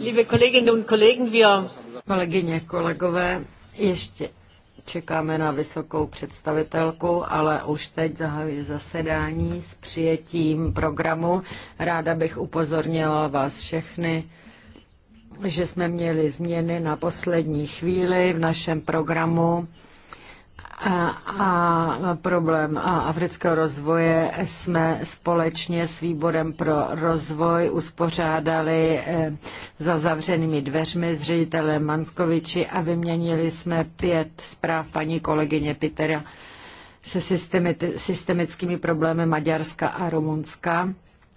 Liebe Kolleginnen und Kollegen, wir... Kolegyně, kolegové, ještě čekáme na vysokou představitelku, ale už teď zahajuji zasedání s přijetím programu. Ráda bych upozornila vás všechny, že jsme měli změny na poslední chvíli v našem programu a problém afrického rozvoje jsme společně s Výborem pro rozvoj uspořádali eh, za zavřenými dveřmi s ředitelem Manskoviči a vyměnili jsme pět zpráv paní kolegyně Pitera se systemickými problémy Maďarska a Rumunska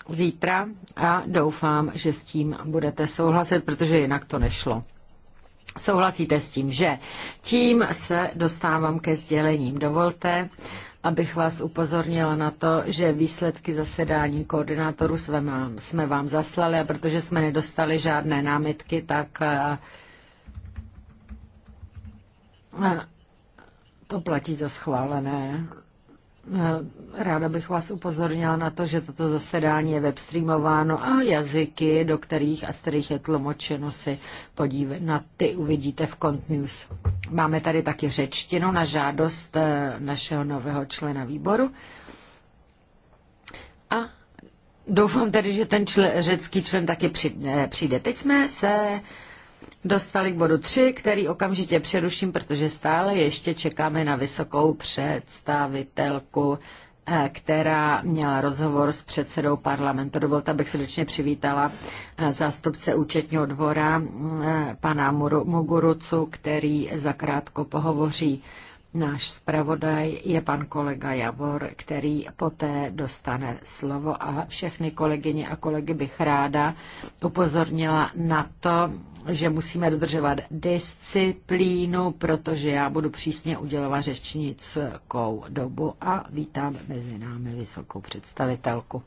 zítra a doufám, že s tím budete souhlasit, protože jinak to nešlo. Souhlasíte s tím, že tím se dostávám ke sdělením. Dovolte, abych vás upozornila na to, že výsledky zasedání koordinátorů jsme vám, jsme vám zaslali a protože jsme nedostali žádné námitky, tak eh, eh, to platí za schválené. Eh, ráda bych vás upozornila na to, že toto zasedání je webstreamováno a jazyky, do kterých a z kterých je tlumočeno, si podíve, na ty uvidíte v Cont News. Máme tady taky řečtinu na žádost eh, našeho nového člena výboru. A doufám tedy, že ten čl- řecký člen taky eh, přijde. Teď jsme se dostali k bodu 3, který okamžitě přeruším, protože stále ještě čekáme na vysokou představitelku eh, která měla rozhovor s předsedou parlamentu. Dovolte, abych srdečně přivítala eh, zástupce účetního dvora eh, pana Mugurucu, který zakrátko pohovoří. Náš zpravodaj je pan kolega Javor, který poté dostane slovo a všechny kolegyně a kolegy bych ráda upozornila na to, že musíme dodržovat disciplínu, protože já budu přísně udělovat řečnickou dobu a vítám mezi námi vysokou představitelku.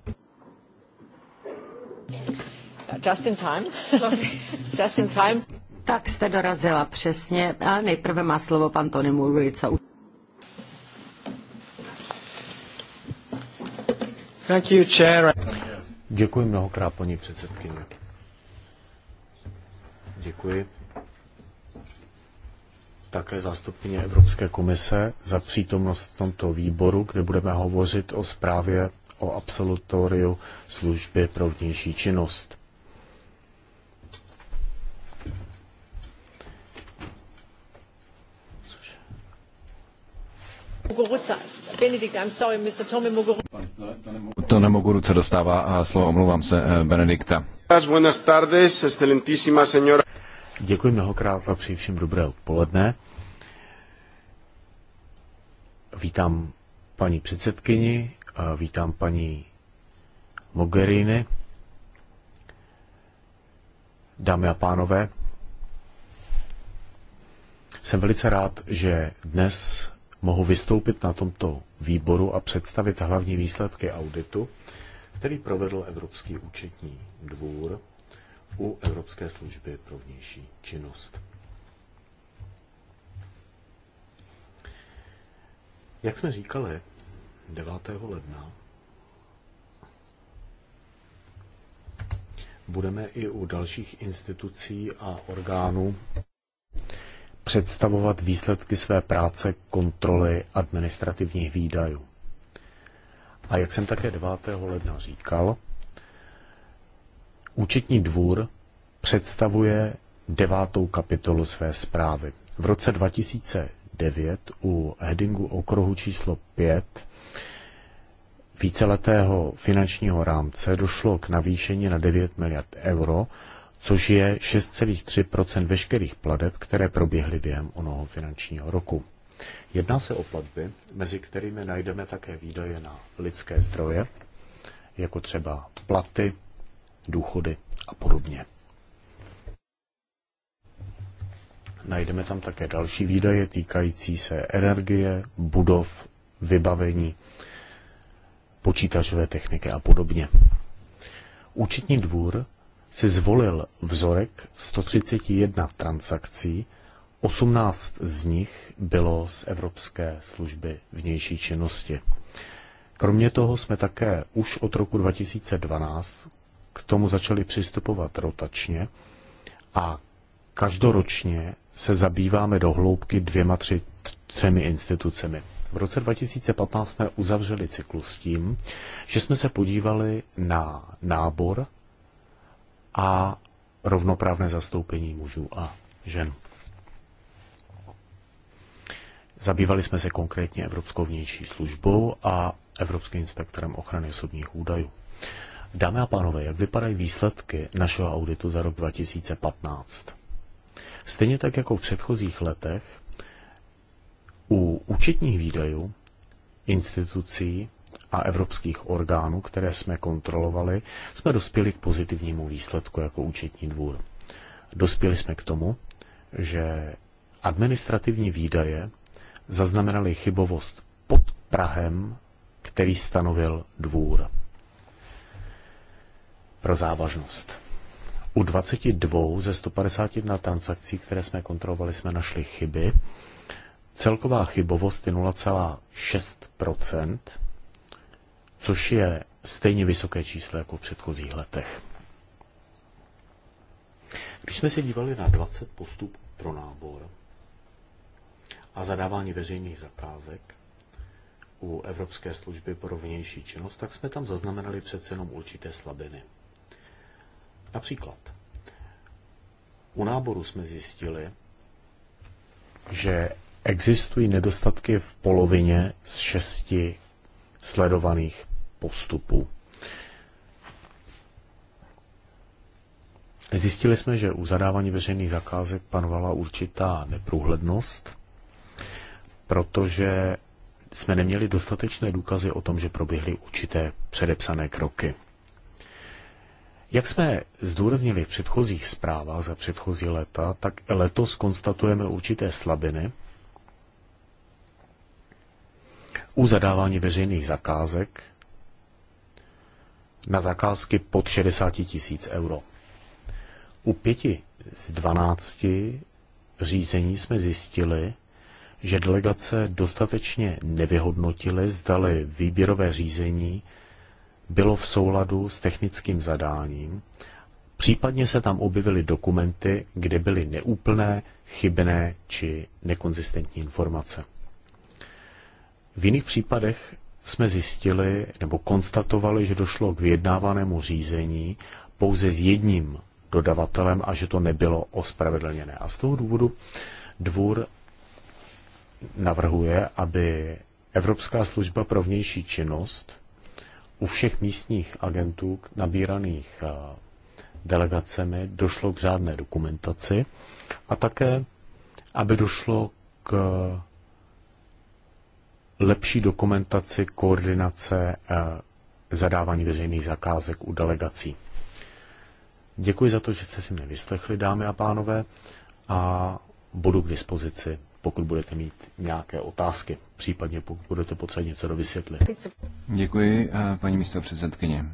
Just in time. Sorry. Just in time. Tak jste dorazila přesně, ale nejprve má slovo pan Tony Murica. Thank you, chair. Děkuji mnohokrát, paní předsedkyně. Děkuji také zástupkyně Evropské komise za přítomnost v tomto výboru, kde budeme hovořit o zprávě o absolutoriu služby pro vnější činnost. To ruce dostává slovo, omlouvám se, eh, Benedikta. Buenas tardes, excelentísima señora. Děkuji mnohokrát a přeji všem dobré odpoledne. Vítám paní předsedkyni, a vítám paní Mogherini. Dámy a pánové, jsem velice rád, že dnes mohu vystoupit na tomto výboru a představit hlavní výsledky auditu, který provedl Evropský účetní dvůr u Evropské služby pro vnější činnost. Jak jsme říkali, 9. ledna budeme i u dalších institucí a orgánů představovat výsledky své práce kontroly administrativních výdajů. A jak jsem také 9. ledna říkal, Účetní dvůr představuje devátou kapitolu své zprávy. V roce 2009 u headingu okruhu číslo 5 víceletého finančního rámce došlo k navýšení na 9 miliard euro, což je 6,3 veškerých pladeb, které proběhly během onoho finančního roku. Jedná se o platby, mezi kterými najdeme také výdaje na lidské zdroje, jako třeba platy, důchody a podobně. Najdeme tam také další výdaje týkající se energie, budov, vybavení, počítačové techniky a podobně. Účetní dvůr si zvolil vzorek 131 transakcí, 18 z nich bylo z Evropské služby vnější činnosti. Kromě toho jsme také už od roku 2012 k tomu začali přistupovat rotačně a každoročně se zabýváme do hloubky dvěma, tři, třemi institucemi. V roce 2015 jsme uzavřeli cyklus s tím, že jsme se podívali na nábor a rovnoprávné zastoupení mužů a žen. Zabývali jsme se konkrétně Evropskou vnější službou a Evropským inspektorem ochrany osobních údajů. Dámy a pánové, jak vypadají výsledky našeho auditu za rok 2015? Stejně tak jako v předchozích letech, u účetních výdajů institucí a evropských orgánů, které jsme kontrolovali, jsme dospěli k pozitivnímu výsledku jako účetní dvůr. Dospěli jsme k tomu, že administrativní výdaje zaznamenaly chybovost pod Prahem, který stanovil dvůr pro závažnost. U 22 ze 151 transakcí, které jsme kontrolovali, jsme našli chyby. Celková chybovost je 0,6%, což je stejně vysoké číslo jako v předchozích letech. Když jsme se dívali na 20 postupů pro nábor a zadávání veřejných zakázek u Evropské služby pro vnější činnost, tak jsme tam zaznamenali přece jenom určité slabiny. Například, u náboru jsme zjistili, že existují nedostatky v polovině z šesti sledovaných postupů. Zjistili jsme, že u zadávání veřejných zakázek panovala určitá neprůhlednost, protože jsme neměli dostatečné důkazy o tom, že proběhly určité předepsané kroky. Jak jsme zdůraznili v předchozích zprávách za předchozí léta, tak letos konstatujeme určité slabiny u zadávání veřejných zakázek na zakázky pod 60 tisíc euro. U pěti z 12 řízení jsme zjistili, že delegace dostatečně nevyhodnotily, zdali výběrové řízení bylo v souladu s technickým zadáním, případně se tam objevily dokumenty, kde byly neúplné, chybné či nekonzistentní informace. V jiných případech jsme zjistili nebo konstatovali, že došlo k vyjednávanému řízení pouze s jedním dodavatelem a že to nebylo ospravedlněné. A z toho důvodu dvůr navrhuje, aby Evropská služba pro vnější činnost u všech místních agentů nabíraných eh, delegacemi došlo k řádné dokumentaci a také, aby došlo k eh, lepší dokumentaci koordinace eh, zadávání veřejných zakázek u delegací. Děkuji za to, že jste si mě vyslechli, dámy a pánové, a budu k dispozici pokud budete mít nějaké otázky, případně pokud budete potřebovat něco dovysvětlit. Děkuji, eh, paní místo předsedkyně.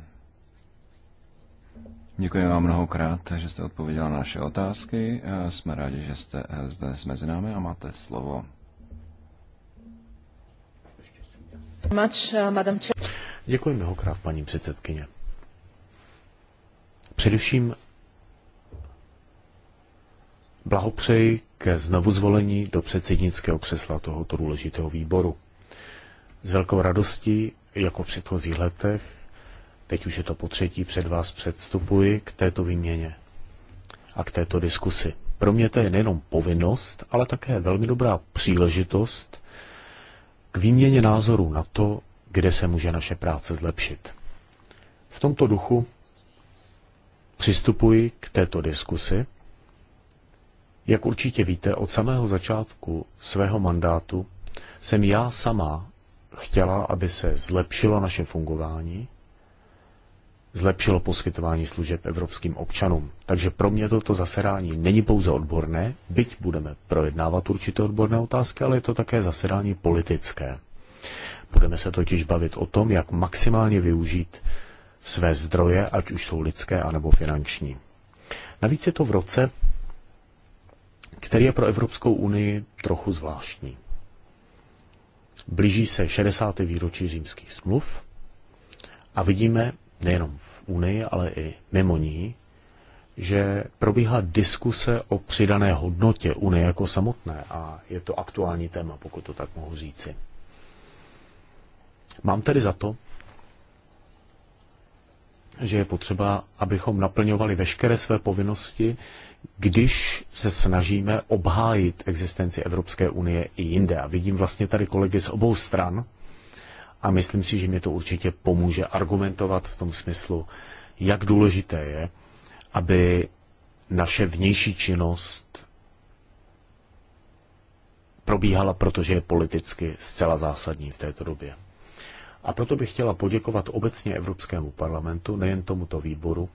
Děkuji vám mnohokrát, že jste odpověděla na naše otázky. Eh, jsme rádi, že jste eh, zde mezi námi a máte slovo. Děkuji mnohokrát, paní předsedkyně. Především Blahopřeji ke znovuzvolení do předsednického křesla tohoto důležitého výboru. S velkou radostí, jako v předchozích letech, teď už je to po třetí, před vás předstupuji k této výměně a k této diskusi. Pro mě to je nejenom povinnost, ale také velmi dobrá příležitost k výměně názorů na to, kde se může naše práce zlepšit. V tomto duchu přistupuji k této diskusi jak určitě víte, od samého začátku svého mandátu jsem já sama chtěla, aby se zlepšilo naše fungování, zlepšilo poskytování služeb evropským občanům. Takže pro mě toto zasedání není pouze odborné, byť budeme projednávat určité odborné otázky, ale je to také zasedání politické. Budeme se totiž bavit o tom, jak maximálně využít své zdroje, ať už jsou lidské anebo finanční. Navíc je to v roce, který je pro Evropskou unii trochu zvláštní. Blíží se 60. výročí římských smluv a vidíme nejenom v Unii, ale i mimo ní, že probíhá diskuse o přidané hodnotě Unie jako samotné a je to aktuální téma, pokud to tak mohu říci. Mám tedy za to, že je potřeba, abychom naplňovali veškeré své povinnosti, když se snažíme obhájit existenci Evropské unie i jinde. A vidím vlastně tady kolegy z obou stran a myslím si, že mě to určitě pomůže argumentovat v tom smyslu, jak důležité je, aby naše vnější činnost probíhala, protože je politicky zcela zásadní v této době. A proto bych chtěla poděkovat obecně Evropskému parlamentu, nejen tomuto výboru,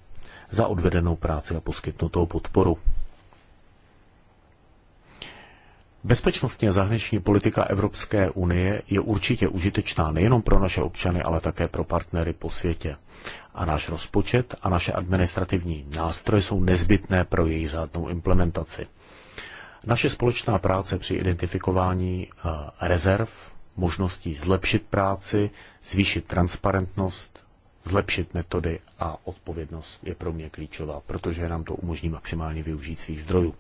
za odvedenou práci a poskytnutou podporu. Bezpečnostní a zahraniční politika Evropské unie je určitě užitečná nejenom pro naše občany, ale také pro partnery po světě. A náš rozpočet a naše administrativní nástroje jsou nezbytné pro její řádnou implementaci. Naše společná práce při identifikování eh, rezerv, možností zlepšit práci, zvýšit transparentnost, zlepšit metody a odpovědnost je pro mě klíčová, protože nám to umožní maximálně využít svých zdrojů.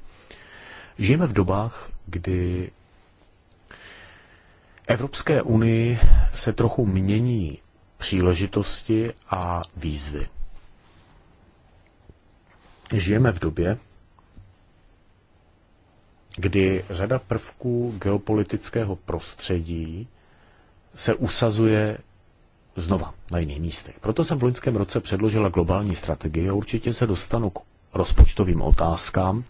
Žijeme v dobách, kdy Evropské unii se trochu mění příležitosti a výzvy. Žijeme v době, kdy řada prvků geopolitického prostředí se usazuje znova na jiných místech. Proto jsem v loňském roce předložila globální strategii a určitě se dostanu k rozpočtovým otázkám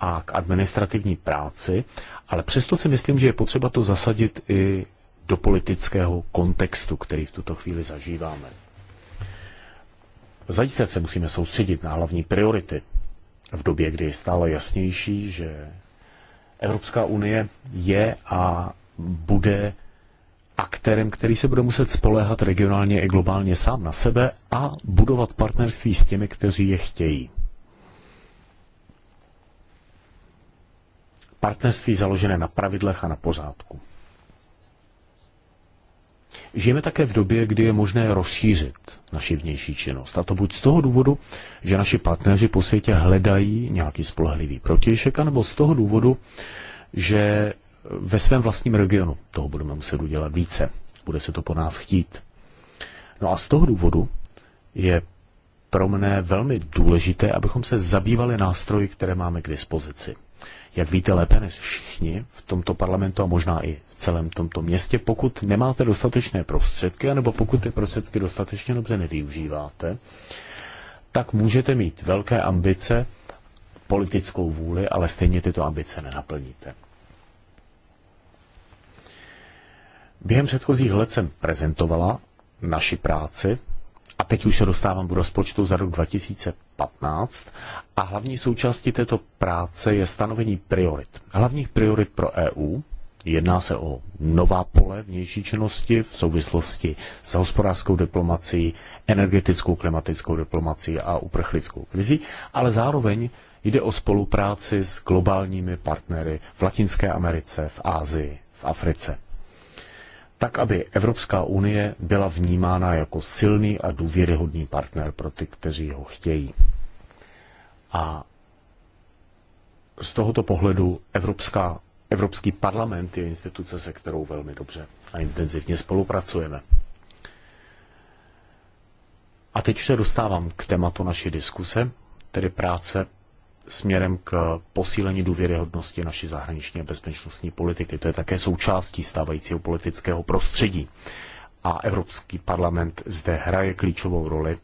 a k administrativní práci, ale přesto si myslím, že je potřeba to zasadit i do politického kontextu, který v tuto chvíli zažíváme. Zajisté se musíme soustředit na hlavní priority v době, kdy je stále jasnější, že Evropská unie je a bude aktérem, který se bude muset spoléhat regionálně i globálně sám na sebe a budovat partnerství s těmi, kteří je chtějí. Partnerství založené na pravidlech a na pořádku. Žijeme také v době, kdy je možné rozšířit naši vnější činnost. A to buď z toho důvodu, že naši partneři po světě hledají nějaký spolehlivý protějšek, anebo z toho důvodu, že ve svém vlastním regionu. Toho budeme muset udělat více. Bude se to po nás chtít. No a z toho důvodu je pro mne velmi důležité, abychom se zabývali nástroji, které máme k dispozici. Jak víte lépe než všichni v tomto parlamentu a možná i v celém tomto městě, pokud nemáte dostatečné prostředky, anebo pokud ty prostředky dostatečně dobře nevyužíváte, tak můžete mít velké ambice, politickou vůli, ale stejně tyto ambice nenaplníte. Během předchozích let jsem prezentovala naši práci a teď už se dostávám do rozpočtu za rok 2015 a hlavní součástí této práce je stanovení priorit. Hlavních priorit pro EU jedná se o nová pole vnější činnosti v souvislosti s hospodářskou diplomací, energetickou, klimatickou diplomací a uprchlickou krizi, ale zároveň jde o spolupráci s globálními partnery v Latinské Americe, v Ázii, v Africe tak aby Evropská unie byla vnímána jako silný a důvěryhodný partner pro ty, kteří ho chtějí. A z tohoto pohledu Evropská, Evropský parlament je instituce, se kterou velmi dobře a intenzivně spolupracujeme. A teď se dostávám k tématu naší diskuse, tedy práce směrem k posílení důvěryhodnosti naší zahraniční a bezpečnostní politiky. To je také součástí stávajícího politického prostředí. A Evropský parlament zde hraje klíčovou roli,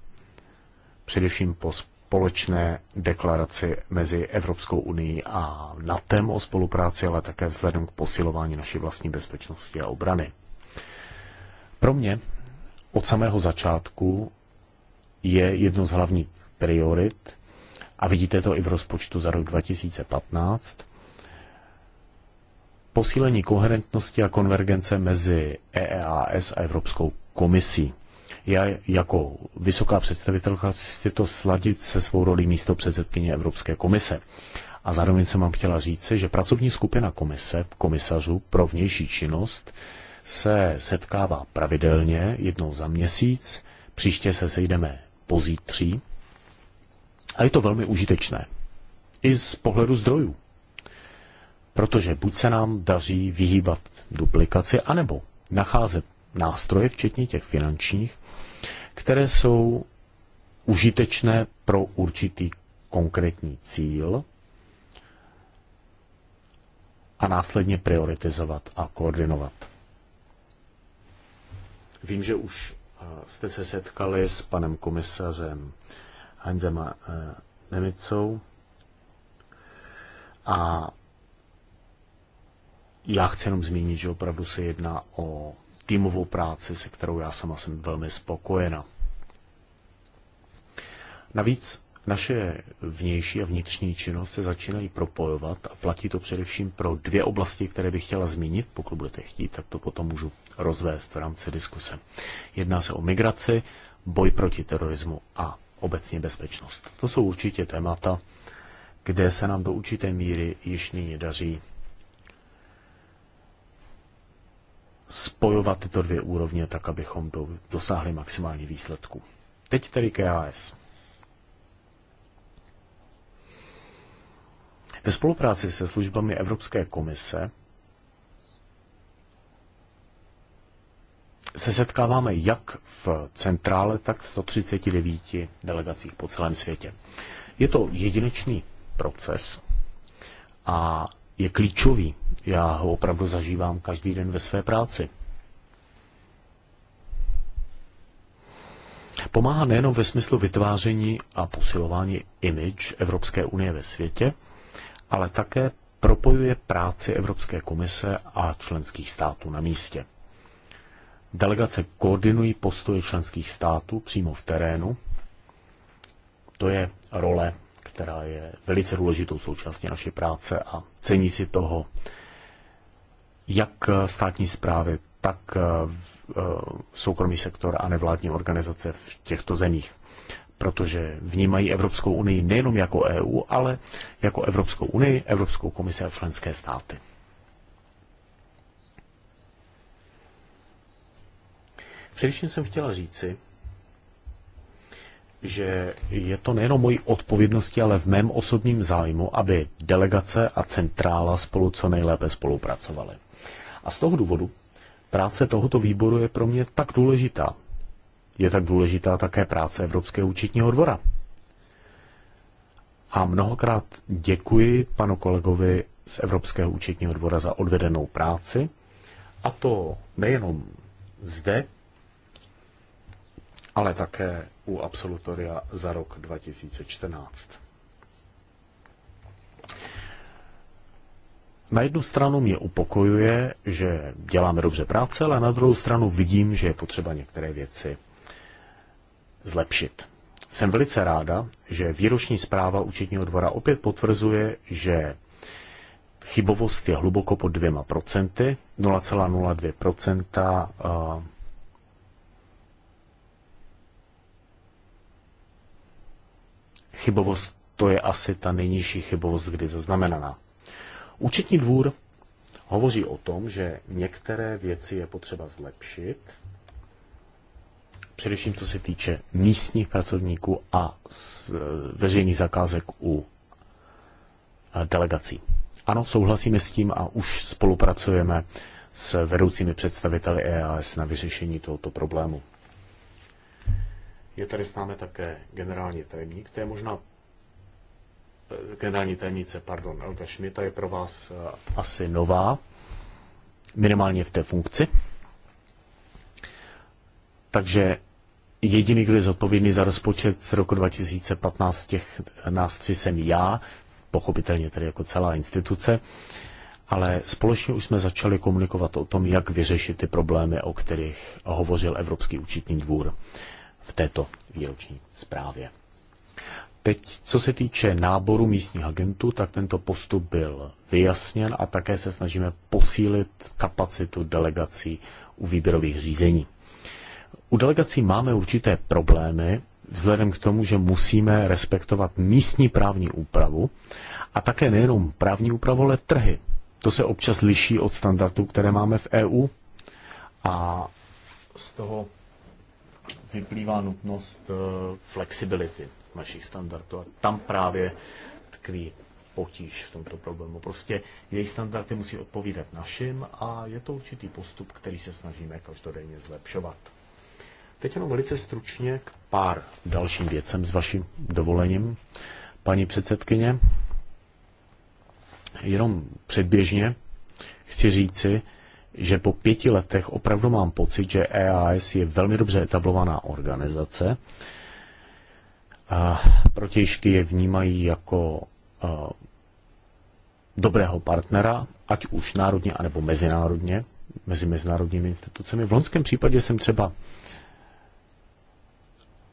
především po společné deklaraci mezi Evropskou unii a NATO o spolupráci, ale také vzhledem k posilování naší vlastní bezpečnosti a obrany. Pro mě od samého začátku je jedno z hlavních priorit a vidíte to i v rozpočtu za rok 2015, posílení koherentnosti a konvergence mezi EEAS a Evropskou komisí. Já jako vysoká představitelka chci to sladit se svou rolí místo předsedkyně Evropské komise. A zároveň jsem vám chtěla říci, že pracovní skupina komise, komisařů pro vnější činnost, se setkává pravidelně jednou za měsíc. Příště se sejdeme pozítří a je to velmi užitečné. I z pohledu zdrojů. Protože buď se nám daří vyhýbat duplikaci, anebo nacházet nástroje, včetně těch finančních, které jsou užitečné pro určitý konkrétní cíl a následně prioritizovat a koordinovat. Vím, že už eh, jste se setkali s panem komisařem e, eh, Nemicou. A já chci jenom zmínit, že opravdu se jedná o týmovou práci, se kterou já sama jsem velmi spokojena. Navíc naše vnější a vnitřní činnost se začínají propojovat a platí to především pro dvě oblasti, které bych chtěla zmínit. Pokud budete chtít, tak to potom můžu rozvést v rámci diskuse. Jedná se o migraci, boj proti terorismu a obecně bezpečnost. To jsou určitě témata, kde se nám do určité míry již nyní daří spojovat tyto dvě úrovně tak, abychom do, dosáhli maximální výsledku. Teď tedy KAS e Ve spolupráci se službami Evropské komise se setkáváme jak v centrále, tak v 139 delegacích po celém světě. Je to jedinečný proces a je klíčový. Já ho opravdu zažívám každý den ve své práci. Pomáhá nejenom ve smyslu vytváření a posilování image Evropské unie ve světě, ale také propojuje práci Evropské komise a členských států na místě. Delegace koordinují postoje členských států přímo v terénu. To je role, která je velice důležitou součástí naší práce a cení si toho jak státní zprávy, tak eh, eh, soukromý sektor a nevládní organizace v těchto zemích. Protože vnímají Evropskou unii nejenom jako EU, ale jako Evropskou unii, Evropskou komisi a členské státy. Především jsem chtěla říci, že je to nejenom mojí odpovědnosti, ale v mém osobním zájmu, aby delegace a centrála spolu co nejlépe spolupracovaly. A z toho důvodu práce tohoto výboru je pro mě tak důležitá. Je tak důležitá také práce Evropského účetního dvora. A mnohokrát děkuji panu kolegovi z Evropského účetního dvora za odvedenou práci, a to nejenom zde ale také u absolutoria za rok 2014. Na jednu stranu mě upokojuje, že děláme dobře práce, ale na druhou stranu vidím, že je potřeba některé věci zlepšit. Jsem velice ráda, že výroční zpráva účetního dvora opět potvrzuje, že chybovost je hluboko pod dvěma procenty, 0,02% chybovost, to je asi ta nejnižší chybovost, kdy zaznamenaná. Účetní dvůr hovoří o tom, že některé věci je potřeba zlepšit, především co se týče místních pracovníků a e, veřejných zakázek u e, delegací. Ano, souhlasíme s tím a už spolupracujeme s vedoucími představiteli EAS na vyřešení tohoto problému. Je tady s námi také generální tajemník, to je možná eh, generální tajemnice, pardon, Elka Šmita je pro vás eh, asi nová, minimálně v té funkci. Takže jediný, kdo je zodpovědný za rozpočet z roku 2015 těch nás tři jsem já, pochopitelně tedy jako celá instituce, ale společně už jsme začali komunikovat o tom, jak vyřešit ty problémy, o kterých hovořil Evropský účetní dvůr v této výroční zprávě. Teď, co se týče náboru místních agentů, tak tento postup byl vyjasněn a také se snažíme posílit kapacitu delegací u výběrových řízení. U delegací máme určité problémy, vzhledem k tomu, že musíme respektovat místní právní úpravu a také nejenom právní úpravu, ale trhy. To se občas liší od standardů, které máme v EU a z toho vyplývá nutnost eh, flexibility našich standardů. A tam právě tkví potíž v tomto problému. Prostě její standardy musí odpovídat našim a je to určitý postup, který se snažíme každodenně zlepšovat. Teď jenom velice stručně k pár dalším věcem s vaším dovolením, paní předsedkyně. Jenom předběžně chci říci, že po pěti letech opravdu mám pocit, že EAS je velmi dobře etablovaná organizace. A protižky je vnímají jako eh, dobrého partnera, ať už národně, anebo mezinárodně, mezi mezinárodními institucemi. V loňském případě jsem třeba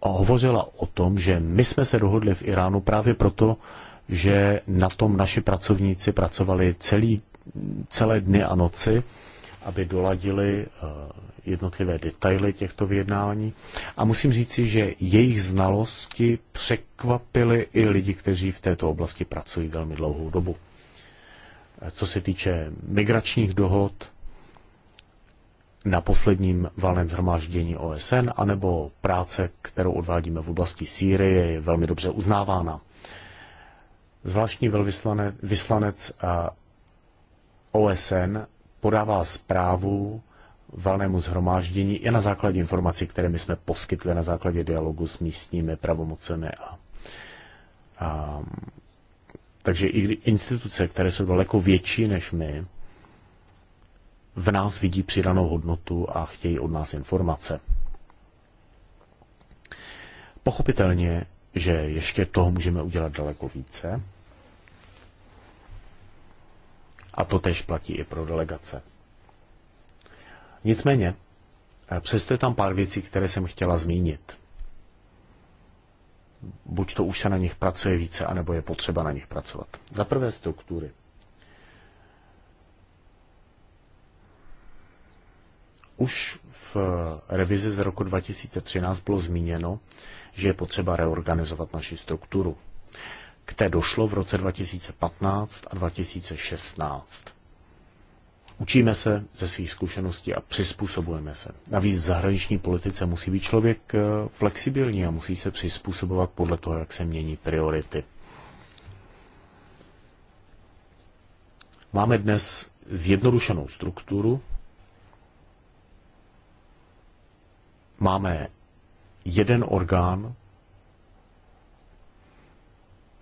hovořila o tom, že my jsme se dohodli v Iránu právě proto, že na tom naši pracovníci pracovali celý, celé dny a noci aby doladili eh, jednotlivé detaily těchto vyjednávání. A musím říci, že jejich znalosti překvapily i lidi, kteří v této oblasti pracují velmi dlouhou dobu. Eh, co se týče migračních dohod, na posledním valném zhromáždění OSN, anebo práce, kterou odvádíme v oblasti Sýrie, je velmi dobře uznávána. Zvláštní velvyslanec eh, OSN podává zprávu valnému zhromáždění i na základě informací, které my jsme poskytli na základě dialogu s místními pravomocemi. A, a, takže i instituce, které jsou daleko větší než my, v nás vidí přidanou hodnotu a chtějí od nás informace. Pochopitelně, že ještě toho můžeme udělat daleko více. A to tež platí i pro delegace. Nicméně, eh, přesto je tam pár věcí, které jsem chtěla zmínit. Buď to už se na nich pracuje více, anebo je potřeba na nich pracovat. Za prvé struktury. Už v eh, revizi z roku 2013 bylo zmíněno, že je potřeba reorganizovat naši strukturu k té došlo v roce 2015 a 2016. Učíme se ze svých zkušeností a přizpůsobujeme se. Navíc v zahraniční politice musí být člověk eh, flexibilní a musí se přizpůsobovat podle toho, jak se mění priority. Máme dnes zjednodušenou strukturu. Máme jeden orgán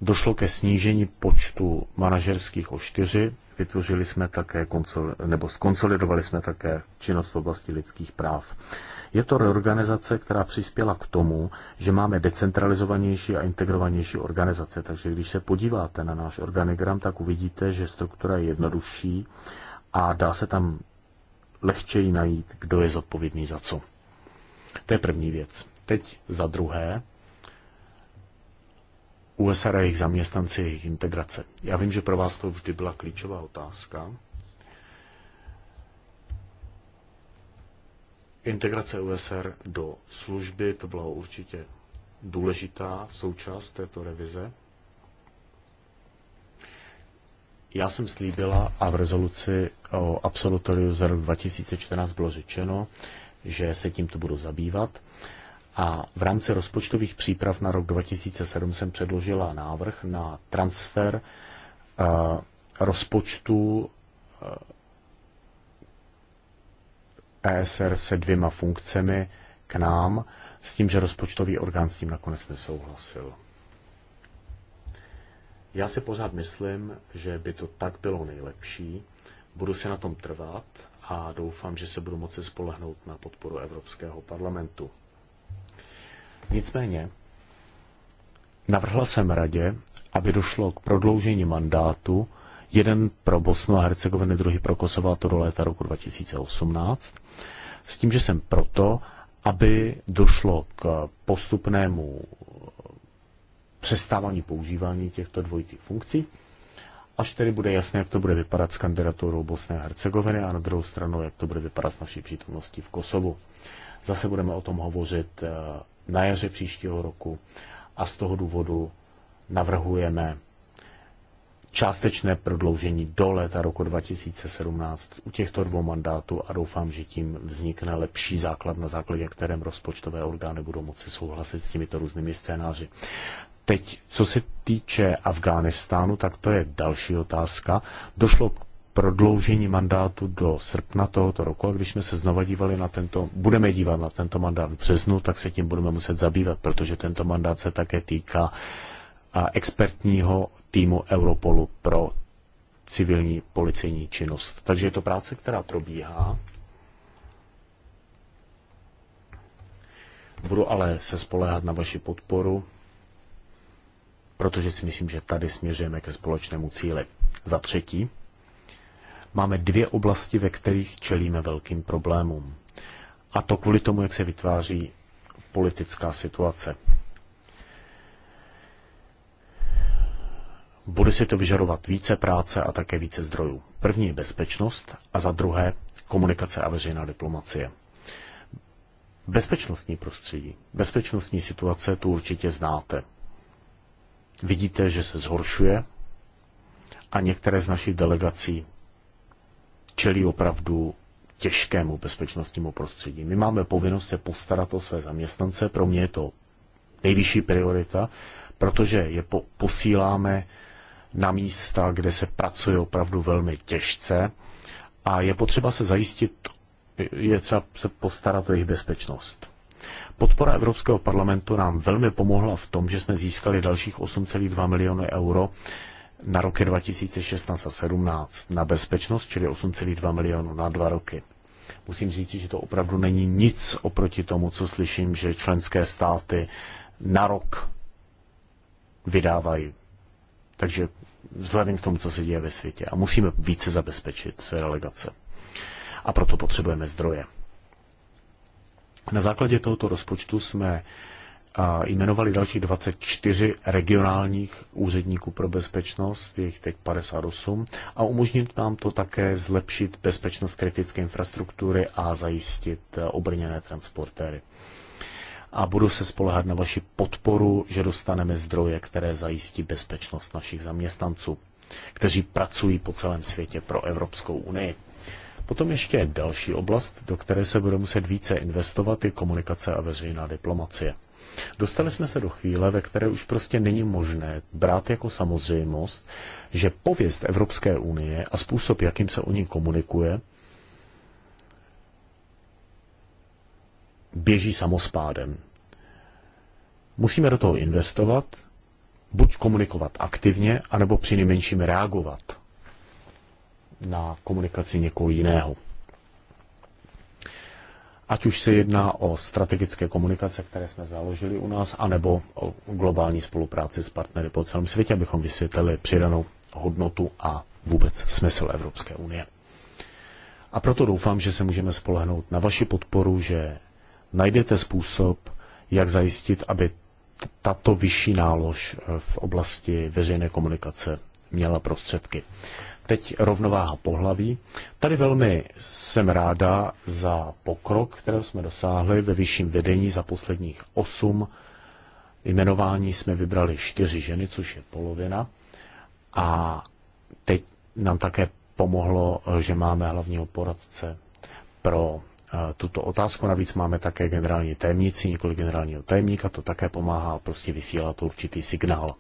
Došlo ke snížení počtu manažerských o čtyři, vytvořili jsme také, nebo skonsolidovali jsme také činnost v oblasti lidských práv. Je to reorganizace, která přispěla k tomu, že máme decentralizovanější a integrovanější organizace. Takže když se podíváte na náš organigram, tak uvidíte, že struktura je jednodušší a dá se tam lehčeji najít, kdo je zodpovědný za co. To je první věc. Teď za druhé, USA a jejich zaměstnanci, jejich integrace. Já vím, že pro vás to vždy byla klíčová otázka. Integrace USR do služby, to byla určitě důležitá součást této revize. Já jsem slíbila a v rezoluci o absolutoriu za rok 2014 bylo řečeno, že se tímto budu zabývat. A v rámci rozpočtových příprav na rok 2007 jsem předložila návrh na transfer eh, rozpočtu ESR eh, e se dvěma funkcemi k nám, s tím, že rozpočtový orgán s tím nakonec nesouhlasil. Já si pořád myslím, že by to tak bylo nejlepší. Budu se na tom trvat a doufám, že se budu moci spolehnout na podporu Evropského parlamentu. Nicméně navrhla jsem radě, aby došlo k prodloužení mandátu, jeden pro Bosnu a Hercegovinu, druhý pro Kosovo a to do léta roku 2018, s tím, že jsem proto, aby došlo k postupnému přestávání používání těchto dvojitých funkcí, až tedy bude jasné, jak to bude vypadat s kandidaturou Bosny a Hercegoviny a na druhou stranu, jak to bude vypadat s naší přítomností v Kosovu. Zase budeme o tom hovořit eh, na jaře příštího roku a z toho důvodu navrhujeme částečné prodloužení do léta roku 2017 u těchto dvou mandátů a doufám, že tím vznikne lepší základ, na základě kterém rozpočtové orgány budou moci souhlasit s těmito různými scénáři. Teď, co se týče Afghánistánu, tak to je další otázka. Došlo k prodloužení mandátu do srpna tohoto roku a když jsme se znova dívali na tento, budeme dívat na tento mandát v březnu, tak se tím budeme muset zabývat, protože tento mandát se také týká expertního týmu Europolu pro civilní policejní činnost. Takže je to práce, která probíhá. Budu ale se spolehat na vaši podporu, protože si myslím, že tady směřujeme ke společnému cíli. Za třetí, máme dvě oblasti, ve kterých čelíme velkým problémům. A to kvůli tomu, jak se vytváří politická situace. Bude si to vyžadovat více práce a také více zdrojů. První je bezpečnost a za druhé komunikace a veřejná diplomacie. Bezpečnostní prostředí, bezpečnostní situace tu určitě znáte. Vidíte, že se zhoršuje a některé z našich delegací čelí opravdu těžkému bezpečnostnímu prostředí. My máme povinnost se postarat o své zaměstnance, pro mě je to nejvyšší priorita, protože je po, posíláme na místa, kde se pracuje opravdu velmi těžce a je potřeba se zajistit, je třeba se postarat o jejich bezpečnost. Podpora Evropského parlamentu nám velmi pomohla v tom, že jsme získali dalších 8,2 miliony euro na roky 2016 a 17 na bezpečnost, čili 8,2 milionů na dva roky. Musím říct, že to opravdu není nic oproti tomu, co slyším, že členské státy na rok vydávají. Takže vzhledem k tomu, co se děje ve světě. A musíme více zabezpečit své delegace. A proto potřebujeme zdroje. Na základě tohoto rozpočtu jsme jmenovali další 24 regionálních úředníků pro bezpečnost, jejich teď 58, a umožnit nám to také zlepšit bezpečnost kritické infrastruktury a zajistit eh, obrněné transportéry. A budu se spolehat na vaši podporu, že dostaneme zdroje, které zajistí bezpečnost našich zaměstnanců, kteří pracují po celém světě pro Evropskou unii. Potom ještě další oblast, do které se bude muset více investovat, je komunikace a veřejná diplomacie. Dostali jsme se do chvíle, ve které už prostě není možné brát jako samozřejmost, že pověst Evropské unie a způsob, jakým se o ní komunikuje, běží samospádem. Musíme do toho investovat, buď komunikovat aktivně, anebo při nejmenším reagovat na komunikaci někoho jiného ať už se jedná o strategické komunikace, které jsme založili u nás, anebo o globální spolupráci s partnery po celém světě, abychom vysvětlili přidanou hodnotu a vůbec smysl Evropské unie. A proto doufám, že se můžeme spolehnout na vaši podporu, že najdete způsob, jak zajistit, aby tato vyšší nálož eh, v oblasti veřejné komunikace měla prostředky. Teď rovnováha pohlaví. Tady velmi jsem ráda za pokrok, kterého jsme dosáhli ve vyšším vedení za posledních osm jmenování jsme vybrali čtyři ženy, což je polovina. A teď nám také pomohlo, že máme hlavního poradce pro eh, tuto otázku. Navíc máme také generální tajemnici, několik generálního tajemníka, to také pomáhá prostě vysílat určitý signál.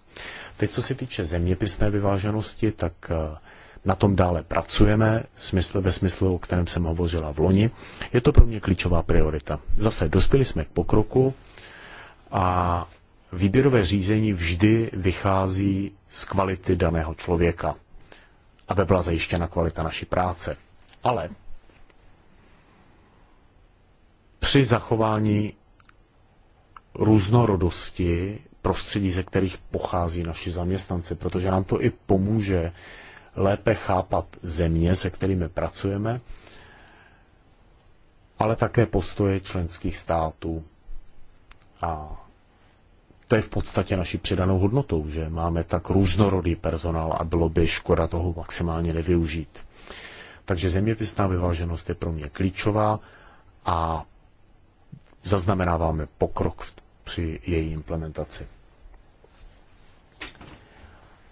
Teď, co se týče zeměpisné vyváženosti, tak eh, na tom dále pracujeme smysl, ve smyslu, o kterém jsem hovořila v loni. Je to pro mě klíčová priorita. Zase dospěli jsme k pokroku a výběrové řízení vždy vychází z kvality daného člověka, aby byla zajištěna kvalita naší práce. Ale při zachování různorodosti prostředí, ze kterých pochází naši zaměstnanci, protože nám to i pomůže lépe chápat země, se kterými pracujeme, ale také postoje členských států. A to je v podstatě naší přidanou hodnotou, že máme tak různorodý personál a bylo by škoda toho maximálně nevyužít. Takže zeměpisná vyváženost je pro mě klíčová a zaznamenáváme pokrok při její implementaci.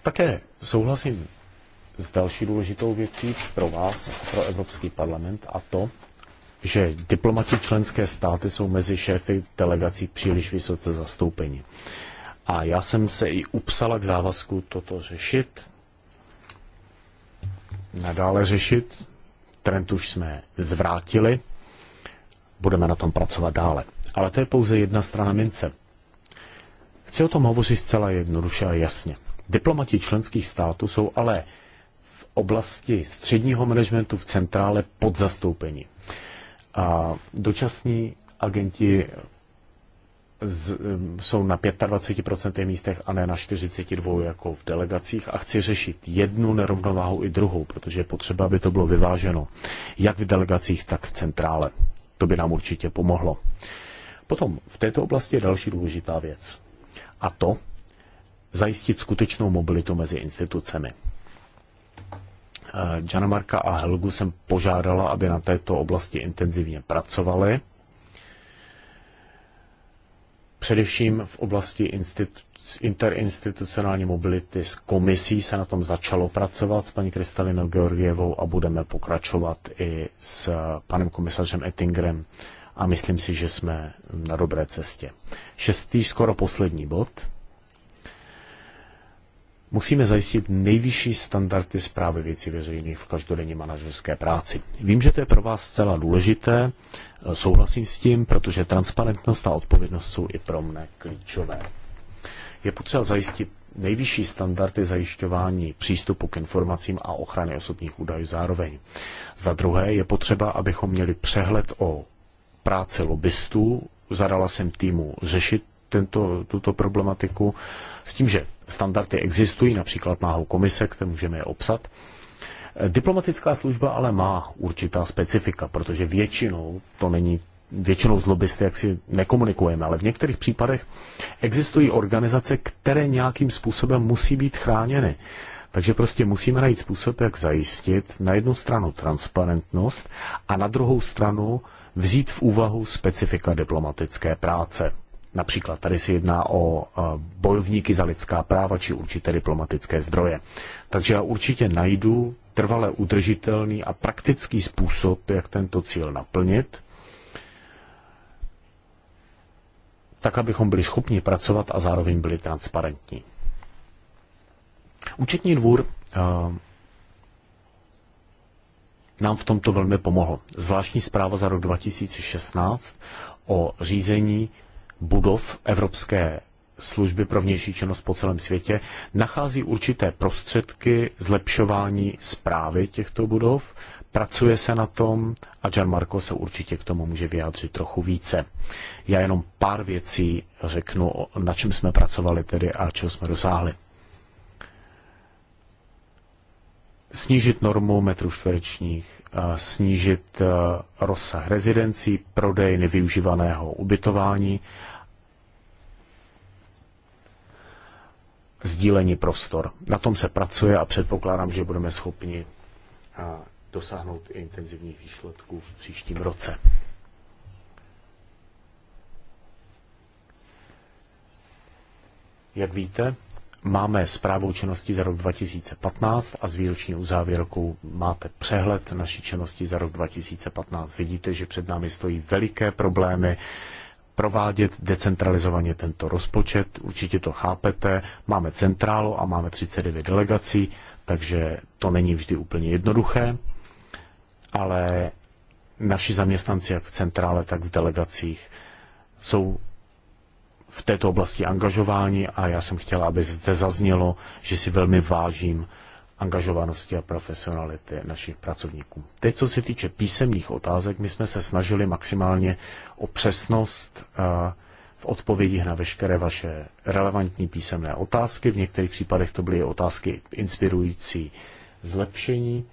Také souhlasím s další důležitou věcí pro vás a pro Evropský parlament a to, že diplomati členské státy jsou mezi šéfy delegací příliš vysoce zastoupeni. A já jsem se i upsala k závazku toto řešit, nadále řešit. Trend už jsme zvrátili, budeme na tom pracovat dále. Ale to je pouze jedna strana mince. Chci o tom hovořit zcela jednoduše a jasně. Diplomati členských států jsou ale oblasti středního managementu v centrále podzastoupení. A dočasní agenti z, jsou na 25% místech a ne na 42 jako v delegacích a chci řešit jednu nerovnováhu i druhou, protože je potřeba, aby to bylo vyváženo jak v delegacích, tak v centrále. To by nám určitě pomohlo. Potom v této oblasti je další důležitá věc. A to zajistit skutečnou mobilitu mezi institucemi. Eh, Jana Marka a Helgu jsem požádala, aby na této oblasti intenzivně pracovali. Především v oblasti interinstitucionální mobility s komisí se na tom začalo pracovat s paní Kristalinou Georgievou a budeme pokračovat i s panem komisařem Ettingerem a myslím si, že jsme na dobré cestě. Šestý, skoro poslední bod. Musíme zajistit nejvyšší standardy zprávy věcí veřejných v každodenní manažerské práci. Vím, že to je pro vás zcela důležité, souhlasím s tím, protože transparentnost a odpovědnost jsou i pro mne klíčové. Je potřeba zajistit nejvyšší standardy zajišťování přístupu k informacím a ochrany osobních údajů zároveň. Za druhé je potřeba, abychom měli přehled o práci lobbystů. Zadala jsem týmu řešit tento, tuto problematiku s tím, že standardy existují, například má ho komise, které můžeme je obsat. Diplomatická služba ale má určitá specifika, protože většinou to není většinou z lobbysty, jak si nekomunikujeme, ale v některých případech existují organizace, které nějakým způsobem musí být chráněny. Takže prostě musíme najít způsob, jak zajistit na jednu stranu transparentnost a na druhou stranu vzít v úvahu specifika diplomatické práce. Například tady se jedná o eh, bojovníky za lidská práva či určité diplomatické zdroje. Takže já určitě najdu trvale udržitelný a praktický způsob, jak tento cíl naplnit, tak abychom byli schopni pracovat a zároveň byli transparentní. Účetní dvůr eh, nám v tomto velmi pomohl. Zvláštní zpráva za rok 2016 o řízení budov Evropské služby pro vnější činnost po celém světě, nachází určité prostředky zlepšování zprávy těchto budov, pracuje se na tom a Gianmarco se určitě k tomu může vyjádřit trochu více. Já jenom pár věcí řeknu, na čem jsme pracovali tedy a čeho jsme dosáhli. Snížit normu metrů čtverečních, eh, snížit eh, rozsah rezidencí, prodej nevyužívaného ubytování sdílení prostor. Na tom se pracuje a předpokládám, že budeme schopni dosáhnout i intenzivních výsledků v příštím roce. Jak víte, máme zprávu činnosti za rok 2015 a s výroční uzávěrkou máte přehled naší činnosti za rok 2015. Vidíte, že před námi stojí veliké problémy, provádět decentralizovaně tento rozpočet. Určitě to chápete. Máme centrálu a máme 39 delegací, takže to není vždy úplně jednoduché, ale naši zaměstnanci jak v centrále, tak v delegacích jsou v této oblasti angažováni a já jsem chtěla, aby zde zaznělo, že si velmi vážím angažovanosti a profesionality našich pracovníků. Teď, co se týče písemných otázek, my jsme se snažili maximálně o přesnost eh, v odpovědích na veškeré vaše relevantní písemné otázky. V některých případech to byly otázky inspirující zlepšení.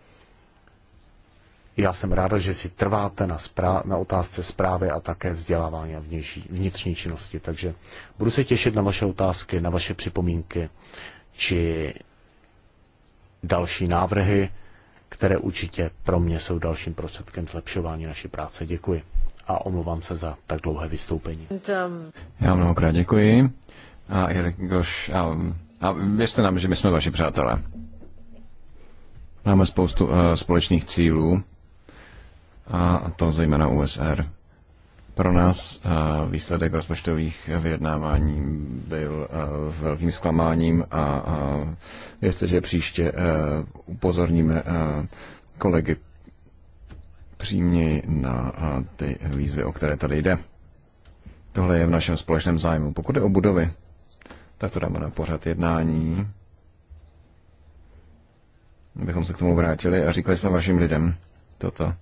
Já jsem ráda, že si trváte na, správ- na otázce zprávy a také vzdělávání a vnější, vnitřní činnosti. Takže budu se těšit na vaše otázky, na vaše připomínky, či další návrhy, které určitě pro mě jsou dalším prostředkem zlepšování naší práce. Děkuji a omlouvám se za tak dlouhé vystoupení. Um, Já mnohokrát děkuji. A Jelikož, a, a věřte nám, že my jsme vaši přátelé. Máme spoustu uh, společných cílů, a to zejména USR. Pro nás eh, výsledek rozpočtových vyjednávání byl eh, velkým zklamáním a věřte, že příště eh, upozorníme kolegy přímě na ty výzvy, o které tady jde. Tohle je v našem společném zájmu. Pokud je o budovy, tak to dáme na pořad jednání. Abychom se k tomu vrátili a říkali jsme vašim lidem toto.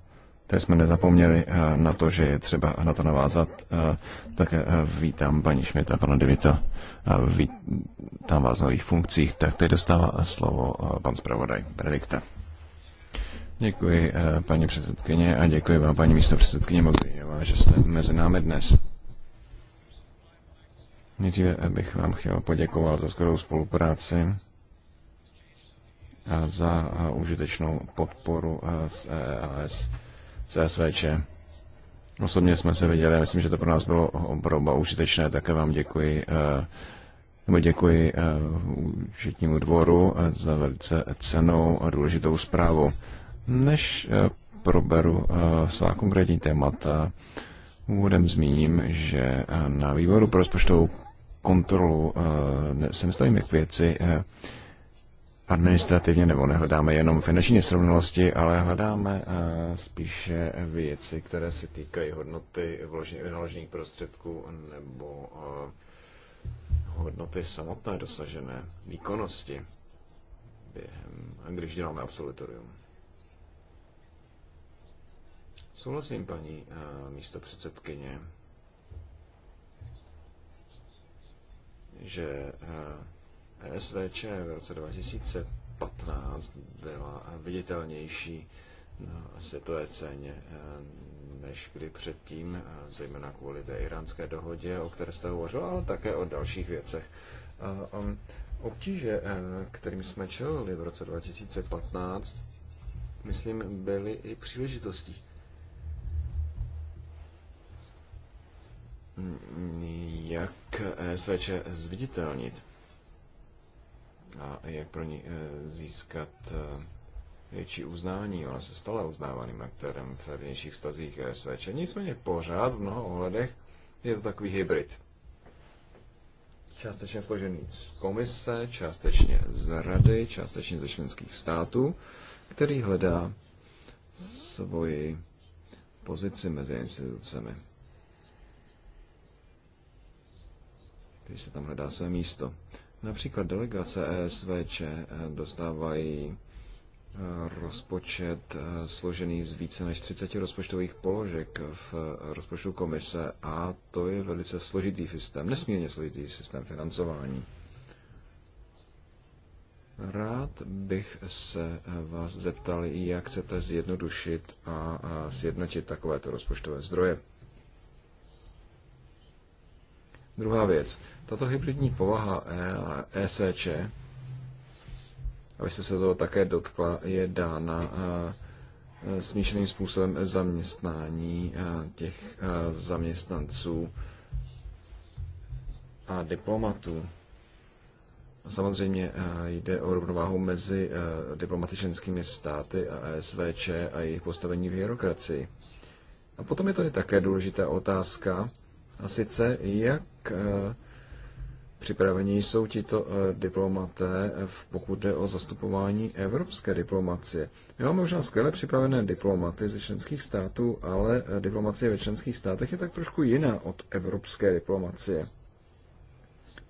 Tady jsme nezapomněli eh, na to, že je třeba na to navázat. Eh, tak eh, vítám paní Šmita, pana Devita, vítám vás v nových funkcích. Tak teď dostává slovo pan zpravodaj Benedikta. Děkuji, paní předsedkyně, a děkuji vám, paní předsedkyně Mogriňová, že jste mezi námi dnes. Nejdříve bych vám chtěl poděkovat za skvělou spolupráci a za užitečnou podporu z EAS CSVČ. Osobně jsme se viděli, já myslím, že to pro nás bylo opravdu užitečné, také vám děkuji. Eh, nebo děkuji všetnímu eh, dvoru za velice cenou a důležitou zprávu. Než eh, proberu svá konkrétní témata, úvodem zmíním, že na výboru pro rozpočtovou kontrolu se nestavíme k věci, administrativně nebo nehledáme jenom finanční nesrovnalosti, ale hledáme eh, spíše věci, které se týkají hodnoty vynaložených prostředků nebo eh, hodnoty samotné dosažené výkonnosti, během, když děláme absolutorium. Souhlasím, paní eh, místo předsedkyně, že SVČ v roce 2015 byla viditelnější na světové ceně eh, než kdy předtím, eh, zejména kvůli té iránské dohodě, o které jste hovořil, ale také o dalších věcech. Eh, um, obtíže, kterým jsme čelili v roce 2015, myslím, byly i příležitostí. Hmm, jak SVČ zviditelnit? a jak pro ní eh, získat eh, větší uznání. Ona se stala uznávaným aktérem v vnějších vztazích SVČ. Nicméně pořád v mnoha ohledech je to takový hybrid. Částečně složený z komise, částečně z rady, částečně ze členských států, který hledá svoji pozici mezi institucemi. Když se tam hledá své místo. Například delegace ESVČ eh, dostávají eh, rozpočet eh, složený z více než 30 rozpočtových položek v rozpočtu komise a to je velice složitý systém, nesmírně složitý systém financování. Rád bych se vás zeptal, jak chcete zjednodušit a sjednotit takovéto rozpočtové zdroje. Druhá věc. Tato hybridní povaha ESČ, e aby se toho také dotkla, je dána e, smíšeným způsobem zaměstnání e, těch zaměstnanců a diplomatů. Samozřejmě jde o rovnováhu mezi diplomatičenskými státy a SVČ a jejich postavení v hierokracii. A potom je tady také důležitá otázka, a sice jak jak eh, připraveni jsou tito eh, diplomaté, eh, pokud jde o zastupování evropské diplomacie. My máme možná skvěle připravené diplomaty ze členských států, ale diplomacie ve členských státech je tak trošku jiná od evropské diplomacie.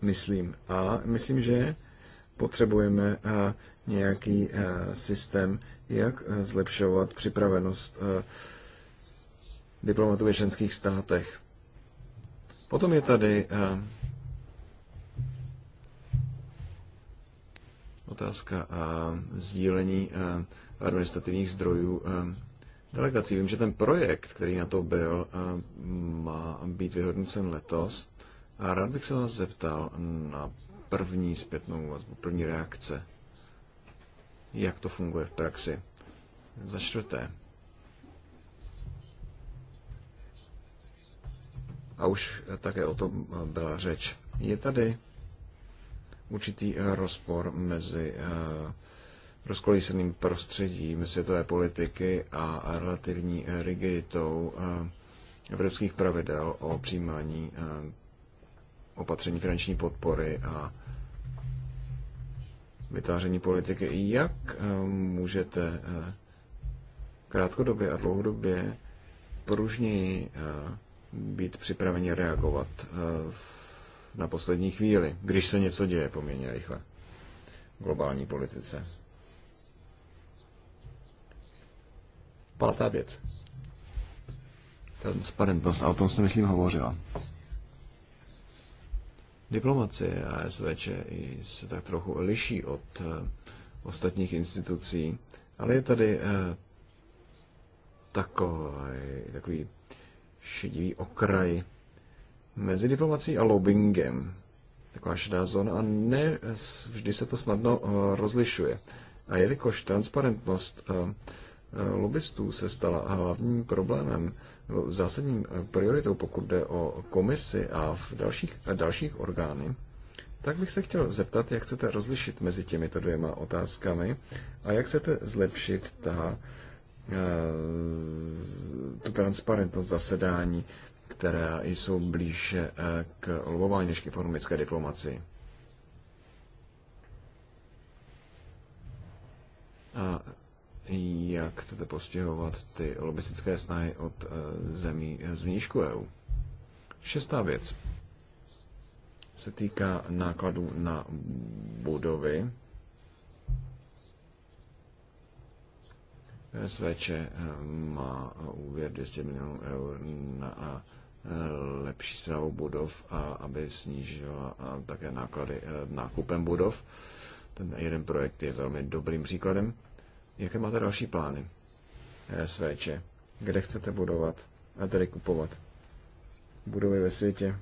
Myslím. A myslím, že potřebujeme nějaký systém, jak zlepšovat připravenost diplomatů ve členských státech. Potom je tady eh, otázka eh, sdílení eh, administrativních zdrojů delegací. Vím, že ten projekt, který na to byl, má být vyhodnocen letos. A rád bych se vás zeptal na první zpětnou vazbu, první reakce. Jak to funguje v praxi? Za čtvrté, a už také o tom byla řeč. Je tady určitý rozpor mezi eh, rozkolíseným prostředím světové politiky a relativní rigiditou eh, evropských pravidel o přijímání eh, opatření finanční podpory a vytváření politiky. Jak můžete krátkodobě a dlouhodobě pružněji být připraveni reagovat eh, na poslední chvíli, když se něco děje poměrně rychle v globální politice. Pátá věc. Transparentnost, a o tom jsem, myslím, hovořila. Diplomacie a SVČ se tak trochu liší od eh, ostatních institucí, ale je tady eh, takový, takový šedivý okraj mezi diplomací a lobbyingem. Taková šedá zóna a ne vždy se to snadno eh, rozlišuje. A jelikož transparentnost eh, eh, lobbystů se stala hlavním problémem, zásadním prioritou, pokud jde o komisi a v dalších, dalších orgány, tak bych se chtěl zeptat, jak chcete rozlišit mezi těmito dvěma otázkami a jak chcete zlepšit ta Eh, tu transparentnost zasedání, která jsou blíže eh, k lobování než k ekonomické diplomaci. A jak chcete postihovat ty lobistické snahy od eh, zemí z vnížku EU? Šestá věc se týká nákladů na budovy SVČ eh, má úvěr 200 milionů eur na eh, lepší zprávu budov a aby snížila eh, také náklady nákupem budov. Ten jeden projekt je velmi dobrým příkladem. Jaké máte další plány SVČ? Kde chcete budovat a tedy kupovat budovy ve světě?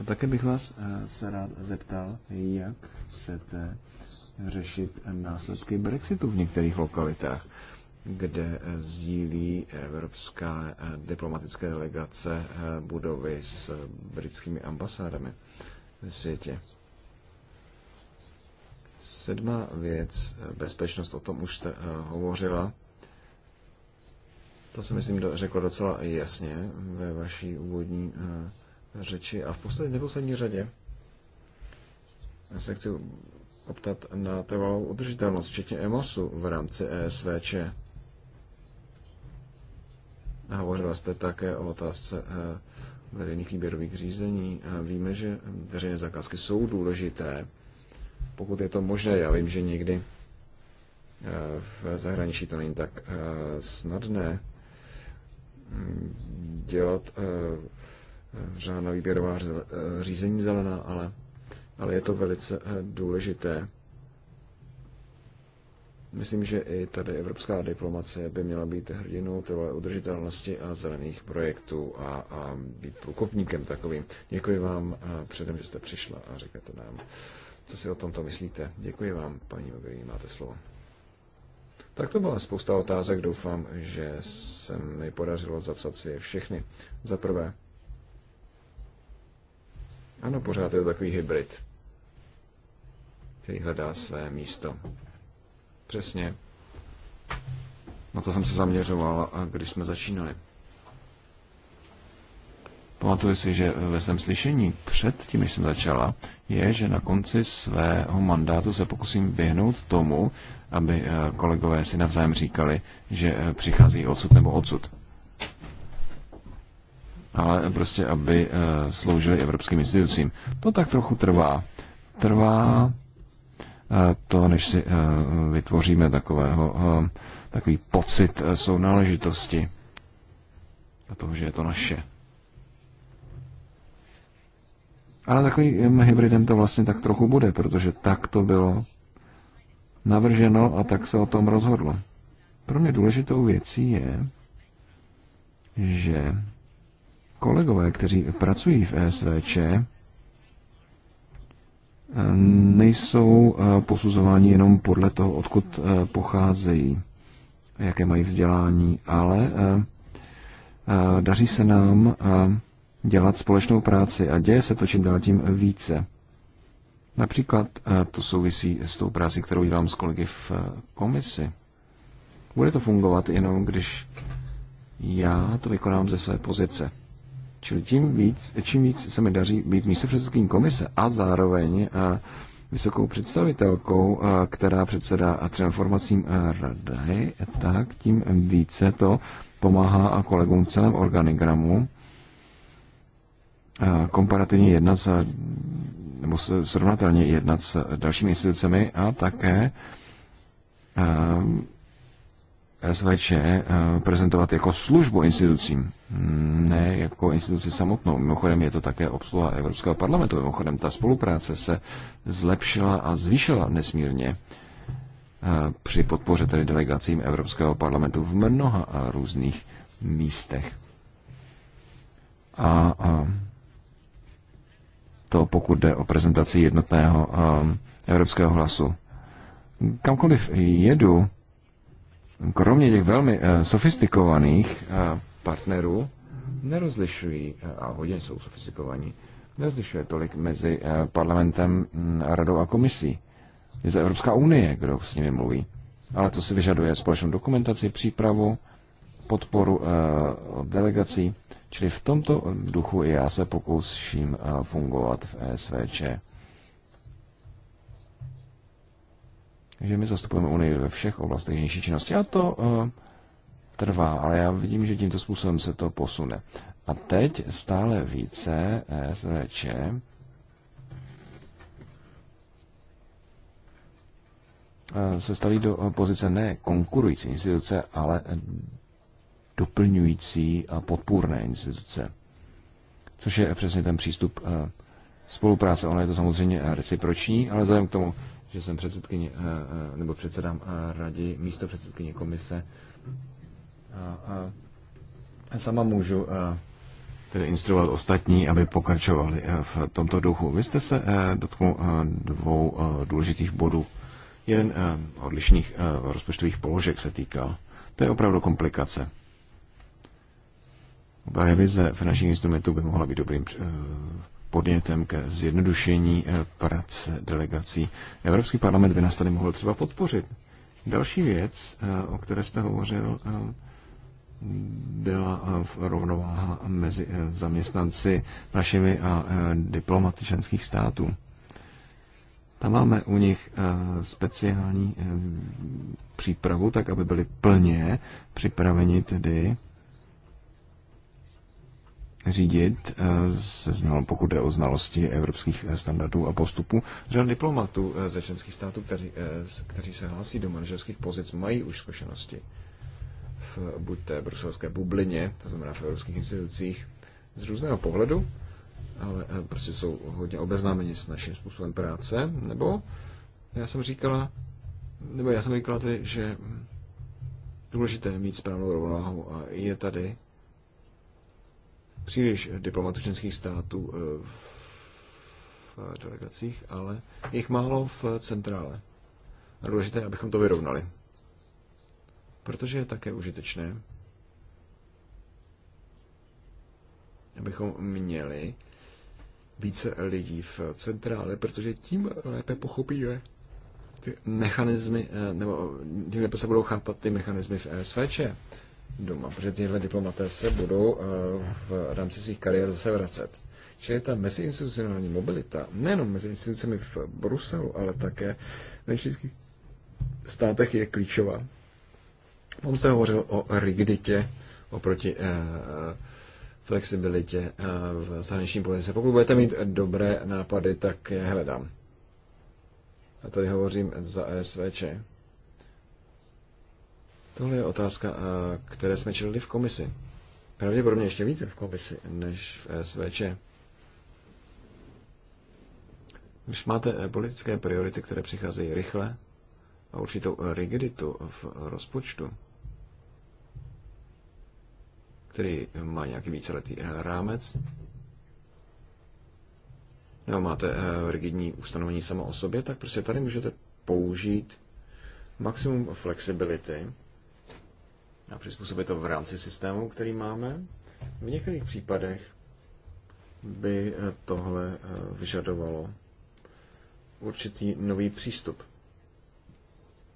A také bych vás se rád zeptal, jak chcete řešit následky Brexitu v některých lokalitách, kde sdílí evropská diplomatická delegace budovy s britskými ambasádami ve světě. Sedmá věc, bezpečnost, o tom už jste eh, hovořila. To si myslím do, řekla docela jasně ve vaší úvodní eh, řeči. A v poslední, neposlední řadě se chci optat na trvalou udržitelnost, včetně EMOSu v rámci ESVČ. A hovořila jste také o otázce eh, veřejných výběrových řízení. A víme, že veřejné zakázky jsou důležité, pokud je to možné. Já vím, že někdy eh, v zahraničí to není tak eh, snadné mm, dělat řádná výběrová řízení zelená, ale ale je to velice eh, důležité. Myslím, že i tady evropská diplomacie by měla být hrdinou trvalé udržitelnosti a zelených projektů a, a být průkopníkem takovým. Děkuji vám eh, předem, že jste přišla a řeknete nám, co si o tomto myslíte. Děkuji vám, paní Mogherini, máte slovo. Tak to byla spousta otázek, doufám, že se mi podařilo zapsat si je všechny. Za prvé, ano, pořád je to takový hybrid který hledá své místo. Přesně. Na to jsem se zaměřoval, když jsme začínali. Pamatuju si, že ve svém slyšení před tím, když jsem začala, je, že na konci svého mandátu se pokusím vyhnout tomu, aby eh, kolegové si navzájem říkali, že eh, přichází odsud nebo odsud. Ale prostě, aby eh, sloužili evropským institucím. To tak trochu trvá. Trvá to, než si eh, vytvoříme takového, eh, takový pocit eh, sounáležitosti a toho, že je to naše. Ale takovým hybridem to vlastně tak trochu bude, protože tak to bylo navrženo a tak se o tom rozhodlo. Pro mě důležitou věcí je, že kolegové, kteří pracují v ESVČ, nejsou eh, posuzováni jenom podle toho, odkud eh, pocházejí, jaké mají vzdělání, ale eh, daří se nám dělat společnou práci a děje se to čím dál tím více. Například to souvisí s tou práci, kterou dělám s kolegy v komisi. Bude to fungovat jenom, když já to vykonám ze své pozice. Čili tím víc, čím víc se mi daří být místopředsedkyní komise a zároveň a eh, vysokou představitelkou, eh, která předsedá a transformacím eh, rady, tak tím více to pomáhá a kolegům v celém organigramu komparativně jednat s, nebo srovnatelně jednat s dalšími institucemi a také SVČ eh, prezentovat jako službu institucím, ne jako instituci samotnou. Mimochodem je to také obsluha Evropského parlamentu. Mimochodem ta spolupráce se zlepšila a zvýšila nesmírně eh, při podpoře tedy delegacím Evropského parlamentu v mnoha eh, různých místech. A, a to pokud jde o prezentaci jednotného a, evropského hlasu. Kamkoliv jedu, kromě těch velmi eh, sofistikovaných eh, partnerů nerozlišují, eh, a hodně jsou sofistikovaní, nerozlišuje tolik mezi parlamentem, mm, radou a komisí. Je to Evropská unie, kdo s nimi mluví. Ale to si vyžaduje společnou dokumentaci, přípravu, podporu delegací. Čili v tomto duchu i já se pokouším fungovat v ESVČ. že my zastupujeme Unii ve všech oblastech vnější činnosti a to uh, trvá, ale já vidím, že tímto způsobem se to posune. A teď stále více SVČ eh, se staví do pozice ne konkurující instituce, ale doplňující a podpůrné instituce. Což je přesně ten přístup eh, spolupráce. Ono je to samozřejmě reciproční, ale vzhledem k tomu, že jsem předsedkyně, eh, eh, nebo předsedám eh, radě, místo předsedkyně komise. A, a sama můžu tedy instruovat ostatní, aby pokračovali v tomto duchu. Vy jste se dotknul dvou důležitých bodů. Jeden odlišných rozpočtových položek se týkal. To je opravdu komplikace. Revize finančních instrumentů by mohla být dobrým podnětem ke zjednodušení eh, práce delegací. Evropský parlament by nás tady mohl třeba podpořit. Další věc, eh, o které jste hovořil, eh, byla v rovnováha mezi zaměstnanci našimi a diplomaty členských států. Tam máme u nich speciální přípravu, tak aby byli plně připraveni tedy řídit, eh, znal, pokud jde o znalosti evropských eh, standardů a postupů. Řada diplomatů eh, ze členských států, kteří, kteří se hlásí do manželských pozic, mají už zkušenosti v buď té bruselské bublině, to znamená v evropských institucích, z různého pohledu, ale prostě jsou hodně obeznámeni s naším způsobem práce, nebo já jsem říkala, nebo já jsem říkala tedy, že důležité je mít správnou rovnováhu a je tady příliš diplomatů členských států eh, v eh, delegacích, ale jich málo v centrále. A důležité, abychom to vyrovnali. Protože je také užitečné, abychom měli více lidí v centrále, protože tím lépe pochopíme ty mechanizmy, eh, nebo tím lépe se budou chápat ty mechanizmy v ESVČ doma, protože tyhle diplomaté se budou eh, v rámci svých kariér zase vracet. Čili ta meziinstitucionální mobilita, nejenom mezi institucemi v Bruselu, ale také ve všech státech je klíčová. On se hovořil o rigiditě oproti eh, flexibilitě eh, v zahraniční politice. Pokud budete mít dobré nápady, tak je hledám. A tady hovořím za SVČ. Tohle je otázka, eh, které jsme čelili v komisi. Pravděpodobně ještě více v komisi než v SVČ. Když máte eh, politické priority, které přicházejí rychle a určitou rigiditu v rozpočtu, který má nějaký víceletý eh, rámec, nebo máte rigidní ustanovení samo o sobě, tak prostě tady můžete použít maximum flexibility, a přizpůsobit to v rámci systému, který máme. V některých případech by eh, tohle eh, vyžadovalo určitý nový přístup.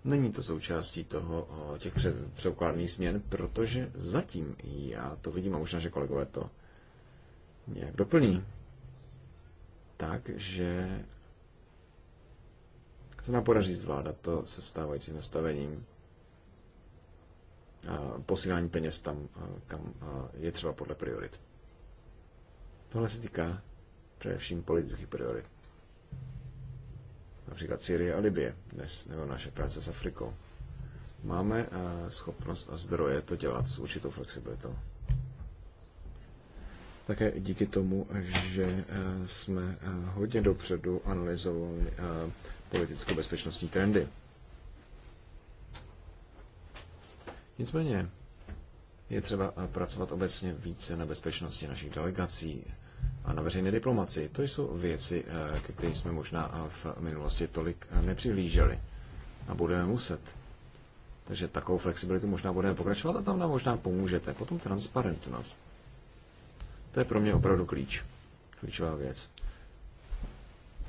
Není to součástí toho, těch přeukladných změn, protože zatím já to vidím a možná, že kolegové to nějak doplní. Takže se nám podaří zvládat to se stávajícím nastavením posílání peněz tam, kam je třeba podle priorit. Tohle se týká především politických priorit. Například Syrie a Libie dnes, nebo naše práce s Afrikou. Máme schopnost a zdroje to dělat s určitou flexibilitou. Také díky tomu, že e, jsme e, hodně dopředu analyzovali e, politicko-bezpečnostní trendy. Nicméně je třeba pracovat obecně více na bezpečnosti našich delegací a na veřejné diplomaci. To jsou věci, eh, které jsme možná eh, v minulosti tolik eh, nepřihlíželi a budeme muset. Takže takovou flexibilitu možná budeme pokračovat a tam nám možná pomůžete. Potom transparentnost. To je pro mě opravdu klíč. Klíčová věc.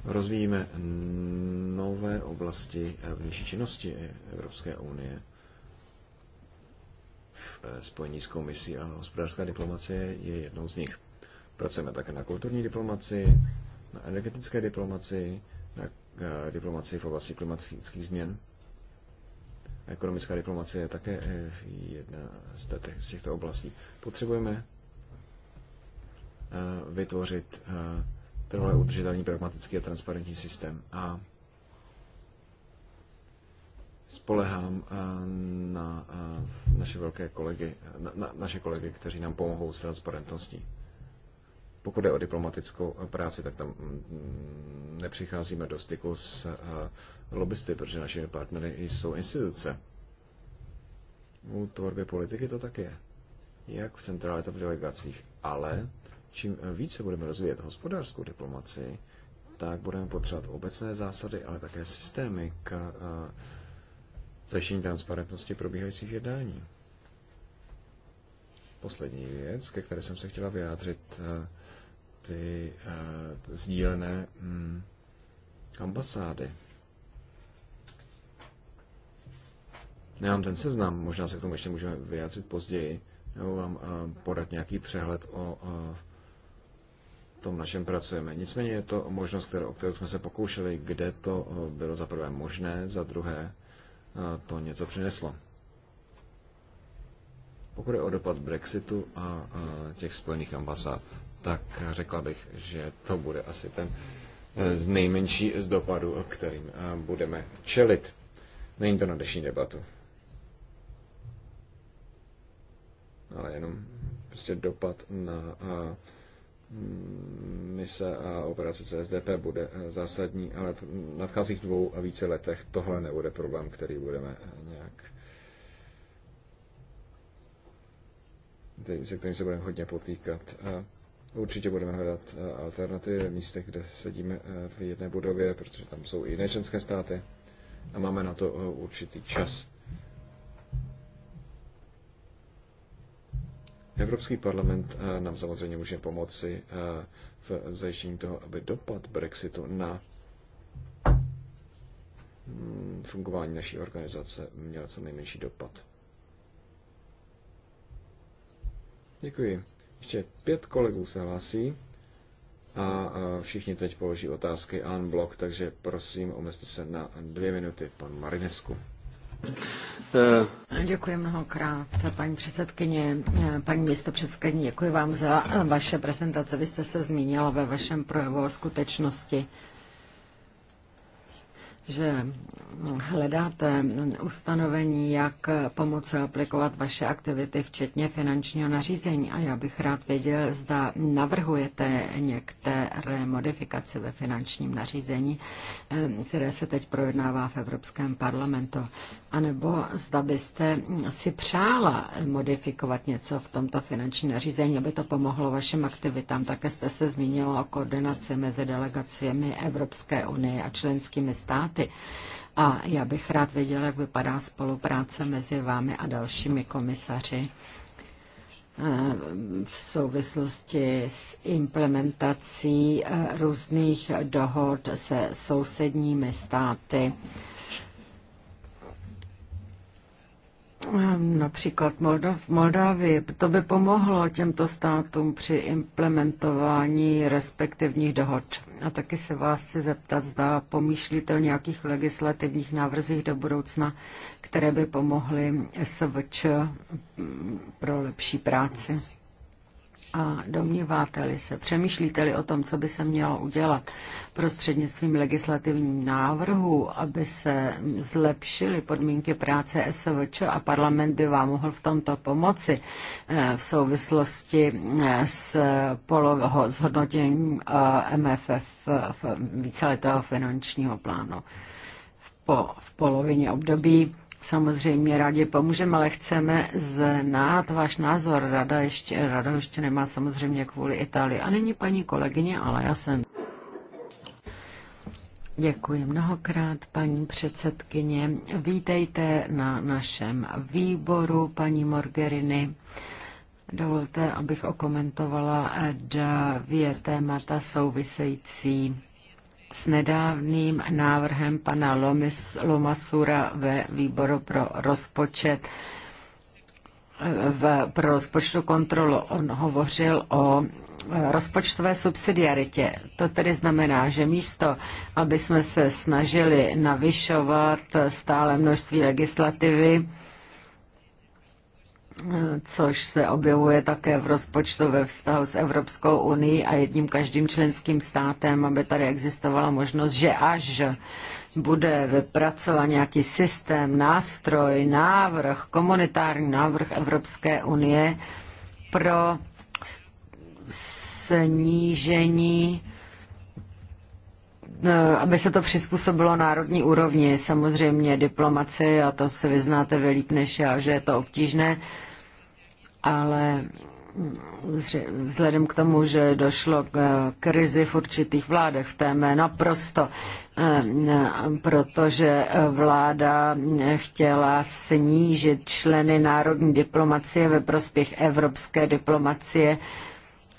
Rozvíjíme nové oblasti vnější činnosti Evropské unie Eh, spojení s komisí a hospodářská diplomacie je jednou z nich. Pracujeme také na kulturní diplomaci, na energetické diplomaci, na eh, diplomaci v oblasti klimatických změn. Ekonomická diplomacie je také eh, jedna z těchto oblastí. Potřebujeme vytvořit trvalé udržitelný pragmatický a transparentní systém a spolehám eh, na eh, naše velké kolegy, na, na naše kolegy, kteří nám pomohou s transparentností. Pokud je o diplomatickou eh, práci, tak tam mm, nepřicházíme do styku s lobbysty, protože naše partnery jsou instituce. U tvorby politiky to tak je. Jak v centrále, tak v delegacích. Ale čím více budeme rozvíjet hospodářskou diplomaci, tak budeme potřebovat obecné zásady, ale také systémy k uh, zajištění transparentnosti probíhajících jednání. Poslední věc, ke které jsem se chtěla vyjádřit, eh, ty eh, sdílené hm, ambasády. Nemám ten seznam, možná se k tomu ještě můžeme vyjádřit později, nebo vám eh, podat nějaký přehled o tom, na čem pracujeme. Nicméně je to možnost, kterou, o kterou jsme se pokoušeli, kde to bylo za prvé možné, za druhé to něco přineslo. Pokud je o dopad Brexitu a těch spojených ambasád, tak řekla bych, že to bude asi ten e, z nejmenší z dopadů, kterým e, budeme čelit. Není to na dnešní debatu. Ale jenom prostě dopad na mise a operace CSDP bude eh, zásadní, ale v nadcházích dvou a více letech tohle nebude problém, který budeme eh, nějak se kterým se budeme hodně potýkat. Určitě budeme hledat eh, alternativy v místech, kde sedíme v jedné budově, protože tam jsou i jiné členské státy a máme na to určitý čas. Evropský parlament eh, nám samozřejmě může pomoci eh, v zajištění toho, aby dopad Brexitu na mm, fungování naší organizace měl co nejmenší dopad. Děkuji. Ještě pět kolegů se hlásí a eh, všichni teď položí otázky en blok, takže prosím, omezte se na dvě minuty, pan Marinesku. Eh, děkuji mnohokrát, paní předsedkyně, eh, paní místopředsedkyně, děkuji vám za eh, vaše prezentace. Vy jste se zmínila ve vašem projevu o skutečnosti, že hledáte ustanovení, jak pomoci aplikovat vaše aktivity, včetně finančního nařízení. A já bych rád věděl, zda navrhujete některé modifikace ve finančním nařízení, eh, které se teď projednává v Evropském parlamentu. A nebo zda byste si přála modifikovat něco v tomto finančním nařízení, aby to pomohlo vašim aktivitám. Také jste se zmínila o koordinaci mezi delegacemi Evropské unie a členskými státy státy. A já bych rád věděla, jak vypadá spolupráce mezi vámi a dalšími komisaři eh, v souvislosti s implementací eh, různých dohod se sousedními státy Například v Moldávii. To by pomohlo těmto státům při implementování respektivních dohod. A taky se vás chci zeptat, zda pomýšlíte o nějakých legislativních návrzích do budoucna, které by pomohly SVČ pro lepší práci. A domníváte-li se, přemýšlíte-li o tom, co by se mělo udělat prostřednictvím legislativních návrhů, aby se zlepšily podmínky práce SVČ a parlament by vám mohl v tomto pomoci eh, v souvislosti eh, s, polo- zhodnotění eh, MFF víceletého finančního plánu po, v polovině období samozřejmě rádi pomůžeme, ale chceme znát váš názor. Rada ještě, rada ještě nemá samozřejmě kvůli Itálii. A není paní kolegyně, ale já jsem. Děkuji mnohokrát, paní předsedkyně. Vítejte na našem výboru, paní Morgerini. Dovolte, abych okomentovala dvě témata související s nedávným návrhem pana Lomis, Lomasura ve výboru pro rozpočet v, pro rozpočtu kontrolu. On hovořil o e, rozpočtové subsidiaritě. To tedy znamená, že místo, aby jsme se snažili navyšovat stále množství legislativy, což se objevuje také v rozpočtu ve vztahu s Evropskou unii a jedním každým členským státem, aby tady existovala možnost, že až bude vypracován nějaký systém, nástroj, návrh, komunitární návrh Evropské unie pro snížení No, aby se to přizpůsobilo národní úrovni. Samozřejmě diplomaci, a to se vyznáte vy líp než já, že je to obtížné, ale vzhledem k tomu, že došlo k krizi v určitých vládech v té mé naprosto, eh, protože vláda chtěla snížit členy národní diplomacie ve prospěch evropské diplomacie,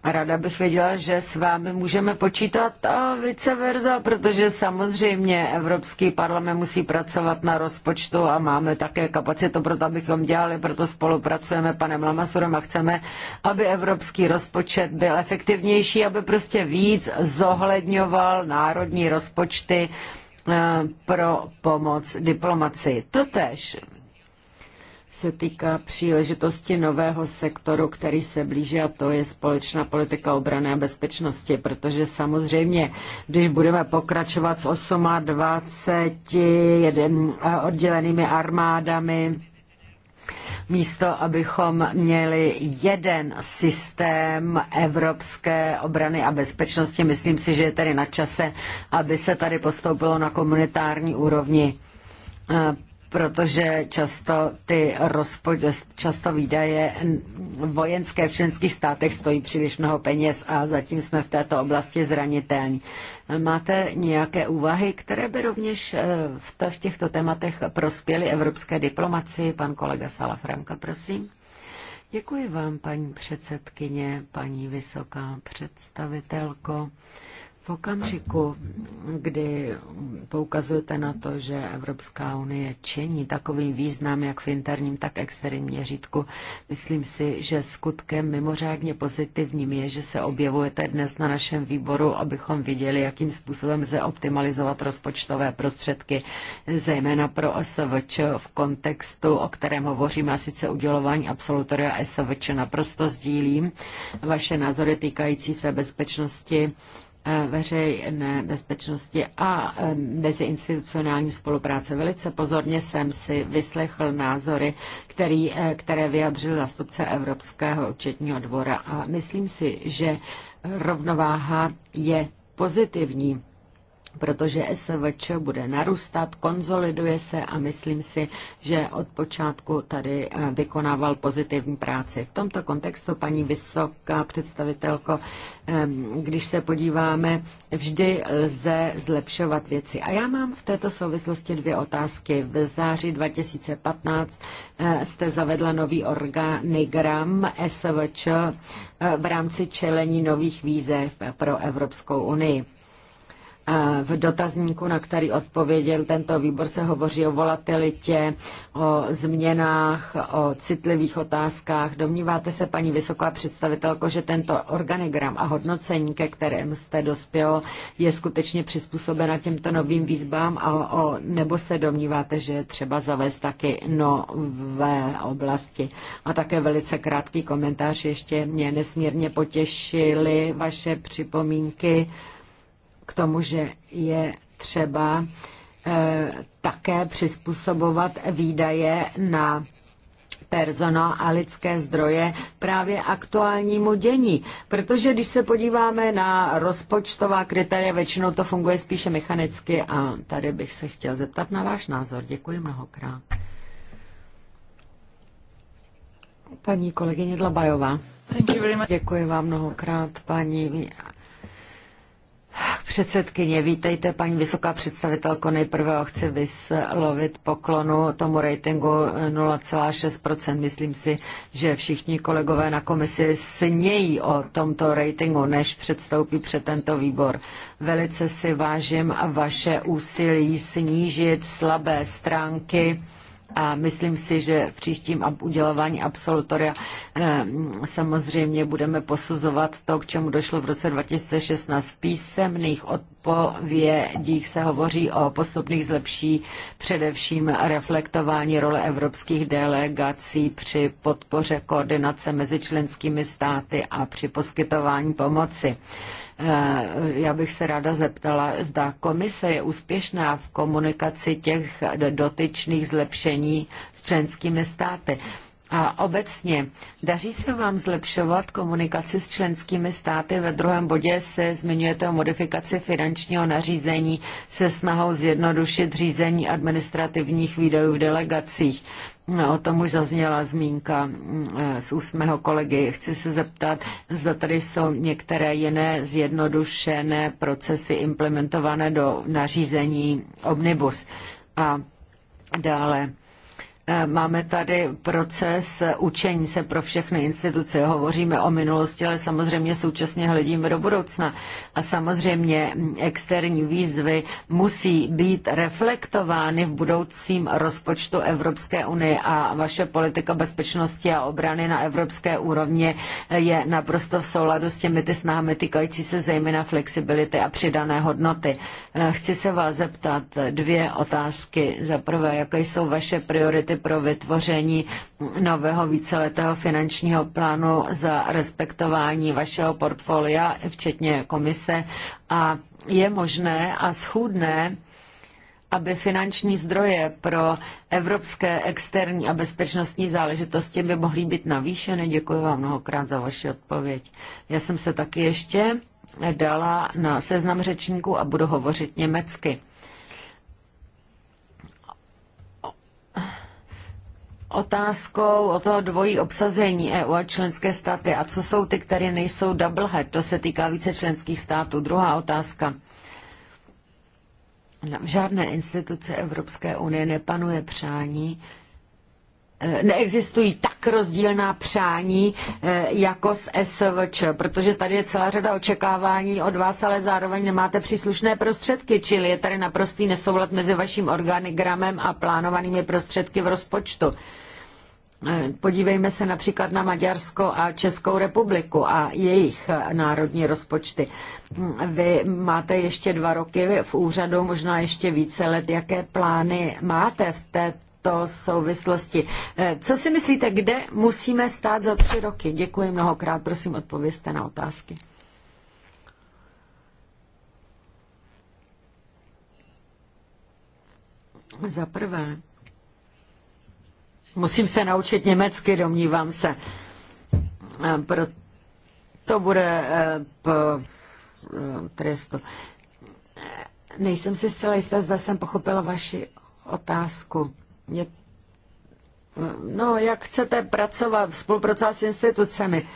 a ráda bych věděla, že s vámi můžeme počítat a vice versa, protože samozřejmě Evropský parlament musí pracovat na rozpočtu a máme také kapacitu pro to, abychom dělali, proto spolupracujeme panem Lamasurem a chceme, aby evropský rozpočet byl efektivnější, aby prostě víc zohledňoval národní rozpočty eh, pro pomoc diplomaci. Totež se týká příležitosti nového sektoru, který se blíží a to je společná politika obrany a bezpečnosti, protože samozřejmě, když budeme pokračovat s 28 eh, oddělenými armádami, místo abychom měli jeden systém evropské obrany a bezpečnosti, myslím si, že je tady na čase, aby se tady postoupilo na komunitární úrovni eh, protože často ty rozpo, často výdaje vojenské v členských státech stojí příliš mnoho peněz a zatím jsme v této oblasti zranitelní. Máte nějaké úvahy, které by rovněž eh, v, to, v těchto tématech prospěly evropské diplomaci? Pan kolega Salafranka, prosím. Děkuji vám, paní předsedkyně, paní vysoká představitelko. V okamžiku, kdy poukazujete na to, že Evropská unie čení takový význam jak v interním, tak externím měřítku, myslím si, že skutkem mimořádně pozitivním je, že se objevujete dnes na našem výboru, abychom viděli, jakým způsobem se optimalizovat rozpočtové prostředky, zejména pro SVČ v kontextu, o kterém hovoříme, a sice udělování absolutoria SVČ. Naprosto sdílím vaše názory týkající se bezpečnosti Eh, veřejné bezpečnosti a eh, meziinstitucionální spolupráce. Velice pozorně jsem si vyslechl názory, který, eh, které vyjadřil zastupce Evropského účetního dvora a myslím si, že rovnováha je pozitivní protože SVČ bude narůstat, konzoliduje se a myslím si, že od počátku tady eh, vykonával pozitivní práci. V tomto kontextu, paní vysoká představitelko, ehm, když se podíváme, vždy lze zlepšovat věci. A já mám v této souvislosti dvě otázky. V září 2015 eh, jste zavedla nový organigram SVČ eh, v rámci čelení nových výzev pro Evropskou unii. V dotazníku, na který odpověděl tento výbor, se hovoří o volatilitě, o změnách, o citlivých otázkách. Domníváte se, paní vysoká představitelko, že tento organigram a hodnocení, ke kterém jste dospěl, je skutečně přizpůsobena těmto novým výzvám, a, o, nebo se domníváte, že je třeba zavést taky nové oblasti? A také velice krátký komentář ještě mě nesmírně potěšily vaše připomínky k tomu, že je třeba eh, také přizpůsobovat výdaje na personál a lidské zdroje právě aktuálnímu dění. Protože když se podíváme na rozpočtová kritéria, většinou to funguje spíše mechanicky a tady bych se chtěl zeptat na váš názor. Děkuji mnohokrát. Paní kolegyně Dlabajová. Děkuji vám mnohokrát, paní Předsedkyně, vítejte, paní vysoká představitelko. Nejprve chci vyslovit poklonu tomu ratingu 0,6%. Myslím si, že všichni kolegové na komisi snějí o tomto ratingu, než předstoupí před tento výbor. Velice si vážím vaše úsilí snížit slabé stránky a myslím si, že v příštím udělování absolutoria eh, samozřejmě budeme posuzovat to, k čemu došlo v roce 2016. V písemných odpovědích se hovoří o postupných zlepší především reflektování role evropských delegací při podpoře koordinace mezi členskými státy a při poskytování pomoci. Eh, já bych se ráda zeptala, zda komise je úspěšná v komunikaci těch dotyčných zlepšení jednání s členskými státy. A obecně, daří se vám zlepšovat komunikaci s členskými státy? Ve druhém bodě se zmiňujete o modifikaci finančního nařízení se snahou zjednodušit řízení administrativních výdajů v delegacích. No, o tom už zazněla zmínka mm, e, z úst mého kolegy. Chci se zeptat, zda tady jsou některé jiné zjednodušené procesy implementované do nařízení Omnibus. A dále Eh, máme tady proces eh, učení se pro všechny instituce. Hovoříme o minulosti, ale samozřejmě současně hledíme do budoucna. A samozřejmě mm, externí výzvy musí být reflektovány v budoucím rozpočtu Evropské unie a vaše politika bezpečnosti a obrany na evropské úrovni eh, je naprosto v souladu s těmi ty snahami týkající se zejména flexibility a přidané hodnoty. Chci se vás zeptat dvě otázky. Za prvé, jaké jsou vaše priority státy pro vytvoření nového víceletého finančního plánu za respektování vašeho portfolia, včetně komise. A je možné a schůdné, aby finanční zdroje pro evropské externí a bezpečnostní záležitosti by mohly být navýšeny. Děkuji vám mnohokrát za vaši odpověď. Já jsem se taky ještě dala na seznam řečníků a budu hovořit německy. otázkou o toho dvojí obsazení EU a členské státy. A co jsou ty, které nejsou doublehead? To se týká více členských států. Druhá otázka. V žádné instituce Evropské unie nepanuje přání, Eh, neexistují tak rozdílná přání eh, jako s SVČ, protože tady je celá řada očekávání od vás, ale zároveň nemáte příslušné prostředky, čili je tady naprostý nesoulad mezi vaším organigramem a plánovanými prostředky v rozpočtu. Eh, podívejme se například na Maďarsko a Českou republiku a jejich národní rozpočty. Mm, vy máte ještě dva roky v úřadu, možná ještě více let. Jaké plány máte v této této souvislosti. Eh, co si myslíte, kde musíme stát za tři roky? Děkuji mnohokrát, prosím, odpovězte na otázky. Za prvé, musím se naučit německy, domnívám se. Eh, pro to bude eh, po trestu. Nejsem si zcela jistá, zda jsem pochopila vaši otázku je No, jak chcete pracovat, spolupracovat s institucemi?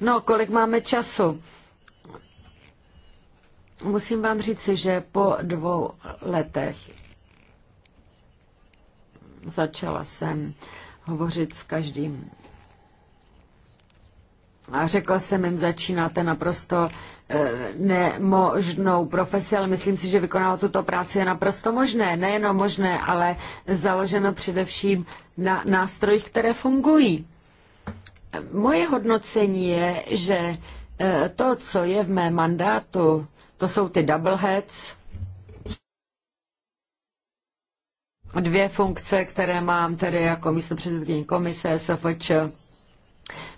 No, kolik máme času? Musím vám říci, že po dvou letech začala jsem hovořit s každým a řekla jsem jim, začínáte naprosto eh, nemožnou profesi, ale myslím si, že vykonávat tuto práci je naprosto možné. Nejenom možné, ale založeno především na nástrojích, které fungují. Moje hodnocení je, že eh, to, co je v mé mandátu, to jsou ty double heads, dvě funkce, které mám tedy jako místo předsedkyní komise SFČ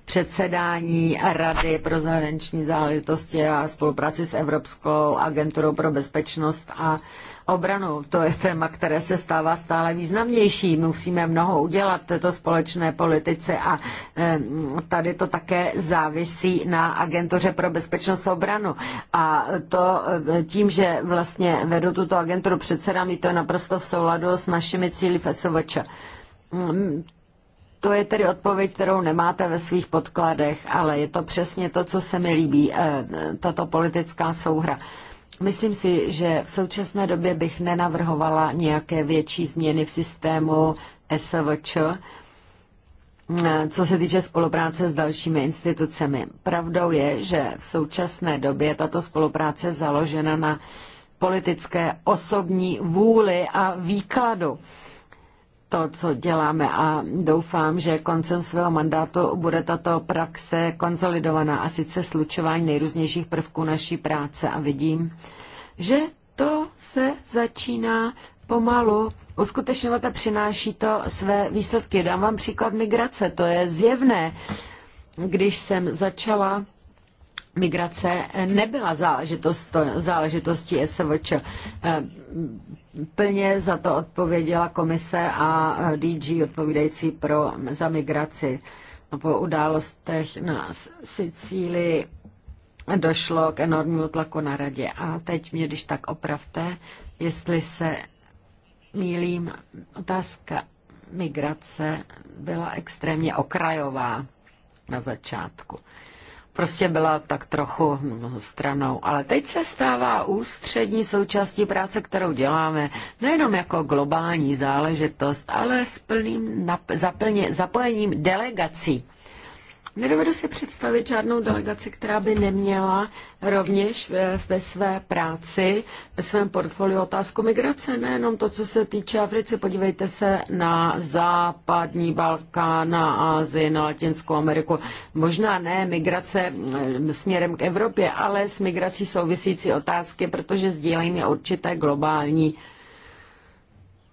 předsedání Rady pro zahraniční záležitosti a spolupráci s Evropskou agenturou pro bezpečnost a obranu. To je téma, které se stává stále významnější. Musíme mnoho udělat této společné politice a eh, tady to také závisí na agentuře pro bezpečnost a obranu. A to eh, tím, že vlastně vedu tuto agenturu předsedám, to je naprosto v souladu s našimi cíli FSVČ to je tedy odpověď, kterou nemáte ve svých podkladech, ale je to přesně to, co se mi líbí, eh, tato politická souhra. Myslím si, že v současné době bych nenavrhovala nějaké větší změny v systému SVČ, eh, co se týče spolupráce s dalšími institucemi. Pravdou je, že v současné době tato spolupráce je založena na politické osobní vůli a výkladu to, co děláme a doufám, že koncem svého mandátu bude tato praxe konsolidovaná a sice slučování nejrůznějších prvků naší práce a vidím, že to se začíná pomalu uskutečňovat a přináší to své výsledky. Dám vám příklad migrace, to je zjevné. Když jsem začala migrace nebyla záležitost, záležitostí SVČ. Eh, plně za to odpověděla komise a DG odpovídající pro, za migraci. No, po událostech na Sicílii došlo k enormnímu tlaku na radě. A teď mě, když tak opravte, jestli se mílím, otázka migrace byla extrémně okrajová na začátku prostě byla tak trochu stranou. Ale teď se stává ústřední součástí práce, kterou děláme, nejenom jako globální záležitost, ale s plným nap- zaplně- zapojením delegací. Nedovedu si představit žádnou delegaci, která by neměla rovněž eh, ve své práci, ve svém portfoliu otázku migrace, nejenom to, co se týče Africe. Podívejte se na západní Balkán, na Ázii, na Latinskou Ameriku. Možná ne migrace eh, směrem k Evropě, ale s migrací souvisící otázky, protože sdílejme určité globální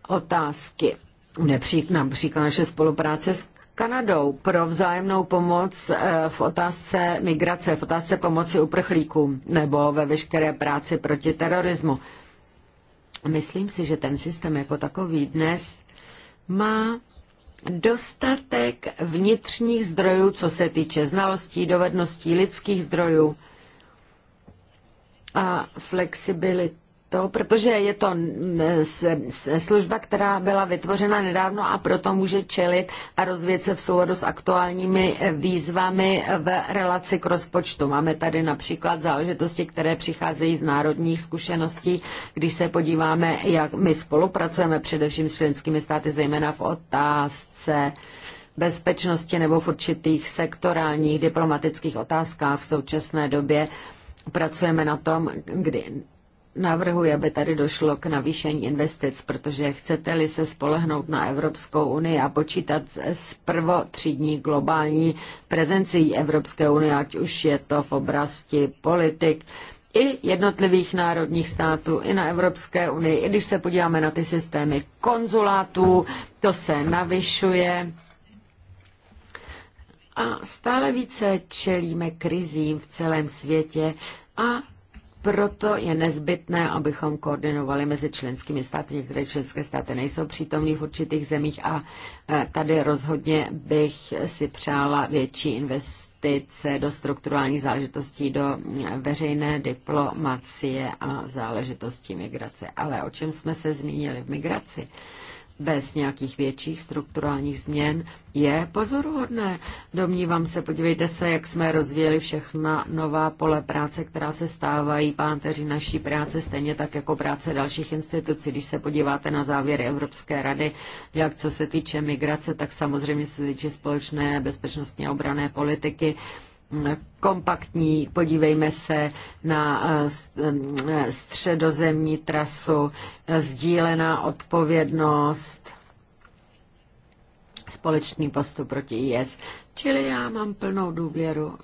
otázky. Například naše spolupráce s Kanadou pro vzájemnou pomoc eh, v otázce migrace, v otázce pomoci uprchlíkům nebo ve veškeré práci proti terorismu. Myslím si, že ten systém jako takový dnes má dostatek vnitřních zdrojů, co se týče znalostí, dovedností, lidských zdrojů a flexibility to, protože je to mm, služba, která byla vytvořena nedávno a proto může čelit a rozvíjet se v souladu s aktuálními výzvami v relaci k rozpočtu. Máme tady například záležitosti, které přicházejí z národních zkušeností, když se podíváme, jak my spolupracujeme především s členskými státy, zejména v otázce bezpečnosti nebo v určitých sektorálních diplomatických otázkách v současné době. Pracujeme na tom, kdy navrhuji, aby tady došlo k navýšení investic, protože chcete-li se spolehnout na Evropskou unii a počítat s prvotřídní globální prezencí Evropské unie, ať už je to v oblasti politik, i jednotlivých národních států, i na Evropské unii, i když se podíváme na ty systémy konzulátů, to se navyšuje. A stále více čelíme krizím v celém světě a proto je nezbytné, abychom koordinovali mezi členskými státy. Některé členské státy nejsou přítomní v určitých zemích a e, tady rozhodně bych si přála větší investice do strukturálních záležitostí, do e, veřejné diplomacie a záležitostí migrace. Ale o čem jsme se zmínili v migraci? bez nějakých větších strukturálních změn je pozoruhodné. Domnívám se, podívejte se, jak jsme rozvíjeli všechna nová pole práce, která se stávají pánteři naší práce, stejně tak jako práce dalších institucí. Když se podíváte na závěry Evropské rady, jak co se týče migrace, tak samozřejmě se týče společné bezpečnostní a obrané politiky, kompaktní. Podívejme se na eh, eh, středozemní trasu, sdílená odpovědnost, společný postup proti IS. Čili já mám plnou důvěru,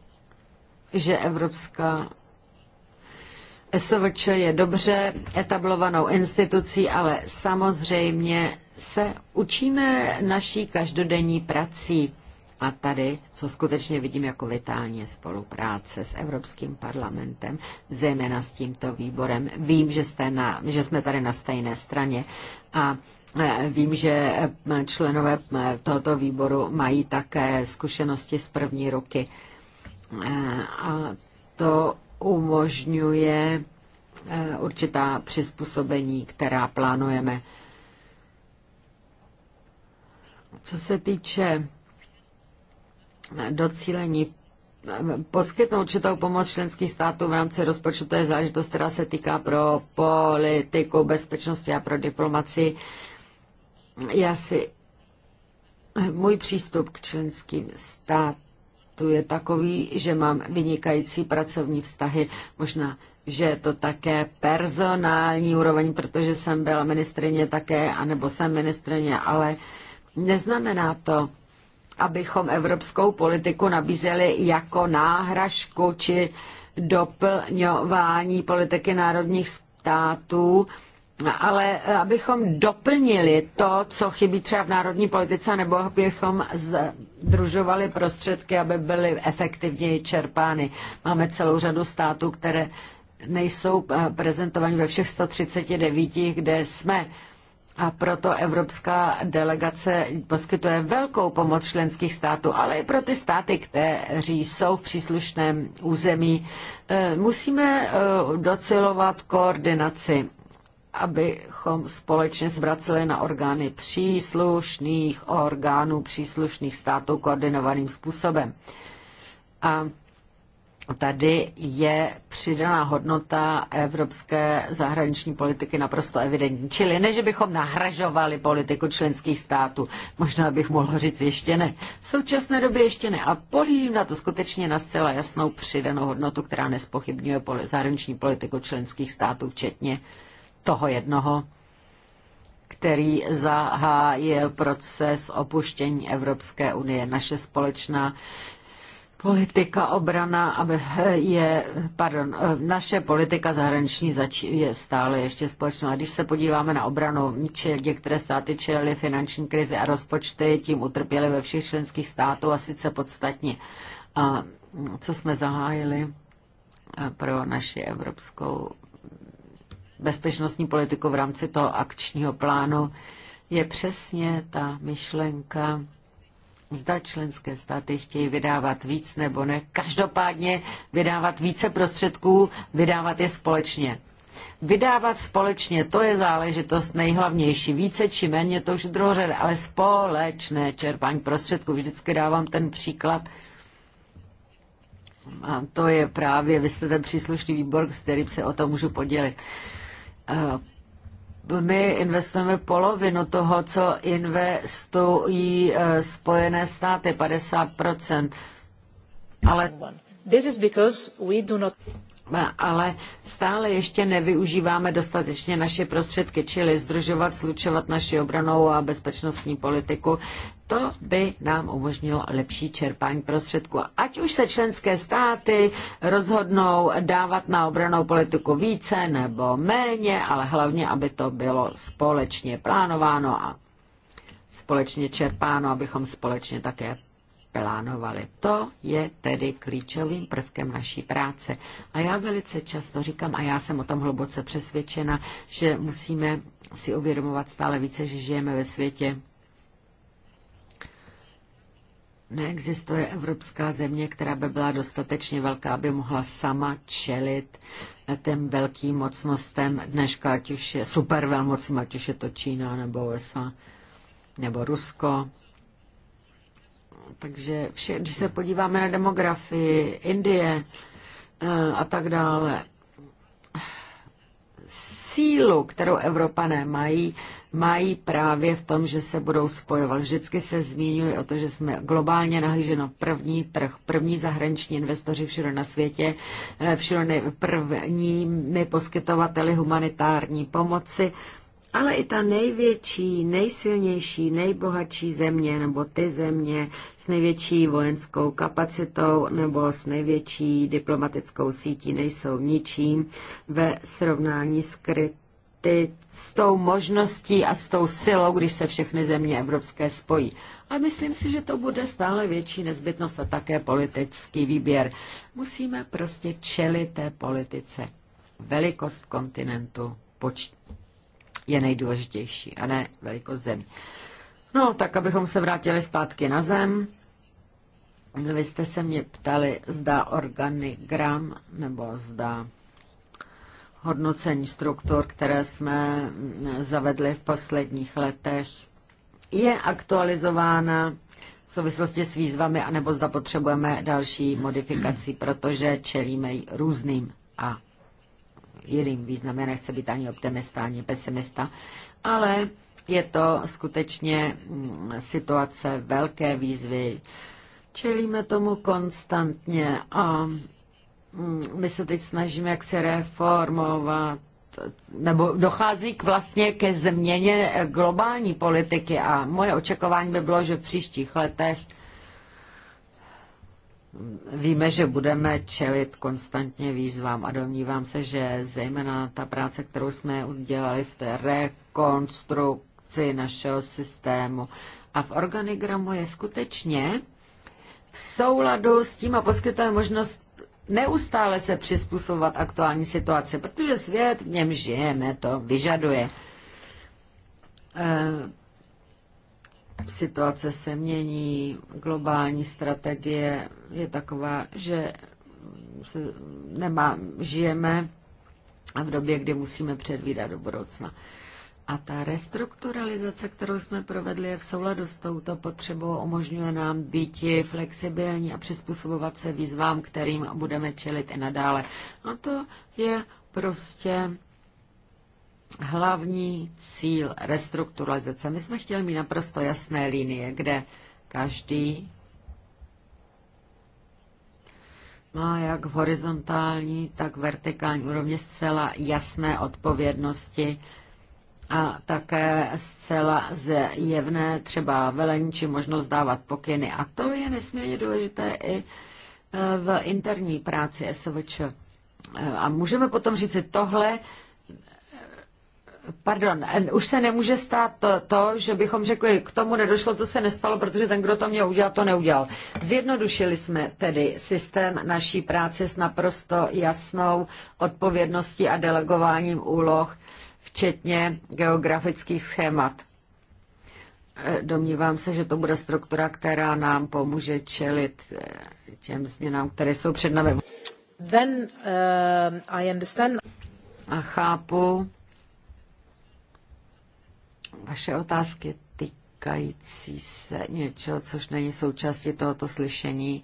že Evropská SVČ je dobře etablovanou institucí, ale samozřejmě se učíme naší každodenní prací. A tady, co skutečně vidím jako vitální, je spolupráce s Evropským parlamentem, zejména s tímto výborem. Vím, že, jste na, že jsme tady na stejné straně a e, Vím, že e, členové e, tohoto výboru mají také zkušenosti z první ruky. A to umožňuje určitá přizpůsobení, která plánujeme. Co se týče docílení poskytnout určitou pomoc členských států v rámci rozpočtu, to je záležitost, která se týká pro politiku bezpečnosti a pro diplomaci. Já si, můj přístup k členským státům je takový, že mám vynikající pracovní vztahy, možná že je to také personální úroveň, protože jsem byla ministrině také, anebo jsem ministrině, ale neznamená to, abychom evropskou politiku nabízeli jako náhražku či doplňování politiky národních států, ale abychom doplnili to, co chybí třeba v národní politice, nebo abychom združovali prostředky, aby byly efektivněji čerpány. Máme celou řadu států, které nejsou eh, prezentovány ve všech 139, kde jsme. A proto evropská delegace poskytuje velkou pomoc členských států, ale i pro ty státy, kteří jsou v příslušném území. Eh, musíme eh, docelovat koordinaci abychom společně zvraceli na orgány příslušných orgánů příslušných států koordinovaným způsobem. A tady je přidaná hodnota evropské zahraniční politiky naprosto evidentní. Čili ne, že bychom nahražovali politiku členských států. Možná bych mohl říct ještě ne. V současné době ještě ne. A pohlížím na to skutečně na zcela jasnou přidanou hodnotu, která nespochybňuje zahraniční politiku členských států, včetně toho jednoho, který zahájil proces opuštění Evropské unie. Naše společná Politika obrana je, pardon, naše politika zahraniční je stále ještě společná. Když se podíváme na obranu, či některé státy čelily finanční krizi a rozpočty, tím utrpěly ve všech členských států a sice podstatně. A co jsme zahájili pro naši evropskou bezpečnostní politiku v rámci toho akčního plánu, je přesně ta myšlenka, zda členské státy chtějí vydávat víc nebo ne. Každopádně vydávat více prostředků, vydávat je společně. Vydávat společně, to je záležitost nejhlavnější. Více či méně, to už je druhořadé, ale společné čerpání prostředků. Vždycky dávám ten příklad. A to je právě, vy jste ten příslušný výbor, s kterým se o to můžu podělit eh, my investujeme polovinu toho, co investují eh, Spojené státy, 50 ale ale stále ještě nevyužíváme dostatečně naše prostředky, čili združovat, slučovat naši obranou a bezpečnostní politiku. To by nám umožnilo lepší čerpání prostředků. Ať už se členské státy rozhodnou dávat na obranou politiku více nebo méně, ale hlavně, aby to bylo společně plánováno a společně čerpáno, abychom společně také plánovali. To je tedy klíčovým prvkem naší práce. A já velice často říkám, a já jsem o tom hluboce přesvědčena, že musíme si uvědomovat stále více, že žijeme ve světě, Neexistuje evropská země, která by byla dostatečně velká, aby mohla sama čelit těm velkým mocnostem dneška, ať už je supervelmocím, ať už je to Čína nebo USA nebo Rusko takže vše, když se podíváme na demografii Indie eh, a tak dále, sílu, kterou Evropané mají, mají právě v tom, že se budou spojovat. Vždycky se zmiňuji o to, že jsme globálně nahlíženo první trh, první zahraniční investoři všude na světě, eh, všude první poskytovateli humanitární pomoci ale i ta největší, nejsilnější, nejbohatší země nebo ty země s největší vojenskou kapacitou nebo s největší diplomatickou sítí nejsou ničím ve srovnání s kryty s tou možností a s tou silou, když se všechny země evropské spojí. A myslím si, že to bude stále větší nezbytnost a také politický výběr. Musíme prostě čelit té politice. Velikost kontinentu, počt je nejdůležitější a ne velikost zemí. No, tak abychom se vrátili zpátky na zem. Vy jste se mě ptali, zda organigram nebo zda hodnocení struktur, které jsme zavedli v posledních letech, je aktualizována v souvislosti s výzvami, anebo zda potřebujeme další modifikací, protože čelíme různým a jiným významem. Já nechci být ani optimista, ani pesimista, ale je to skutečně mm, situace velké výzvy. Čelíme tomu konstantně a mm, my se teď snažíme jak se reformovat nebo dochází k vlastně ke změně globální politiky a moje očekávání by bylo, že v příštích letech Víme, že budeme čelit konstantně výzvám a domnívám se, že zejména ta práce, kterou jsme udělali v té rekonstrukci našeho systému a v organigramu je skutečně v souladu s tím a poskytuje možnost neustále se přizpůsobovat aktuální situaci, protože svět, v něm žijeme, to vyžaduje. Eh, situace se mění, globální strategie je taková, že se nemá, žijeme a v době, kdy musíme předvídat do budoucna. A ta restrukturalizace, kterou jsme provedli, je v souladu s touto potřebou, umožňuje nám být flexibilní a přizpůsobovat se výzvám, kterým budeme čelit i nadále. A to je prostě hlavní cíl restrukturalizace. My jsme chtěli mít naprosto jasné linie, kde každý má jak horizontální, tak vertikální úrovně zcela jasné odpovědnosti a také zcela zjevné třeba velení či možnost dávat pokyny. A to je nesmírně důležité i e, v interní práci SVČ. E, a můžeme potom říct, že tohle Pardon, už se nemůže stát to, to, že bychom řekli, k tomu nedošlo, to se nestalo, protože ten, kdo to měl udělat, to neudělal. Zjednodušili jsme tedy systém naší práce s naprosto jasnou odpovědností a delegováním úloh, včetně geografických schémat. E, domnívám se, že to bude struktura, která nám pomůže čelit e, těm změnám, které jsou před námi. Then, uh, I understand. A chápu, vaše otázky týkající se něčeho, což není součástí tohoto slyšení.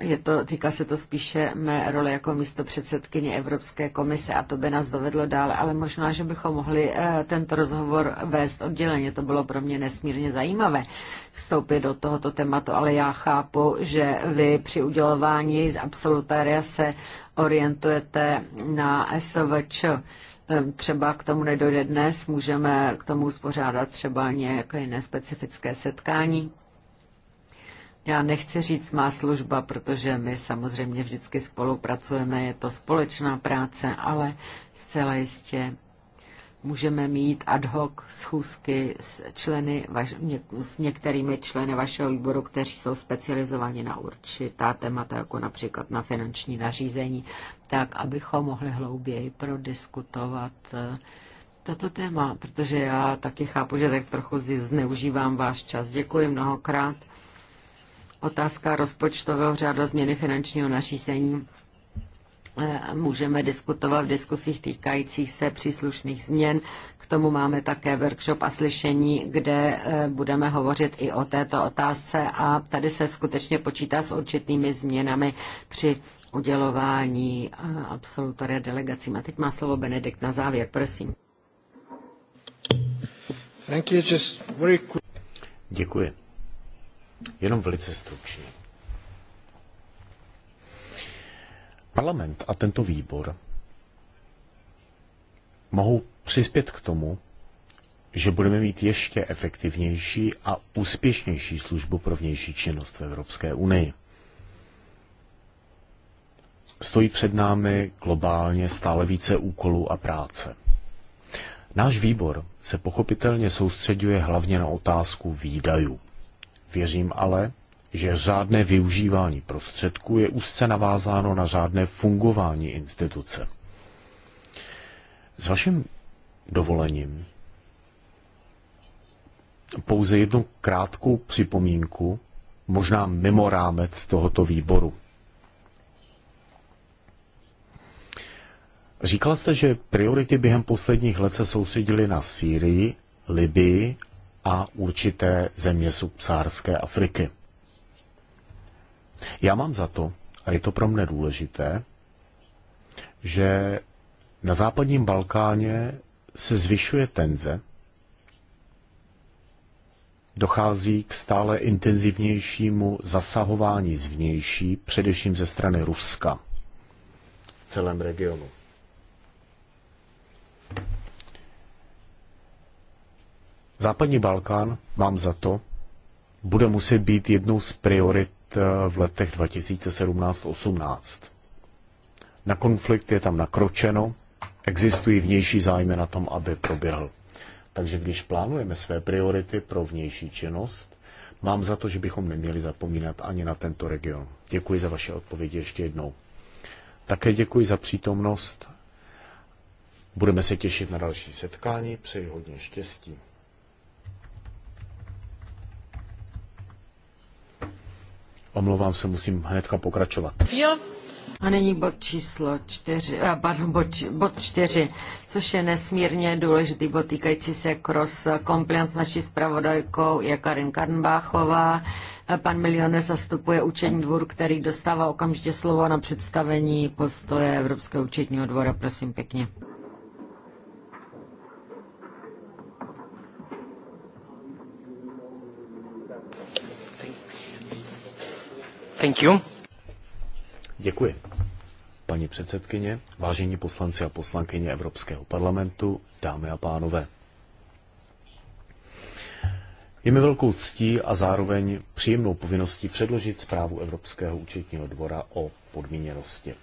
Je to, týká se to spíše mé role jako místo předsedkyně Evropské komise a to by nás dovedlo dále, ale možná, že bychom mohli eh, tento rozhovor vést odděleně. To bylo pro mě nesmírně zajímavé vstoupit do tohoto tématu, ale já chápu, že vy při udělování z absolutária se orientujete na SVČ. Ehm, třeba k tomu nedojde dnes, můžeme k tomu spořádat třeba nějaké jiné specifické setkání. Já nechci říct má služba, protože my samozřejmě vždycky spolupracujeme, je to společná práce, ale zcela jistě můžeme mít ad hoc schůzky s, členy, vaš, ně, s některými členy vašeho výboru, kteří jsou specializováni na určitá témata, jako například na finanční nařízení, tak abychom mohli hlouběji prodiskutovat eh, tato téma, protože já taky chápu, že tak trochu zneužívám váš čas. Děkuji mnohokrát. Otázka rozpočtového řádu změny finančního nařízení Eh, můžeme diskutovat v diskusích týkajících se příslušných změn. K tomu máme také workshop a slyšení, kde eh, budeme hovořit i o této otázce a tady se skutečně počítá s určitými změnami při udělování eh, absolutoria delegacím. A teď má slovo Benedikt na závěr, prosím. Thank you, just very quick. Děkuji. Jenom velice stručně. Parlament a tento výbor mohou přispět k tomu, že budeme mít ještě efektivnější a úspěšnější službu pro vnější činnost v Evropské unii. Stojí před námi globálně stále více úkolů a práce. Náš výbor se pochopitelně soustředuje hlavně na otázku výdajů. Věřím ale, že řádné využívání prostředků je úzce navázáno na řádné fungování instituce. S vaším dovolením pouze jednu krátkou připomínku, možná mimo rámec tohoto výboru. Říkal jste, že priority během posledních let se soustředily na Sýrii, Libii a určité země subsárské Afriky. Já mám za to, a je to pro mne důležité, že na západním Balkáně se zvyšuje tenze, dochází k stále intenzivnějšímu zasahování zvnější, především ze strany Ruska v celém regionu. Západní Balkán, mám za to, bude muset být jednou z priorit Eh, v letech 2017-18. Na konflikt je tam nakročeno, existují vnější zájmy na tom, aby proběhl. Takže když plánujeme své priority pro vnější činnost, mám za to, že bychom neměli zapomínat ani na tento region. Děkuji za vaše odpovědi ještě jednou. Také děkuji za přítomnost. Budeme se těšit na další setkání. Přeji hodně štěstí. Omlouvám se, musím hnedka pokračovat. A není bod číslo čtyři, pardon, bod, bod čtyři, což je nesmírně důležitý bod týkající se cross compliance naší zpravodajkou je Karin Karnbáchová. Pan Milione zastupuje účetní dvůr, který dostává okamžitě slovo na představení postoje Evropského účetního dvora. Prosím pěkně. Thank you. Děkuji. Paní předsedkyně, vážení poslanci a poslankyně Evropského parlamentu, dámy a pánové. Je mi velkou ctí a zároveň příjemnou povinností předložit zprávu Evropského účetního dvora o podmíněnosti.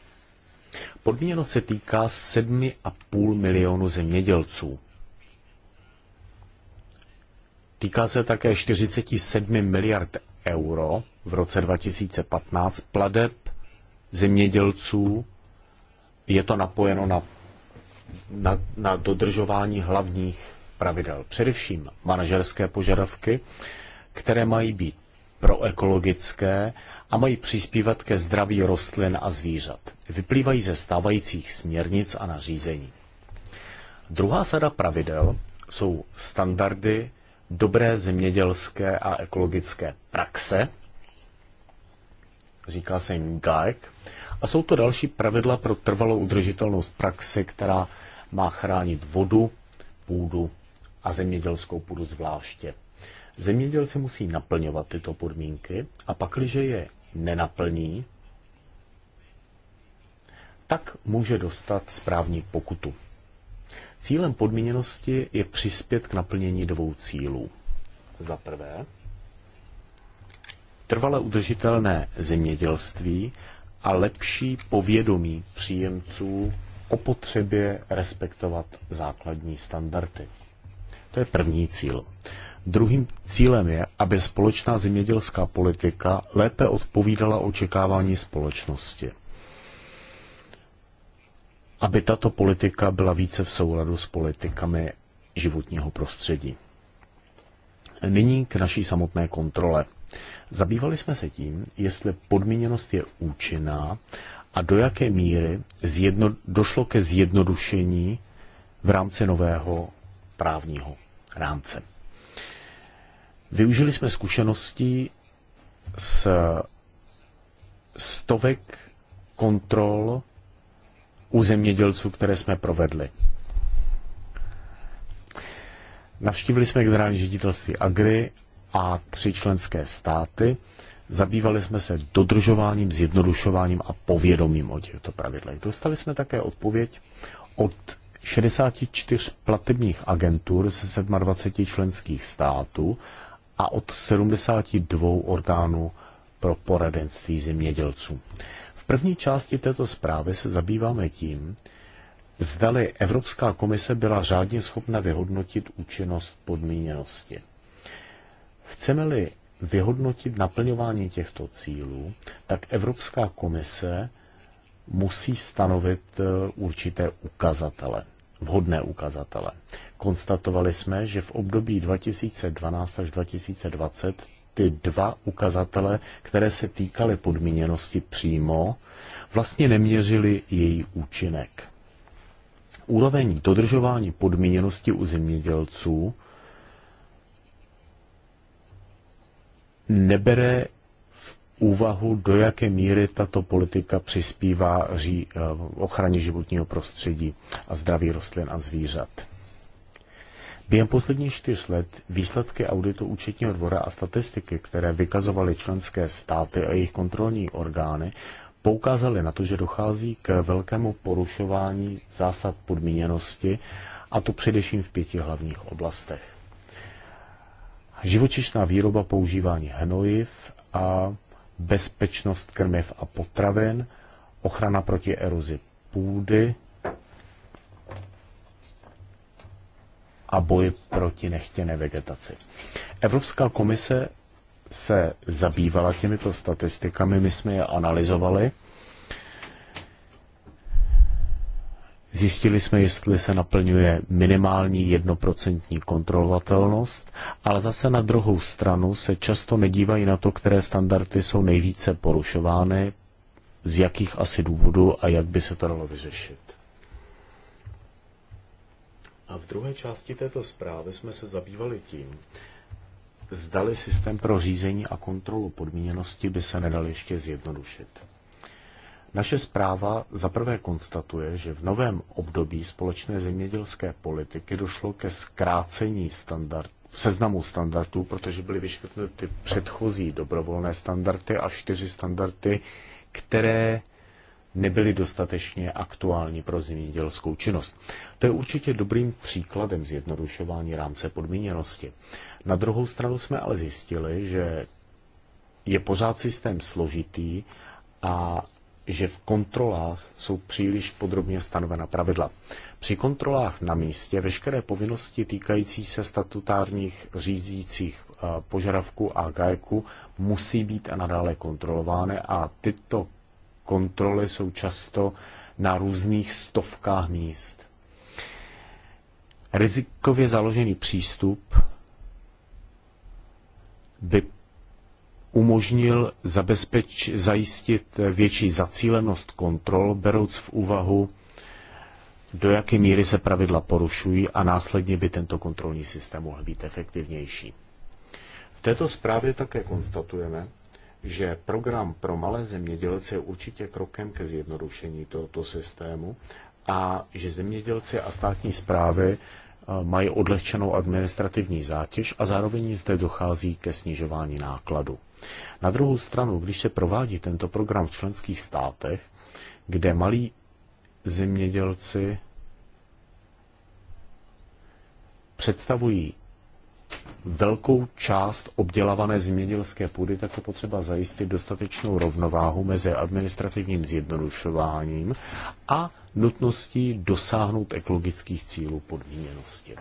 Podmíněnost se týká 7,5 milionu zemědělců. Týká se také 47 miliard euro v roce 2015 pladeb zemědělců. Je to napojeno na, na, na dodržování hlavních pravidel, především manažerské požadavky, které mají být proekologické a mají přispívat ke zdraví rostlin a zvířat. Vyplývají ze stávajících směrnic a nařízení. Druhá sada pravidel jsou standardy dobré zemědělské a ekologické praxe, říká se jim GAEK, a jsou to další pravidla pro trvalou udržitelnost praxe, která má chránit vodu, půdu a zemědělskou půdu zvláště. Zemědělci musí naplňovat tyto podmínky a pakliže je nenaplní, tak může dostat správní pokutu. Cílem podmíněnosti je přispět k naplnění dvou cílů. Za prvé, trvale udržitelné zemědělství a lepší povědomí příjemců o potřebě respektovat základní standardy. To je první cíl. Druhým cílem je, aby společná zemědělská politika lépe odpovídala očekávání společnosti aby tato politika byla více v souladu s politikami životního prostředí. Nyní k naší samotné kontrole. Zabývali jsme se tím, jestli podmíněnost je účinná a do jaké míry zjedno, došlo ke zjednodušení v rámci nového právního rámce. Využili jsme zkušeností s stovek kontrol u zemědělců, které jsme provedli. Navštívili jsme generální ředitelství Agri a tři členské státy. Zabývali jsme se dodržováním, zjednodušováním a povědomím o těchto pravidlech. Dostali jsme také odpověď od 64 platebních agentur ze 27 členských států a od 72 orgánů pro poradenství zemědělců první části této zprávy se zabýváme tím, zdali Evropská komise byla řádně schopna vyhodnotit účinnost podmíněnosti. Chceme-li vyhodnotit naplňování těchto cílů, tak Evropská komise musí stanovit eh, určité ukazatele, vhodné ukazatele. Konstatovali jsme, že v období 2012 až 2020 ty dva ukazatele, které se týkaly podmíněnosti přímo, vlastně neměřily její účinek. Úroveň dodržování podmíněnosti u zemědělců nebere v úvahu, do jaké míry tato politika přispívá eh, ochraně životního prostředí a zdraví rostlin a zvířat. Během posledních čtyř let výsledky auditu účetního dvora a statistiky, které vykazovaly členské státy a jejich kontrolní orgány, poukázaly na to, že dochází k velkému porušování zásad podmíněnosti, a to především v pěti hlavních oblastech. Živočišná výroba používání hnojiv a bezpečnost krmiv a potravin, ochrana proti erozi půdy, a boj proti nechtěné vegetaci. Evropská komise se zabývala těmito statistikami, my jsme je analyzovali. Zjistili jsme, jestli se naplňuje minimální jednoprocentní kontrolovatelnost, ale zase na druhou stranu se často nedívají na to, které standardy jsou nejvíce porušovány, z jakých asi důvodů a jak by se to dalo vyřešit. A v druhé části této zprávy jsme se zabývali tím, zdali systém pro řízení a kontrolu podmíněnosti by se nedal ještě zjednodušit. Naše zpráva zaprvé konstatuje, že v novém období společné zemědělské politiky došlo ke zkrácení standard, seznamu standardů, protože byly vyškrtnuty předchozí dobrovolné standardy a čtyři standardy, které nebyly dostatečně aktuální pro zemědělskou činnost. To je určitě dobrým příkladem zjednodušování rámce podmíněnosti. Na druhou stranu jsme ale zjistili, že je pořád systém složitý a že v kontrolách jsou příliš podrobně stanovena pravidla. Při kontrolách na místě veškeré povinnosti týkající se statutárních řízících eh, požadavků a gajku musí být a nadále kontrolovány a tyto kontroly jsou často na různých stovkách míst. Rizikově založený přístup by umožnil zabezpeč, zajistit větší zacílenost kontrol, berouc v úvahu, do jaké míry se pravidla porušují a následně by tento kontrolní systém mohl být efektivnější. V této zprávě také konstatujeme, že program pro malé zemědělce je určitě krokem ke zjednodušení tohoto systému a že zemědělci a státní zprávy eh, mají odlehčenou administrativní zátěž a zároveň zde dochází ke snižování nákladu. Na druhou stranu, když se provádí tento program v členských státech, kde malí zemědělci představují velkou část obdělávané zemědělské půdy, tak je potřeba zajistit dostatečnou rovnováhu mezi administrativním zjednodušováním a nutností dosáhnout ekologických cílů podmíněnosti.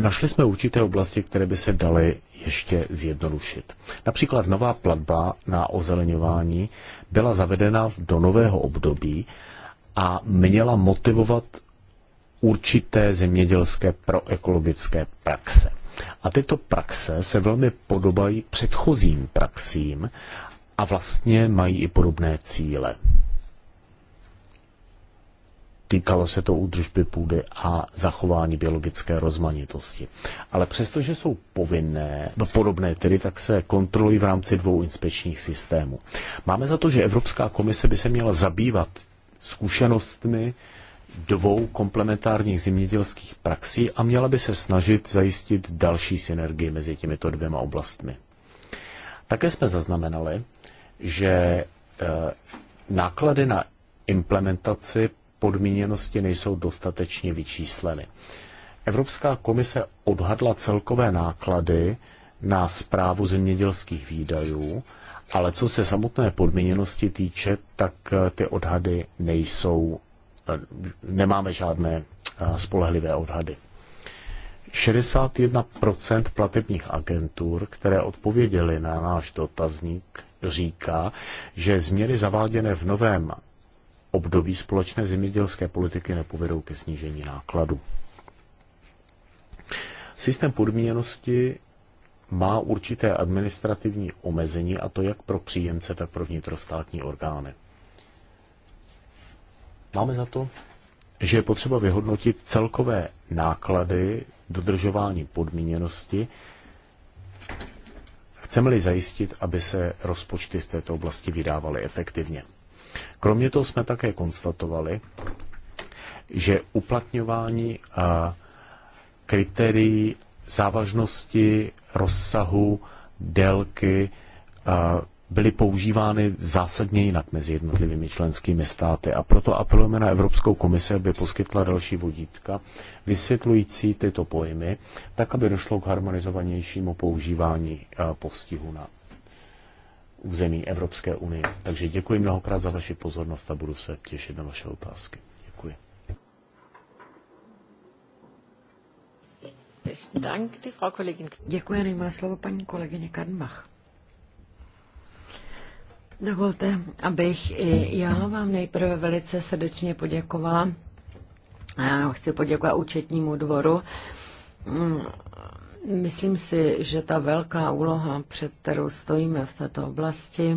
Našli jsme určité oblasti, které by se daly ještě zjednodušit. Například nová platba na ozeleňování byla zavedena do nového období a měla motivovat určité zemědělské proekologické praxe. A tyto praxe se velmi podobají předchozím praxím a vlastně mají i podobné cíle. Týkalo se to údržby půdy a zachování biologické rozmanitosti. Ale přestože jsou povinné, podobné tedy, tak se kontrolují v rámci dvou inspečních systémů. Máme za to, že Evropská komise by se měla zabývat zkušenostmi, dvou komplementárních zemědělských praxí a měla by se snažit zajistit další synergii mezi těmito dvěma oblastmi. Také jsme zaznamenali, že eh, náklady na implementaci podmíněnosti nejsou dostatečně vyčísleny. Evropská komise odhadla celkové náklady na zprávu zemědělských výdajů, ale co se samotné podmíněnosti týče, tak eh, ty odhady nejsou nemáme žádné spolehlivé odhady. 61% platebních agentur, které odpověděly na náš dotazník, říká, že změny zaváděné v novém období společné zemědělské politiky nepovedou ke snížení nákladu. Systém podmíněnosti má určité administrativní omezení, a to jak pro příjemce, tak pro vnitrostátní orgány. Máme za to, že je potřeba vyhodnotit celkové náklady dodržování podmíněnosti, chceme-li zajistit, aby se rozpočty v této oblasti vydávaly efektivně. Kromě toho jsme také konstatovali, že uplatňování a kritérií závažnosti, rozsahu, délky, byly používány zásadně jinak mezi jednotlivými členskými státy. A proto apelujeme na Evropskou komisi, aby poskytla další vodítka vysvětlující tyto pojmy, tak aby došlo k harmonizovanějšímu používání eh, postihu na území Evropské unie. Takže děkuji mnohokrát za vaši pozornost a budu se těšit na vaše otázky. Děkuji. Děkuji, nejmá slovo paní kolegyně Kadmach. Dovolte, abych i já vám nejprve velice srdečně poděkovala. Já chci poděkovat účetnímu dvoru. Mm, myslím si, že ta velká úloha, před kterou stojíme v této oblasti,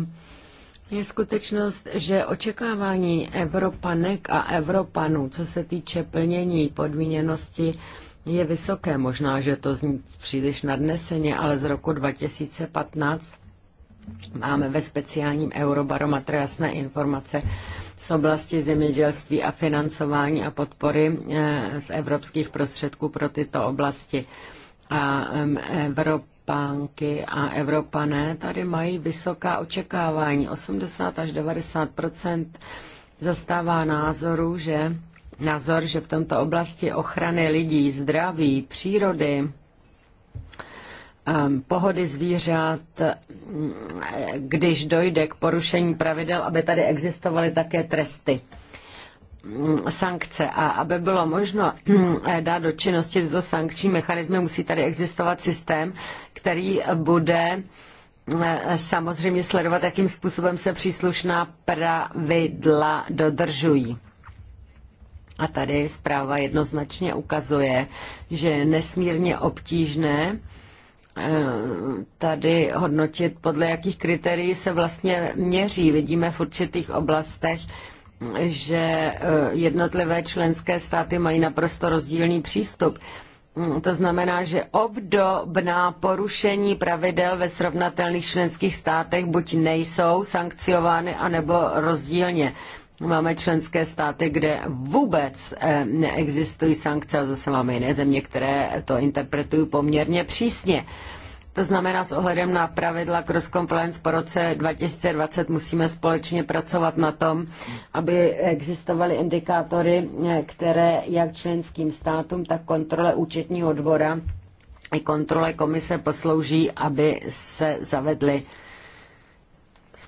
je skutečnost, že očekávání Evropanek a Evropanů, co se týče plnění podmíněnosti, je vysoké. Možná, že to zní příliš nadneseně, ale z roku 2015 Máme ve speciálním eurobarometru jasné informace z oblasti zemědělství a financování a podpory eh, z evropských prostředků pro tyto oblasti. A Evropánky a Evropané tady mají vysoká očekávání. 80 až 90 zastává názoru, že názor, že v tomto oblasti ochrany lidí, zdraví, přírody, Ehm, pohody zvířat, když dojde k porušení pravidel, aby tady existovaly také tresty ehm, sankce a aby bylo možno ehm, dát do činnosti tyto sankční mechanizmy, musí tady existovat systém, který bude samozřejmě sledovat, jakým způsobem se příslušná pravidla dodržují. A tady zpráva jednoznačně ukazuje, že je nesmírně obtížné Eh, tady hodnotit, podle jakých kritérií se vlastně měří. Vidíme v určitých oblastech, že eh, jednotlivé členské státy mají naprosto rozdílný přístup. Mm, to znamená, že obdobná porušení pravidel ve srovnatelných členských státech buď nejsou sankciovány, anebo rozdílně. Máme členské státy, kde vůbec eh, neexistují sankce a zase máme jiné země, které to interpretují poměrně přísně. To znamená, s ohledem na pravidla cross compliance po roce 2020 musíme společně pracovat na tom, aby existovaly indikátory, eh, které jak členským státům, tak kontrole účetního dvora i kontrole komise poslouží, aby se zavedly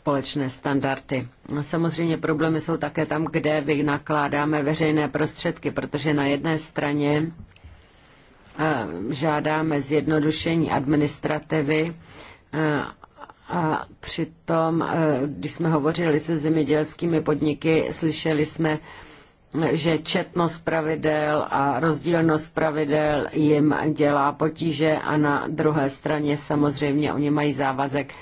společné standardy. Samozřejmě problémy jsou také tam, kde vynakládáme veřejné prostředky, protože na jedné straně eh, žádáme zjednodušení administrativy eh, a přitom, eh, když jsme hovořili se zemědělskými podniky, slyšeli jsme, že četnost pravidel a rozdílnost pravidel jim dělá potíže a na druhé straně samozřejmě oni mají závazek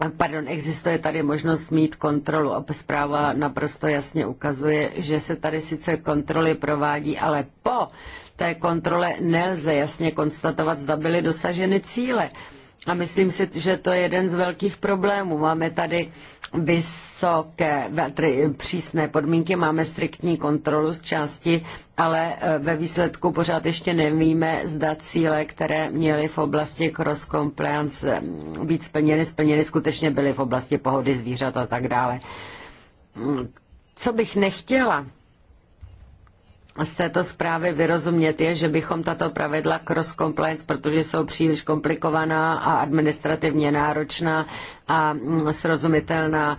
Eh, pardon, existuje tady možnost mít kontrolu a zpráva naprosto jasně ukazuje, že se tady sice kontroly provádí, ale po té kontrole nelze jasně konstatovat, zda byly dosaženy cíle. A myslím si, že to je jeden z velkých problémů. Máme tady vysoké, tedy přísné podmínky, máme striktní kontrolu z části, ale e, ve výsledku pořád ještě nevíme, zda cíle, které měly v oblasti cross compliance e, být splněny, splněny skutečně byly v oblasti pohody zvířat a tak dále. Mm, co bych nechtěla, z této zprávy vyrozumět je, že bychom tato pravidla cross compliance, protože jsou příliš komplikovaná a administrativně náročná a srozumitelná,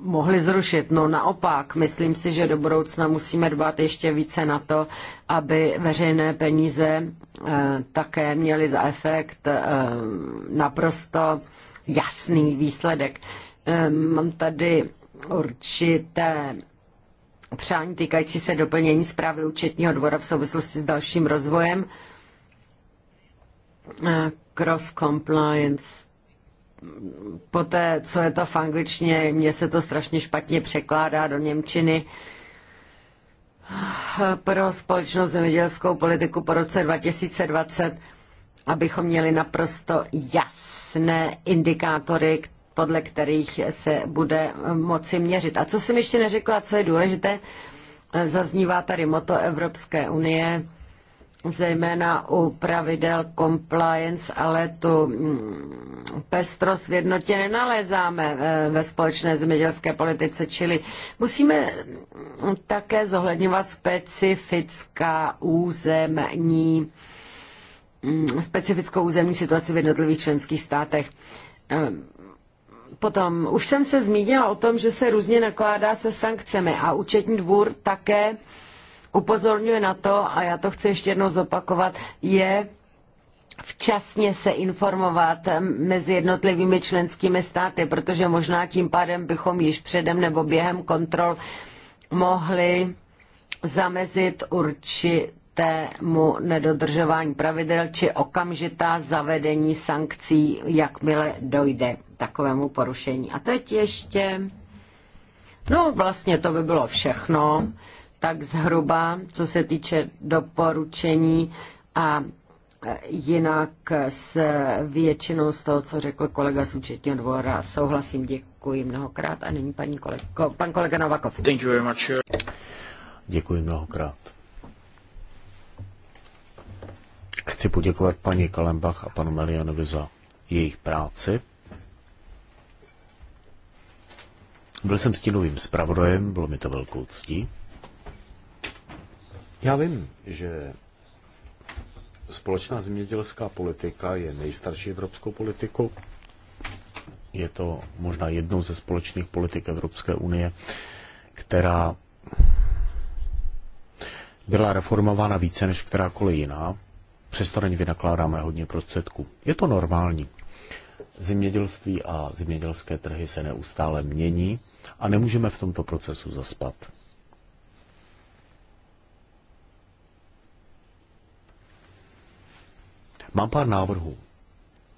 mohli zrušit. No naopak, myslím si, že do budoucna musíme dbát ještě více na to, aby veřejné peníze eh, také měly za efekt eh, naprosto jasný výsledek. Eh, mám tady určité přání týkající se doplnění zprávy účetního dvora v souvislosti s dalším rozvojem cross compliance poté, co je to v angličtině, mně se to strašně špatně překládá do Němčiny. Pro společnou zemědělskou politiku po roce 2020, abychom měli naprosto jasné indikátory, podle kterých se bude moci měřit. A co jsem ještě neřekla, co je důležité, zaznívá tady moto Evropské unie, zejména u pravidel compliance, ale tu mm, pestrost v jednotě nenalézáme e, ve společné zemědělské politice, čili musíme mm, také zohledňovat specifická územní, mm, specifickou územní situaci v jednotlivých členských státech. E, Potom, už jsem se zmínila o tom, že se různě nakládá se sankcemi a účetní dvůr také upozorňuje na to, a já to chci ještě jednou zopakovat, je včasně se informovat mezi jednotlivými členskými státy, protože možná tím pádem bychom již předem nebo během kontrol mohli zamezit určitému nedodržování pravidel či okamžitá zavedení sankcí, jakmile dojde takovému porušení. A teď ještě, no vlastně to by bylo všechno, tak zhruba, co se týče doporučení a e, jinak s většinou z toho, co řekl kolega z účetního dvora, souhlasím, děkuji mnohokrát a nyní paní kolego, pan kolega Novakov. Thank you very much. Děkuji mnohokrát. Chci poděkovat paní Kalembach a panu Melianovi za jejich práci. Byl jsem stínovým zpravodajem, bylo mi to velkou ctí. Já vím, že společná zemědělská politika je nejstarší evropskou politikou. Je to možná jednou ze společných politik Evropské unie, která byla reformována více než kterákoliv jiná, přesto na ní vynakládáme hodně prostředků. Je to normální. Zemědělství a zemědělské trhy se neustále mění a nemůžeme v tomto procesu zaspat. Mám pár návrhů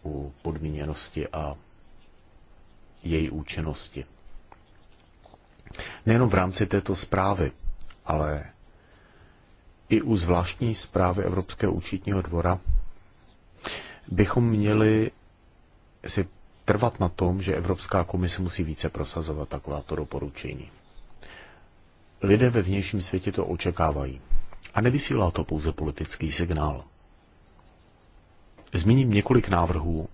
u podmíněnosti a její účinnosti. Nejenom v rámci této zprávy, ale i u zvláštní zprávy Evropského účetního dvora bychom měli si trvat na tom, že Evropská komise musí více prosazovat takováto doporučení. Lidé ve vnějším světě to očekávají. A nevysílá to pouze politický signál. Zmíním několik návrhů,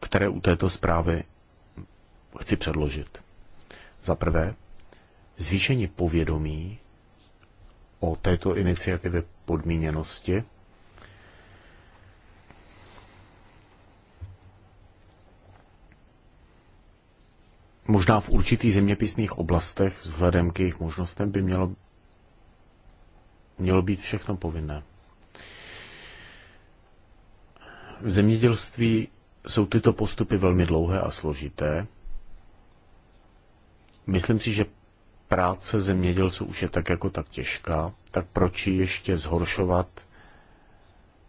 které u této zprávy chci předložit. Za prvé, zvýšení povědomí o této iniciativě podmíněnosti možná v určitých zeměpisných oblastech, vzhledem k jejich možnostem, by mělo, mělo být všechno povinné. V zemědělství jsou tyto postupy velmi dlouhé a složité. Myslím si, že práce zemědělců už je tak jako tak těžká, tak proč ji ještě zhoršovat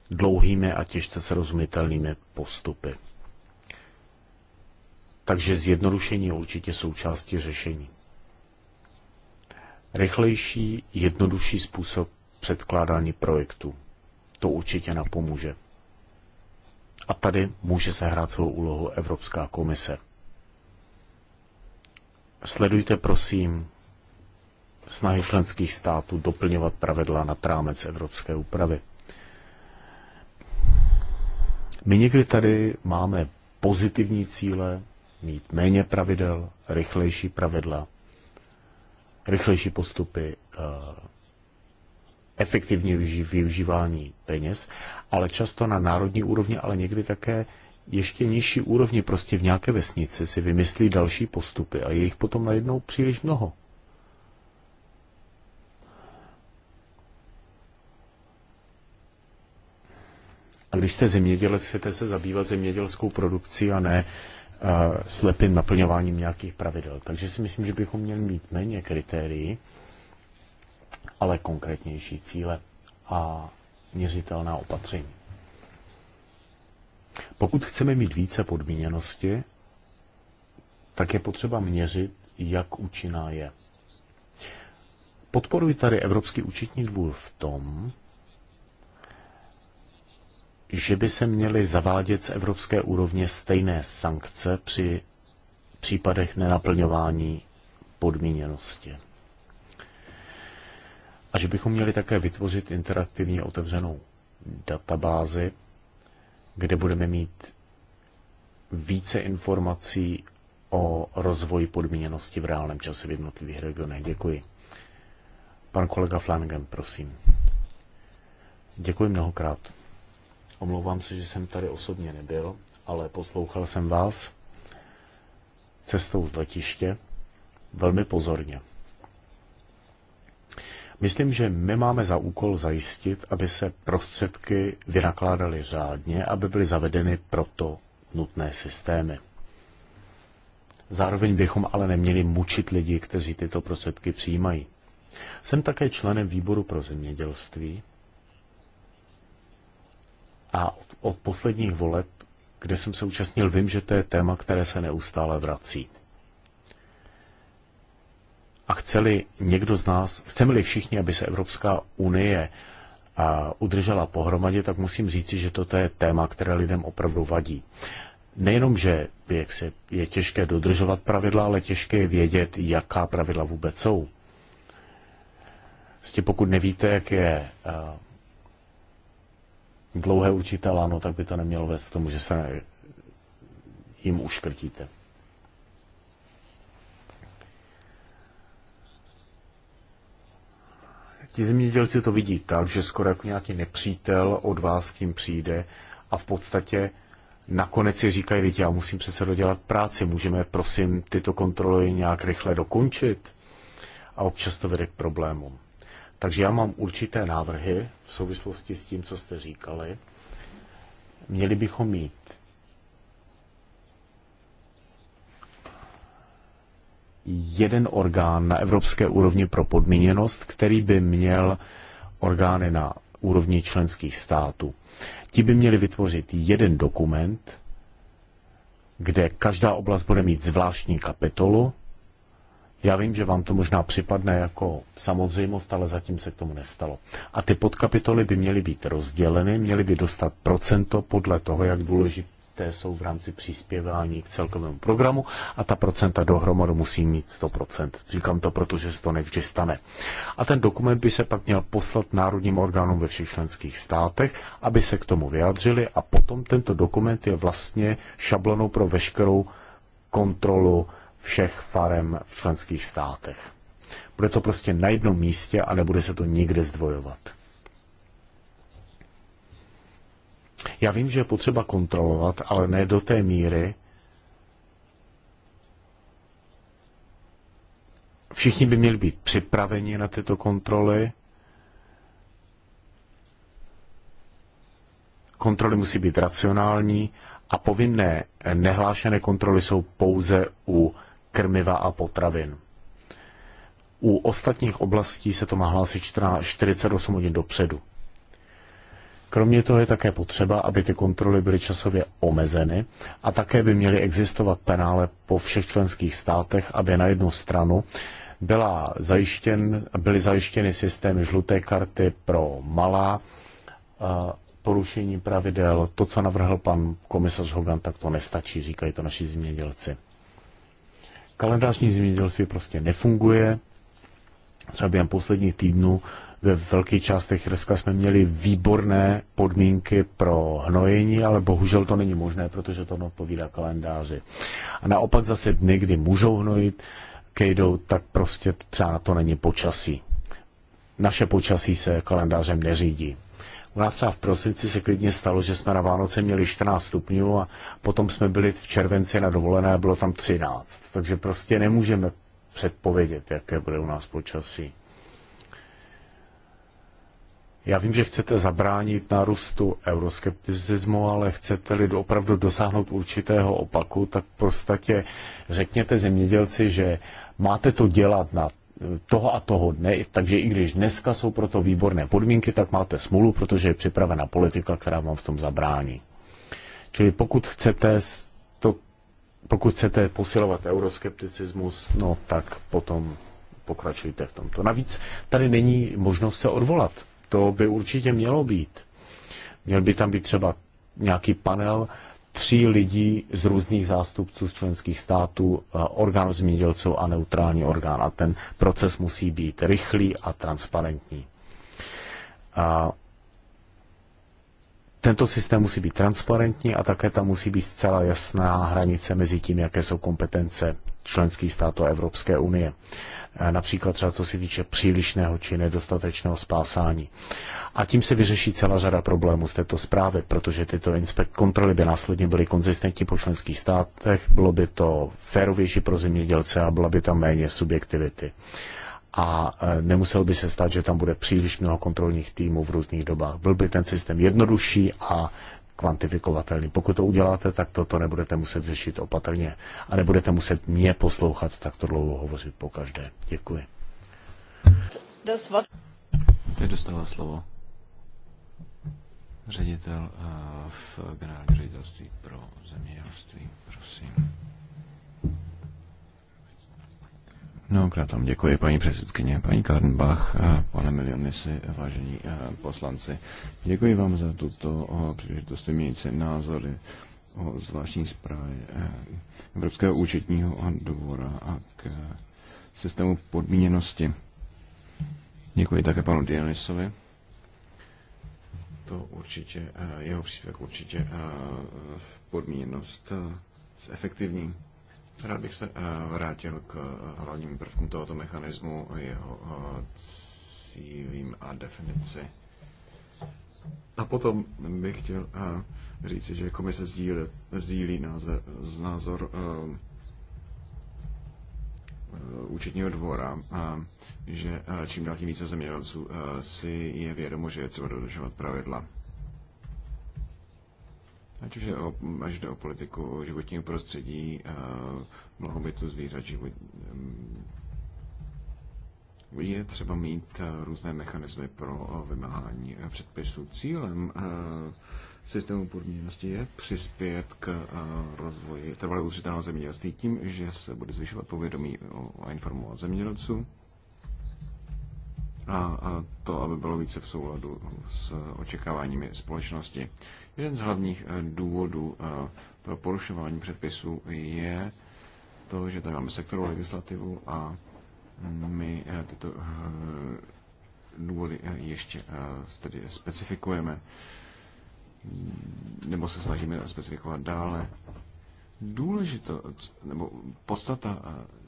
dlouhými a těžce srozumitelnými postupy? Takže zjednodušení je určitě součástí řešení. Rychlejší, jednodušší způsob předkládání projektu To určitě napomůže. A tady může se hrát svou úlohu Evropská komise. Sledujte prosím snahy členských států doplňovat pravidla na trámec evropské úpravy. My někdy tady máme pozitivní cíle, mít méně pravidel, rychlejší pravidla, rychlejší postupy, eh, efektivně využívání peněz, ale často na národní úrovni, ale někdy také ještě nižší úrovni, prostě v nějaké vesnici si vymyslí další postupy a je jich potom najednou příliš mnoho. A když jste zemědělec, chcete se zabývat zemědělskou produkcí a ne uh, slepým naplňováním nějakých pravidel. Takže si myslím, že bychom měli mít méně kritérií, ale konkrétnější cíle a měřitelná opatření. Pokud chceme mít více podmíněnosti, tak je potřeba měřit, jak účinná je. Podporuji tady Evropský účetní dvůr v tom, že by se měly zavádět z evropské úrovně stejné sankce při případech nenaplňování podmíněnosti. A že bychom měli také vytvořit interaktivně otevřenou databázi, kde budeme mít více informací o rozvoji podmíněnosti v reálném čase v jednotlivých regionech. Děkuji. Pan kolega Flanagan, prosím. Děkuji mnohokrát. Omlouvám se, že jsem tady osobně nebyl, ale poslouchal jsem vás cestou z letiště velmi pozorně. Myslím, že my máme za úkol zajistit, aby se prostředky vynakládaly řádně, aby byly zavedeny proto nutné systémy. Zároveň bychom ale neměli mučit lidi, kteří tyto prostředky přijímají. Jsem také členem výboru pro zemědělství a od posledních voleb, kde jsem se účastnil, vím, že to je téma, které se neustále vrací. A chceli někdo z nás, chceme-li všichni, aby se Evropská unie a udržela pohromadě, tak musím říci, že toto je téma, které lidem opravdu vadí. Nejenom, že jak se, je těžké dodržovat pravidla, ale těžké je vědět, jaká pravidla vůbec jsou. Prostě pokud nevíte, jak je dlouhé určité láno, tak by to nemělo vést k tomu, že se jim uškrtíte. Ti zemědělci to vidí tak, že skoro jako nějaký nepřítel od vás kým přijde a v podstatě nakonec si říkají, vidí, já musím přece dodělat práci, můžeme prosím tyto kontroly nějak rychle dokončit a občas to vede k problémům. Takže já mám určité návrhy v souvislosti s tím, co jste říkali. Měli bychom mít jeden orgán na evropské úrovni pro podmíněnost, který by měl orgány na úrovni členských států. Ti by měli vytvořit jeden dokument, kde každá oblast bude mít zvláštní kapitolu já vím, že vám to možná připadne jako samozřejmost, ale zatím se k tomu nestalo. A ty podkapitoly by měly být rozděleny, měly by dostat procento podle toho, jak důležité jsou v rámci příspěvání k celkovému programu a ta procenta dohromady musí mít 100%. Říkám to, protože se to nevždy stane. A ten dokument by se pak měl poslat národním orgánům ve všech členských státech, aby se k tomu vyjádřili a potom tento dokument je vlastně šablonou pro veškerou kontrolu všech farem v členských státech. Bude to prostě na jednom místě a nebude se to nikde zdvojovat. Já vím, že je potřeba kontrolovat, ale ne do té míry, Všichni by měli být připraveni na tyto kontroly. Kontroly musí být racionální a povinné nehlášené kontroly jsou pouze u krmiva a potravin. U ostatních oblastí se to má hlásit 48 hodin dopředu. Kromě toho je také potřeba, aby ty kontroly byly časově omezeny a také by měly existovat penále po všech členských státech, aby na jednu stranu byla zajištěn, byly zajištěny systémy žluté karty pro malá porušení pravidel. To, co navrhl pan komisař Hogan, tak to nestačí, říkají to naši zemědělci. Kalendářní zemědělství prostě nefunguje. Třeba během posledních týdnů ve velkých částech Hrska jsme měli výborné podmínky pro hnojení, ale bohužel to není možné, protože to odpovídá kalendáři. A naopak zase dny, kdy můžou hnojit, kejdou, tak prostě třeba na to není počasí. Naše počasí se kalendářem neřídí. U nás třeba v prosinci se klidně stalo, že jsme na Vánoce měli 14 stupňů a potom jsme byli v červenci na dovolené a bylo tam 13. Takže prostě nemůžeme předpovědět, jaké bude u nás počasí. Já vím, že chcete zabránit nárůstu euroskepticismu, ale chcete-li opravdu dosáhnout určitého opaku, tak prostě řekněte zemědělci, že máte to dělat na toho a toho dne, takže i když dneska jsou pro to výborné podmínky, tak máte smůlu, protože je připravena politika, která vám v tom zabrání. Čili pokud chcete to, pokud chcete posilovat euroskepticismus, no tak potom pokračujte v tomto. Navíc tady není možnost se odvolat. To by určitě mělo být. Měl by tam být třeba nějaký panel, tří lidí z různých zástupců z členských států, eh, orgán zemědělců a neutrální orgán. A ten proces musí být rychlý a transparentní. A tento systém musí být transparentní a také tam musí být zcela jasná hranice mezi tím, jaké jsou kompetence členských států Evropské unie. E, například třeba co se týče přílišného či nedostatečného spásání. A tím se vyřeší celá řada problémů z této zprávy, protože tyto inspekt kontroly by následně byly konzistentní po členských státech, bylo by to férovější pro zemědělce a byla by tam méně subjektivity a e, nemusel by se stát, že tam bude příliš mnoho kontrolních týmů v různých dobách. Byl by ten systém jednodušší a kvantifikovatelný. Pokud to uděláte, tak toto to nebudete muset řešit opatrně a nebudete muset mě poslouchat takto dlouho hovořit po každé. Děkuji. Teď dostává slovo ředitel eh, v generální ředitelství pro zemědělství. Prosím. Mnohokrát vám děkuji, paní předsedkyně, paní Karnbach, pane Milionisi, vážení poslanci. Děkuji vám za tuto příležitost vyměnit si názory o zvláštní zprávě e, Evropského účetního dvora a k e, systému podmíněnosti. Děkuji také panu Dionisovi. To určitě, e, jeho příspěvek určitě v podmíněnost s efektivní Rád bych se eh, vrátil k eh, hlavním prvkům tohoto mechanismu, jeho eh, cílím a definici. A potom bych chtěl říci, že komise sdílí, sdílí názor, názor účetního dvora, že čím dál tím více zemědělců si je vědomo, že je třeba dodržovat pravidla. Ať už je o, až jde o politiku životního prostředí, tu zvířat, život, mm, je třeba mít eh, různé mechanismy pro eh, vymáhání eh, předpisů. Cílem systému podmíněnosti je přispět k rozvoji trvalé udržitelného zemědělství tím, že se bude zvyšovat povědomí a informovat zemědělců a to, aby bylo více v souladu s očekáváními společnosti. Jeden z hlavních eh, důvodů eh, pro porušování předpisů je to, že tady máme sektorovou legislativu a my eh, tyto důvody ještě tedy specifikujeme nebo se snažíme specifikovat dále. Důležito, nebo podstata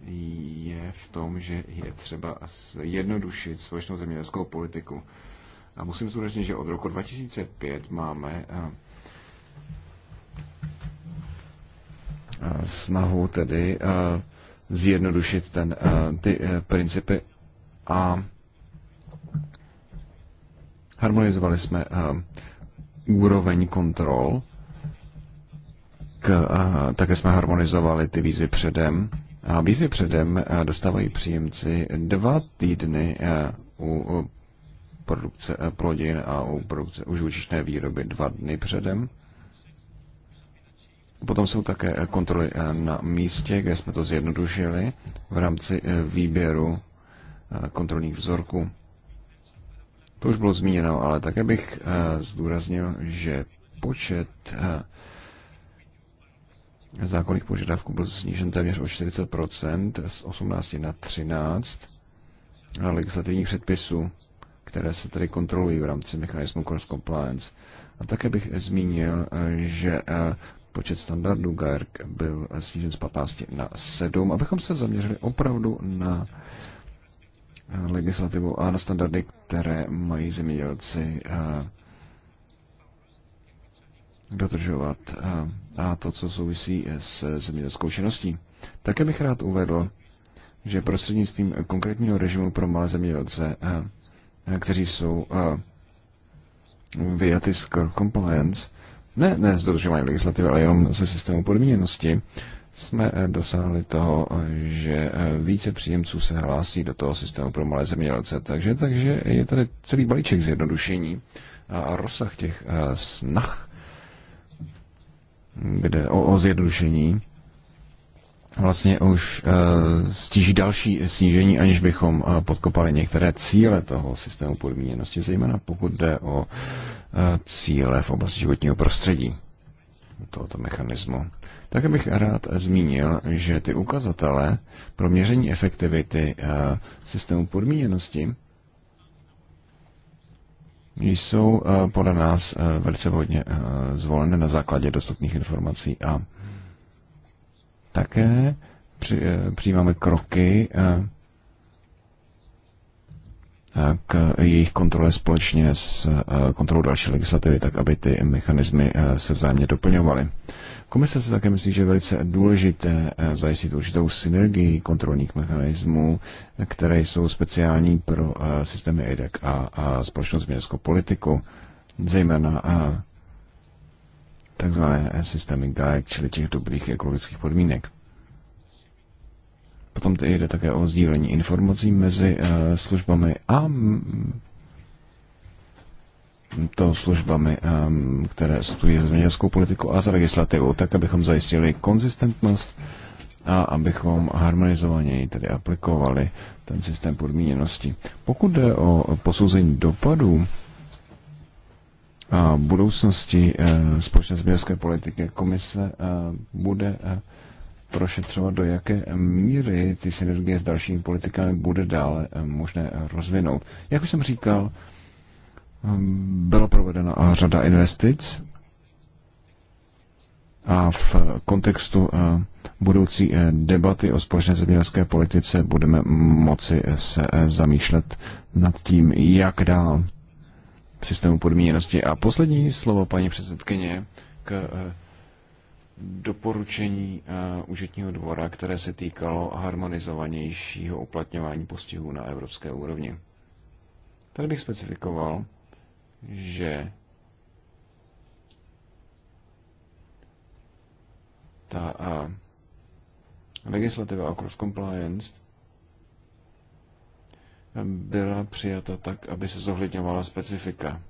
je v tom, že je třeba jednodušit společnou zemědělskou politiku. A musím zdůraznit, že od roku 2005 máme eh, eh, snahu tedy eh, zjednodušit ten, ty principy a harmonizovali jsme úroveň kontrol, k, také jsme harmonizovali ty výzvy předem. A výzvy předem dostávají příjemci dva týdny u produkce eh, plodin a u, produkce, u živočišné výroby dva dny předem. Potom jsou také eh, kontroly eh, na místě, kde jsme to zjednodušili v rámci výběru kontrolních vzorků. To už bylo zmíněno, ale také bych zdůraznil, že počet zákonných požadavků byl snížen téměř o 40 z 18 na 13 legislativních předpisů které se tedy kontrolují v rámci mechanismu cross compliance. A také bych zmínil, že eh, počet standardů GARC byl snížen z 15 na 7, abychom se zaměřili opravdu na eh, legislativu a na standardy, které mají zemědělci eh, dodržovat a to, co souvisí s zemědělskou činností. Také bych rád uvedl, že prostřednictvím konkrétního režimu pro malé zemědělce Eh, kteří jsou eh, vyjaty z compliance, ne, ne z dodržování legislativy, ale jenom ze systému podmíněnosti, jsme eh, dosáhli toho, že více příjemců se hlásí do toho systému pro malé zemědělce. Takže, takže je tady celý balíček zjednodušení a rozsah těch snah kde, o, o zjednodušení vlastně už eh, stíží další snížení, aniž bychom eh, podkopali některé cíle toho systému podmíněnosti, zejména pokud jde o eh, cíle v oblasti životního prostředí tohoto mechanismu. Také bych rád zmínil, že ty ukazatele pro měření efektivity systému podmíněnosti jsou podle nás velice uh, zvolené na základě dostupných informací a také při, eh, přijímáme kroky eh, eh, k jejich kontrole společně s kontrolou další legislativy, tak aby ty mechanismy se vzájemně doplňovaly. Komise se také myslí, že je velice důležité zajistit určitou synergii kontrolních mechanismů, které jsou speciální pro systémy EDEC a společnost městskou politiku, zejména takzvané systémy GAEK, čili těch dobrých ekologických podmínek. Potom jde také o sdílení informací mezi eh, službami a mm, to službami, ehm, které studují zemědělskou politiku a za legislativu, tak abychom zajistili konzistentnost a abychom harmonizovaněji tedy aplikovali ten systém podmíněnosti. Pokud jde o posouzení dopadů, budoucnosti eh, společné zemědělské politiky komise eh, bude eh, prošetřovat, do jaké míry ty synergie s dalšími politikami bude dále možné rozvinout. Jak už jsem říkal, ehm, byla provedena řada investic a v kontextu budoucí debaty o společné zemědělské politice budeme moci se zamýšlet nad tím, jak dál systému podmíněnosti. A poslední slovo, paní předsedkyně, k eh, doporučení užitního eh, dvora, které se týkalo harmonizovanějšího uplatňování postihů na evropské úrovni. Tady bych specifikoval, že ta eh, legislativa o cross compliance byla přijata tak, aby se zohledňovala specifika.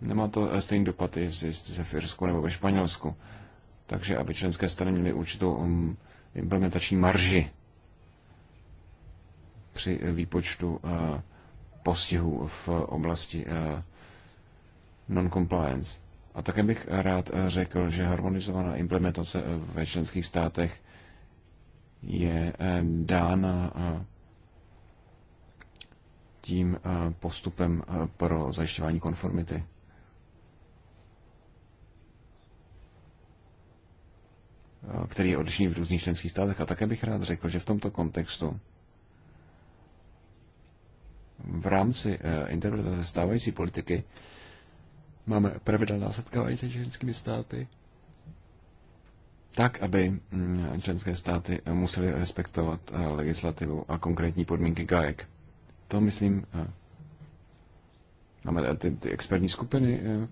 Nemá to stejný dopad, jestli jste v Irsku nebo ve Španělsku. Takže aby členské strany měly určitou um, implementační marži při výpočtu uh, postihů v oblasti uh, non-compliance. A také bych rád uh, řekl, že harmonizovaná implementace ve členských státech je eh, dána eh, tím eh, postupem pro zajišťování konformity. který je odlišný v různých členských státech. A také bych rád řekl, že v tomto kontextu v rámci interpretace stávající politiky máme pravidelná setkávající se členskými státy tak, aby mm, členské státy musely respektovat eh, legislativu a konkrétní podmínky GAEK. To myslím, eh, máme ty, ty expertní skupiny, eh,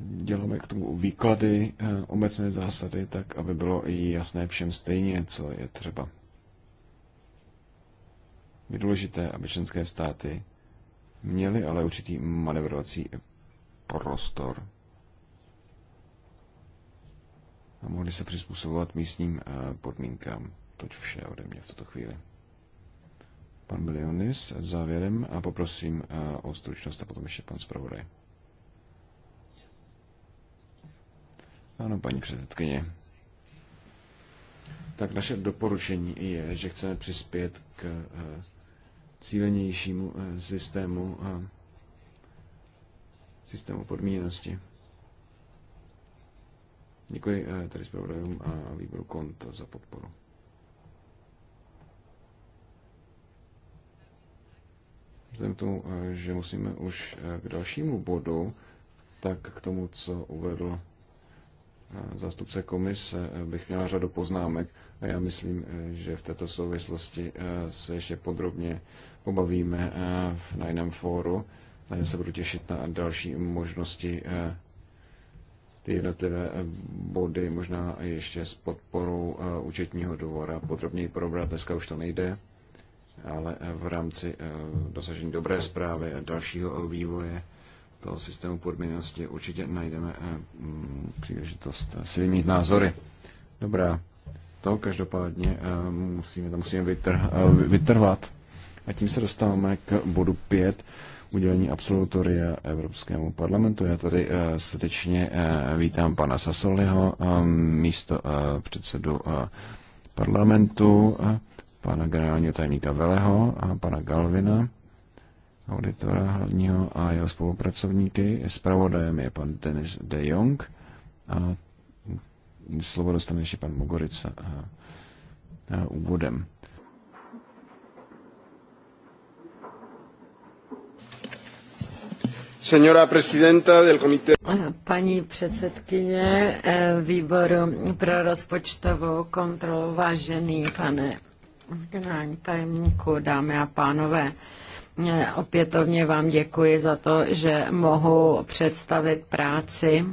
děláme k tomu výklady, obecné zásady, tak, aby bylo i jasné všem stejně, co je třeba. Je důležité, aby členské státy měly ale určitý manevrovací prostor a mohli se přizpůsobovat místním eh, podmínkám. Toť vše ode mě v tuto chvíli. Pan Bilionis eh, závěrem a poprosím eh, o stručnost a potom ještě pan zpravodaj. Ano, paní předsedkyně. Tak naše doporučení je, že chceme přispět k cílenějšímu systému, systému podmíněnosti. Děkuji eh, Tady zpravodajům a výboru KONT za podporu. Vzhledem k tomu, eh, že musíme už eh, k dalšímu bodu, tak k tomu, co uvedl zástupce komise, bych měla řadu poznámek a já myslím, že v této souvislosti se ještě podrobně pobavíme na jiném fóru. Já se budu těšit na další možnosti ty jednotlivé eh, body, možná ještě s podporou eh, účetního dvora podrobněji probrat. Dneska už to nejde, ale eh, v rámci dosažení dobré zprávy a dalšího vývoje toho systému podmíněnosti určitě najdeme mm, příležitost si vyměnit názory. Dobrá, to každopádně musíme, to musíme vytr, vytrvat. A tím se dostáváme k bodu 5 udělení absolutoria Evropskému parlamentu. Já tady eh, srdečně eh, vítám pana Sasoliho, eh, místo předsedu parlamentu, pana generálního tajemníka Veleho a pana Galvina, auditora hlavního a jeho spolupracovníky. Spravodajem je pan Denis de Jong a slovo dostane ještě pan Mogorica úvodem. Senora del comité. Paní předsedkyně eh, výboru pro rozpočtovou kontrolu, vážený pane generální tajemníku, dámy a pánové, eh, opětovně vám děkuji za to, že mohu představit práci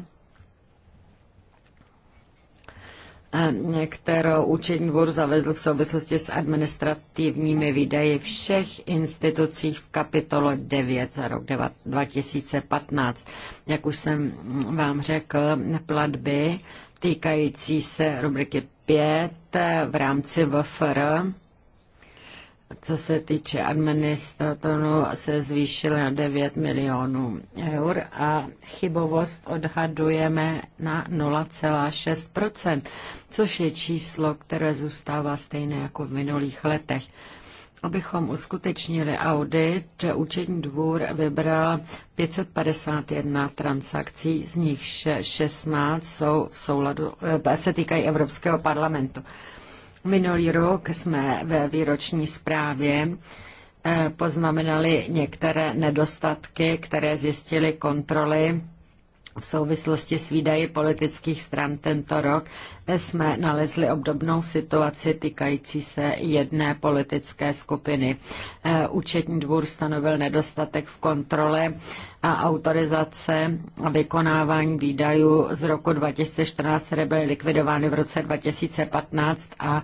kterou účetní dvůr zavedl v souvislosti s administrativními výdaji všech institucí v kapitole 9 za rok 2015. Jak už jsem vám řekl, platby týkající se rubriky 5 v rámci VFR co se týče administratorů, se zvýšil na 9 milionů eur a chybovost odhadujeme na 0,6%, což je číslo, které zůstává stejné jako v minulých letech. Abychom uskutečnili audit, že účetní dvůr vybral 551 transakcí, z nich 16 jsou v souladu, eh, se týkají Evropského parlamentu. Minulý rok jsme ve výroční zprávě eh, poznamenali některé nedostatky, které zjistily kontroly v souvislosti s výdaji politických stran tento rok jsme nalezli obdobnou situaci týkající se jedné politické skupiny. Eh, účetní dvůr stanovil nedostatek v kontrole a autorizace a vykonávání výdajů z roku 2014, které byly likvidovány v roce 2015 a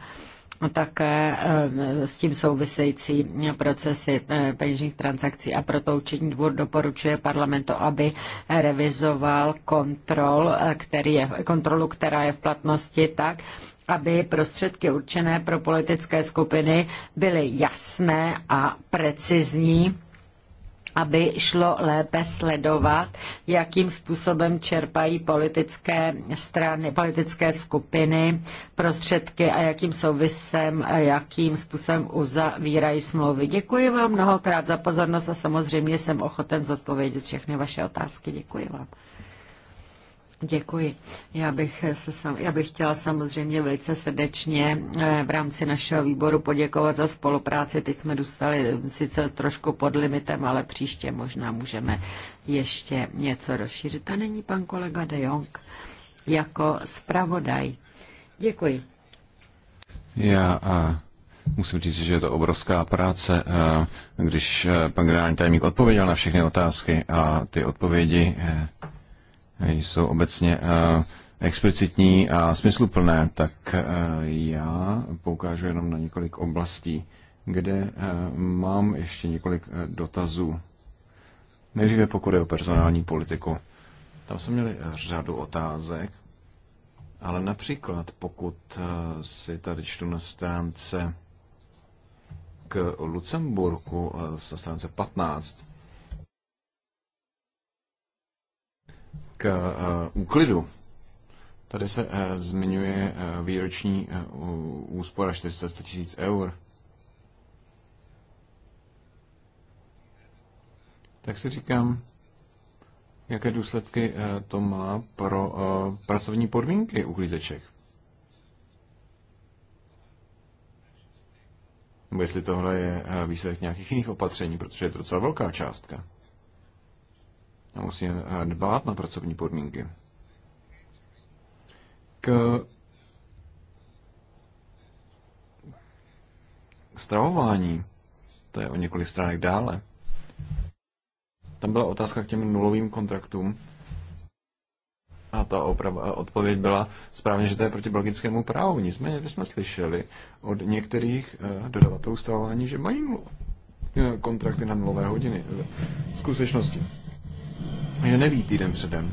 a také eh, s tím související procesy eh, peněžních transakcí a proto účetní dvůr doporučuje parlamentu, aby revizoval kontrol, eh, který je, kontrolu, která je v platnosti tak, aby prostředky určené pro politické skupiny byly jasné a precizní aby šlo lépe sledovat, jakým způsobem čerpají politické strany, politické skupiny prostředky a jakým souvisem, jakým způsobem uzavírají smlouvy. Děkuji vám mnohokrát za pozornost a samozřejmě jsem ochoten zodpovědět všechny vaše otázky. Děkuji vám. Děkuji. Já bych, se sam, já bych chtěla samozřejmě velice srdečně eh, v rámci našeho výboru poděkovat za spolupráci. Teď jsme dostali eh, sice trošku pod limitem, ale příště možná můžeme ještě něco rozšířit. A není pan kolega De Jong jako zpravodaj. Děkuji. Já a eh, musím říct, že je to obrovská práce, když pan generální tajemník odpověděl na všechny otázky a ty odpovědi jsou obecně eh, explicitní a smysluplné, tak eh, já poukážu jenom na několik oblastí, kde eh, mám ještě několik dotazů. Nejdříve pokud je o personální politiku. Tam jsme měli řadu otázek, ale například pokud si tady čtu na stránce k Lucemburku, na stránce 15, k eh, úklidu. Tady se eh, zmiňuje eh, výroční úspora 400 tisíc eur. Tak si říkám, jaké důsledky to má pro pracovní podmínky uklízeček. Nebo jestli tohle je výsledek nějakých jiných opatření, protože je to docela velká částka. A musíme eh, dbát na pracovní podmínky. K stravování, to je o několik stránek dále, tam byla otázka k těm nulovým kontraktům. A ta oprava, eh, odpověď byla správně, že to je proti belgickému právu. Nicméně my jsme slyšeli od některých eh, dodavatelů stravování, že mají kontrakty na nulové hodiny. V skutečnosti že neví týden předem,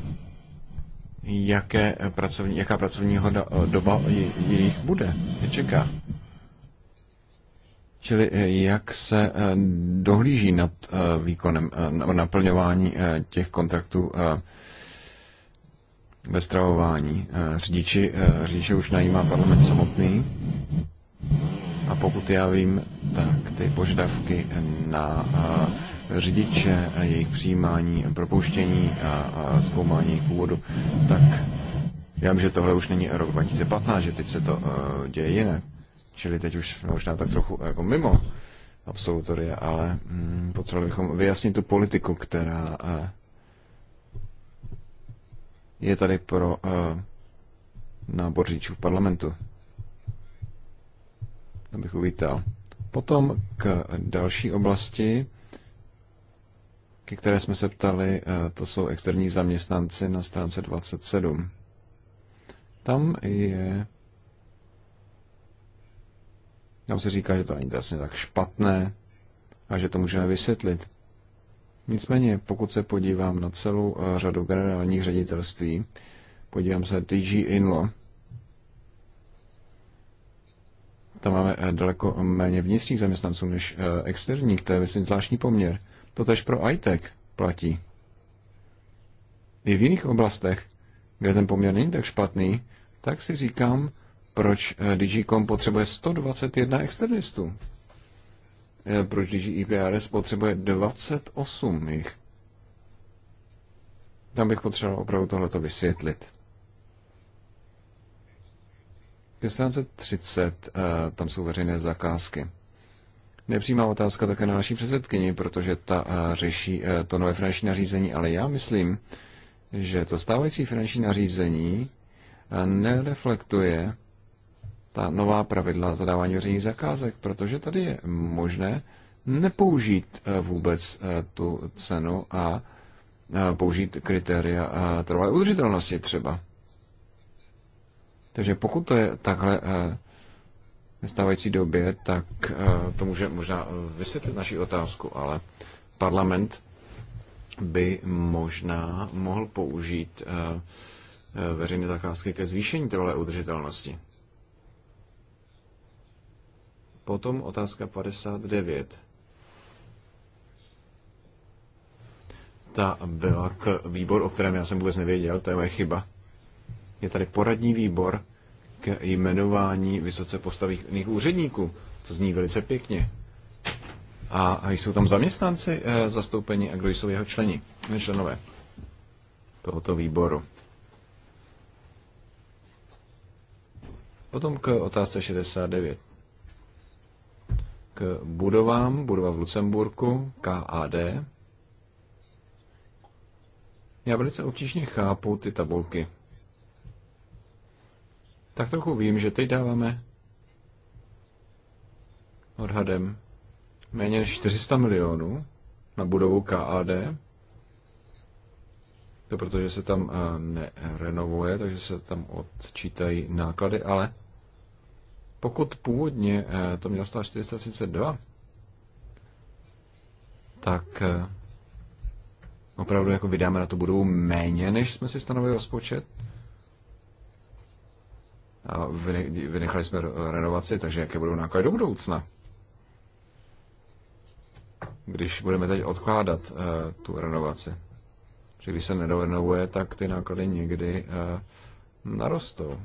jaké eh, pracovní, jaká pracovní hoda, eh, doba jejich bude, je čeká. Čili eh, jak se dohlíží nad výkonem, naplňování těch kontraktů ve stravování. Řidiči, řidiče už najímá parlament samotný. A pokud já vím, tak ty požadavky na eh, řidiče, jejich přijímání, propouštění a zkoumání původu, tak já vím, že tohle už není rok 2015, že teď se to eh, děje jinak. Čili teď už možná tak trochu eh, jako mimo absolutoria, ale mm, potřebovali bychom vyjasnit tu politiku, která je tady pro nábor řidičů v parlamentu. To bych uvítal. Potom k další oblasti, ke které jsme se ptali, eh, to jsou externí zaměstnanci na stránce 27. Tam je... Tam se říká, že to není vlastně tak špatné a že to můžeme vysvětlit. Nicméně, pokud se podívám na celou eh, řadu generálních ředitelství, podívám se DG Inlo, Tam máme eh, daleko eh, méně vnitřních zaměstnanců než eh, externích, to je vlastně zvláštní poměr. To tež pro ITEC platí. I v jiných oblastech, kde ten poměr není tak špatný, tak si říkám, proč DigiCom potřebuje 121 externistů. Proč Digi IPRS potřebuje 28 jich. Tam bych potřeboval opravdu tohleto vysvětlit. Ke stránce 30 tam jsou veřejné zakázky. Nepřímá otázka také na naší předsedkyni, protože ta eh, řeší eh, to nové finanční nařízení, ale já myslím, že to stávající finanční nařízení eh, nereflektuje ta nová pravidla zadávání veřejných zakázek, protože tady je možné nepoužít vůbec tu cenu a použít kritéria trvalé udržitelnosti třeba. Takže pokud to je takhle eh, ve stávající době, tak eh, to může možná eh, vysvětlit naši otázku, ale parlament by možná mohl použít veřejné zakázky ke zvýšení trvalé udržitelnosti. Potom otázka 59. Ta byla k výboru, o kterém já jsem vůbec nevěděl, to je moje chyba je tady poradní výbor k jmenování vysoce postavených úředníků. To zní velice pěkně. A jsou tam zaměstnanci eh, zastoupení a kdo jsou jeho členi, členové tohoto výboru. Potom k otázce 69. K budovám, budova v Lucemburku, KAD. Já velice obtížně chápu ty tabulky tak trochu vím, že teď dáváme odhadem méně než 400 milionů na budovu KAD. To protože se tam eh, nerenovuje, takže se tam odčítají náklady, ale pokud původně eh, to mělo stát 432, tak eh, opravdu jako vydáme na tu budovu méně, než jsme si stanovili rozpočet, a vynechali jsme renovaci, takže jaké budou náklady do budoucna? Když budeme teď odkládat uh, tu renovaci. Že když se nedorenovuje, tak ty náklady někdy uh, narostou.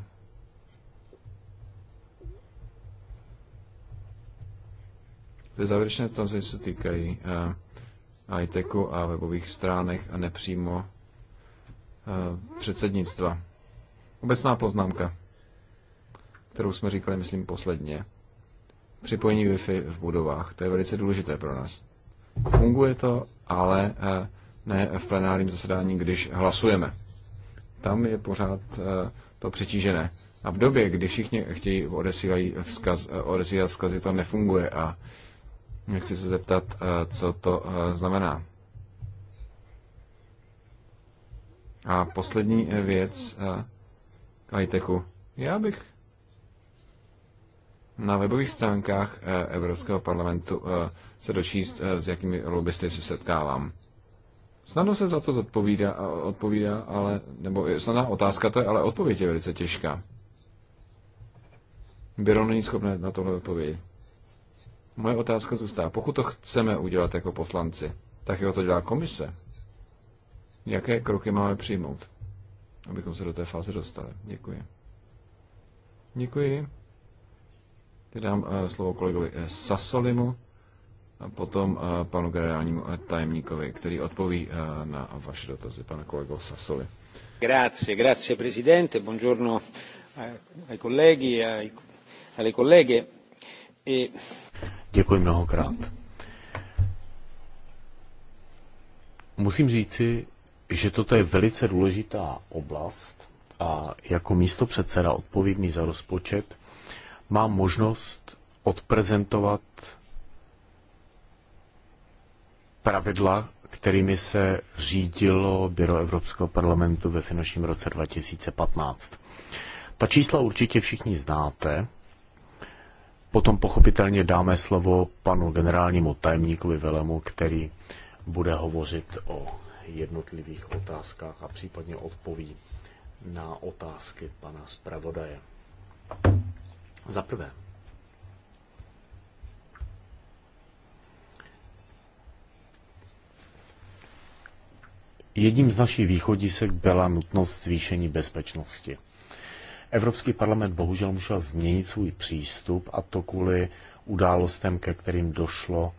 Ty závěrečné dotazy se týkají uh, eh, ITECu a webových stránek a nepřímo uh, předsednictva. Obecná poznámka kterou jsme říkali, myslím, posledně. Připojení Wi-Fi v budovách, to je velice důležité pro nás. Funguje to, ale eh, ne v plenárním zasedání, když hlasujeme. Tam je pořád eh, to přetížené. A v době, kdy všichni chtějí odesílat vzkaz, eh, odesílat vzkazy, to nefunguje a chci se zeptat, co to znamená. A poslední věc k iTechu. Já bych na webových stránkách eh, Evropského parlamentu eh, se dočíst, eh, s jakými lobbysty se setkávám. Snadno se za to odpovídá, odpovídá ale, nebo snadná otázka to je, ale odpověď je velice těžká. Byro není schopné na tohle odpovědět. Moje otázka zůstává. Pokud to chceme udělat jako poslanci, tak jeho to dělá komise. Jaké kroky máme přijmout, abychom se do té fáze dostali? Děkuji. Děkuji dám eh, slovo kolegovi eh, Sasolimu a potom eh, panu generálnímu tajemníkovi, který odpoví na vaše dotazy, pane kolego Sasoli. Grazie, grazie presidente, buongiorno ai colleghi, ai, alle colleghe. E... Děkuji mnohokrát. Musím říci, že toto je velice důležitá oblast a jako místo předseda odpovědný za rozpočet mám možnost odprezentovat pravidla, kterými se řídilo Běro Evropského parlamentu ve finančním roce 2015. Ta čísla určitě všichni znáte. Potom pochopitelně dáme slovo panu generálnímu tajemníkovi Velemu, který bude hovořit o jednotlivých otázkách a případně odpoví na otázky pana zpravodaje. Za prvé, jedním z našich východisek byla nutnost zvýšení bezpečnosti. Evropský parlament bohužel musel změnit svůj přístup a to kvůli událostem, ke kterým došlo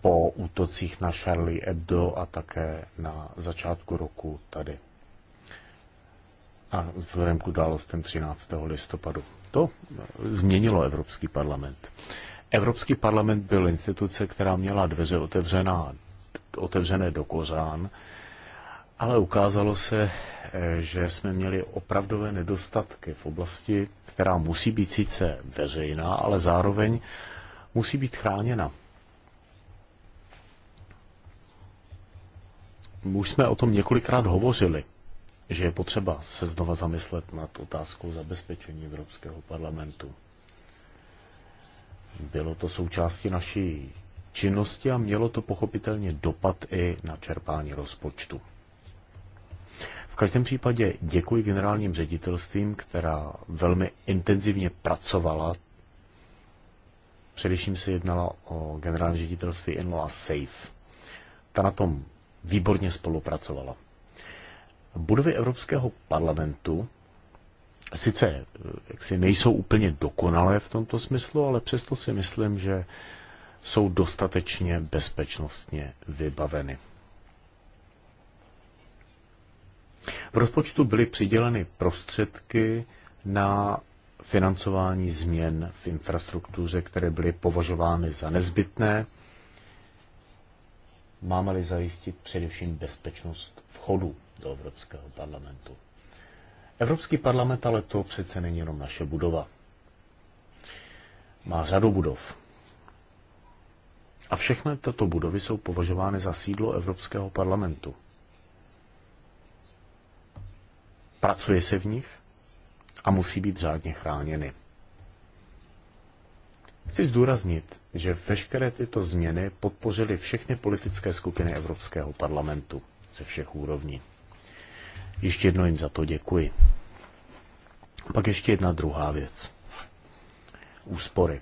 po útocích na Charlie Hebdo a také na začátku roku tady. A vzhledem k událostem 13. listopadu to změnilo Evropský parlament. Evropský parlament byl instituce, která měla dveře otevřená, otevřené do kořán, ale ukázalo se, že jsme měli opravdové nedostatky v oblasti, která musí být sice veřejná, ale zároveň musí být chráněna. Už jsme o tom několikrát hovořili že je potřeba se znova zamyslet nad otázkou zabezpečení Evropského parlamentu. Bylo to součástí naší činnosti a mělo to pochopitelně dopad i na čerpání rozpočtu. V každém případě děkuji generálním ředitelstvím, která velmi intenzivně pracovala. Především se jednala o generální ředitelství Inlo a Safe. Ta na tom výborně spolupracovala. Budovy Evropského parlamentu sice eh, jaksi nejsou úplně dokonalé v tomto smyslu, ale přesto si myslím, že jsou dostatečně bezpečnostně vybaveny. V rozpočtu byly přiděleny prostředky na financování změn v infrastruktuře, které byly považovány za nezbytné. Máme-li zajistit především bezpečnost vchodu do Evropského parlamentu. Evropský parlament ale to přece není jenom naše budova. Má řadu budov. A všechny tyto budovy jsou považovány za sídlo Evropského parlamentu. Pracuje se v nich a musí být řádně chráněny. Chci zdůraznit, že veškeré tyto změny podpořily všechny politické skupiny Evropského parlamentu ze všech úrovní. Ještě jedno jim za to děkuji. Pak ještě jedna druhá věc. Úspory.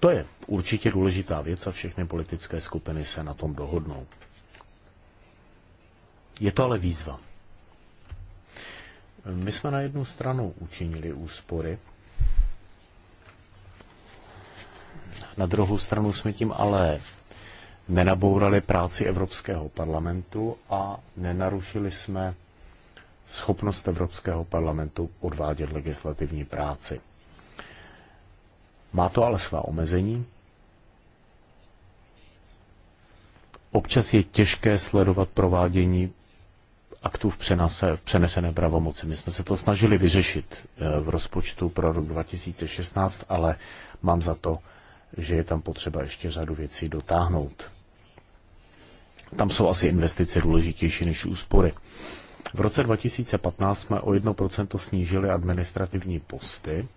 To je určitě důležitá věc a všechny politické skupiny se na tom dohodnou. Je to ale výzva. My jsme na jednu stranu učinili úspory, na druhou stranu jsme tím ale nenabourali práci Evropského parlamentu a nenarušili jsme schopnost Evropského parlamentu odvádět legislativní práci. Má to ale svá omezení. Občas je těžké sledovat provádění aktů v, přenase, v přenesené pravomoci. My jsme se to snažili vyřešit eh, v rozpočtu pro rok 2016, ale mám za to, že je tam potřeba ještě řadu věcí dotáhnout. Tam jsou asi investice důležitější než úspory. V roce 2015 jsme o 1% snížili administrativní posty,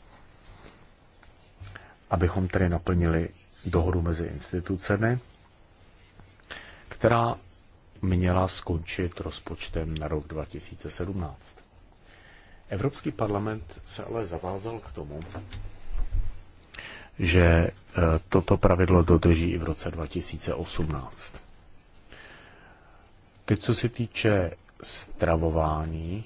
abychom tedy naplnili dohodu mezi institucemi, která měla skončit rozpočtem na rok 2017. Evropský parlament se ale zavázal k tomu, že eh, toto pravidlo dodrží i v roce 2018. Teď, co se týče stravování,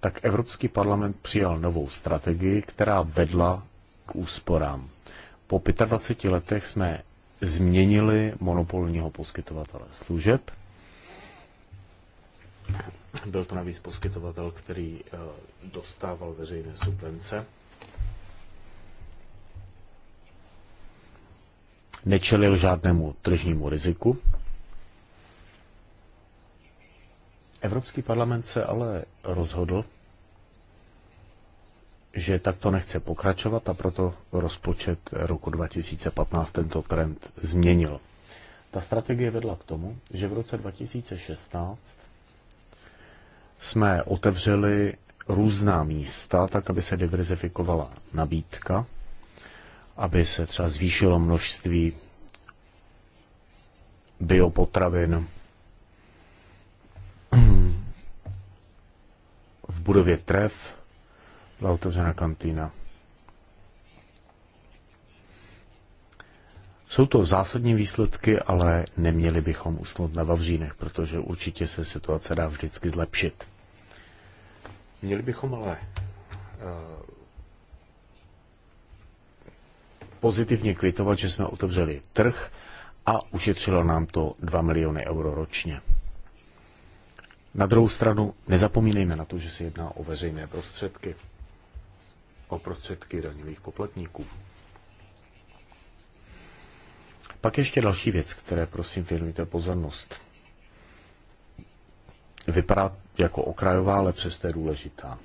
tak Evropský parlament přijal novou strategii, která vedla k úsporám. Po 25 letech jsme změnili monopolního poskytovatele služeb. Byl to navíc poskytovatel, který eh, dostával veřejné subvence. Nečelil žádnému tržnímu riziku, Evropský parlament se ale rozhodl, že takto nechce pokračovat a proto rozpočet roku 2015 tento trend změnil. Ta strategie vedla k tomu, že v roce 2016 jsme otevřeli různá místa, tak aby se diverzifikovala nabídka, aby se třeba zvýšilo množství biopotravin, v budově Trev byla otevřena kantýna. Jsou to zásadní výsledky, ale neměli bychom usnout na Vavřínech, protože určitě se situace dá vždycky zlepšit. Měli bychom ale eh, pozitivně kvitovat, že jsme otevřeli trh a ušetřilo nám to 2 miliony euro ročně. Na druhou stranu nezapomínejme na to, že se jedná o veřejné prostředky, o prostředky daňových poplatníků. Pak ještě další věc, které prosím věnujte pozornost. Vypadá jako okrajová, ale přesto je důležitá.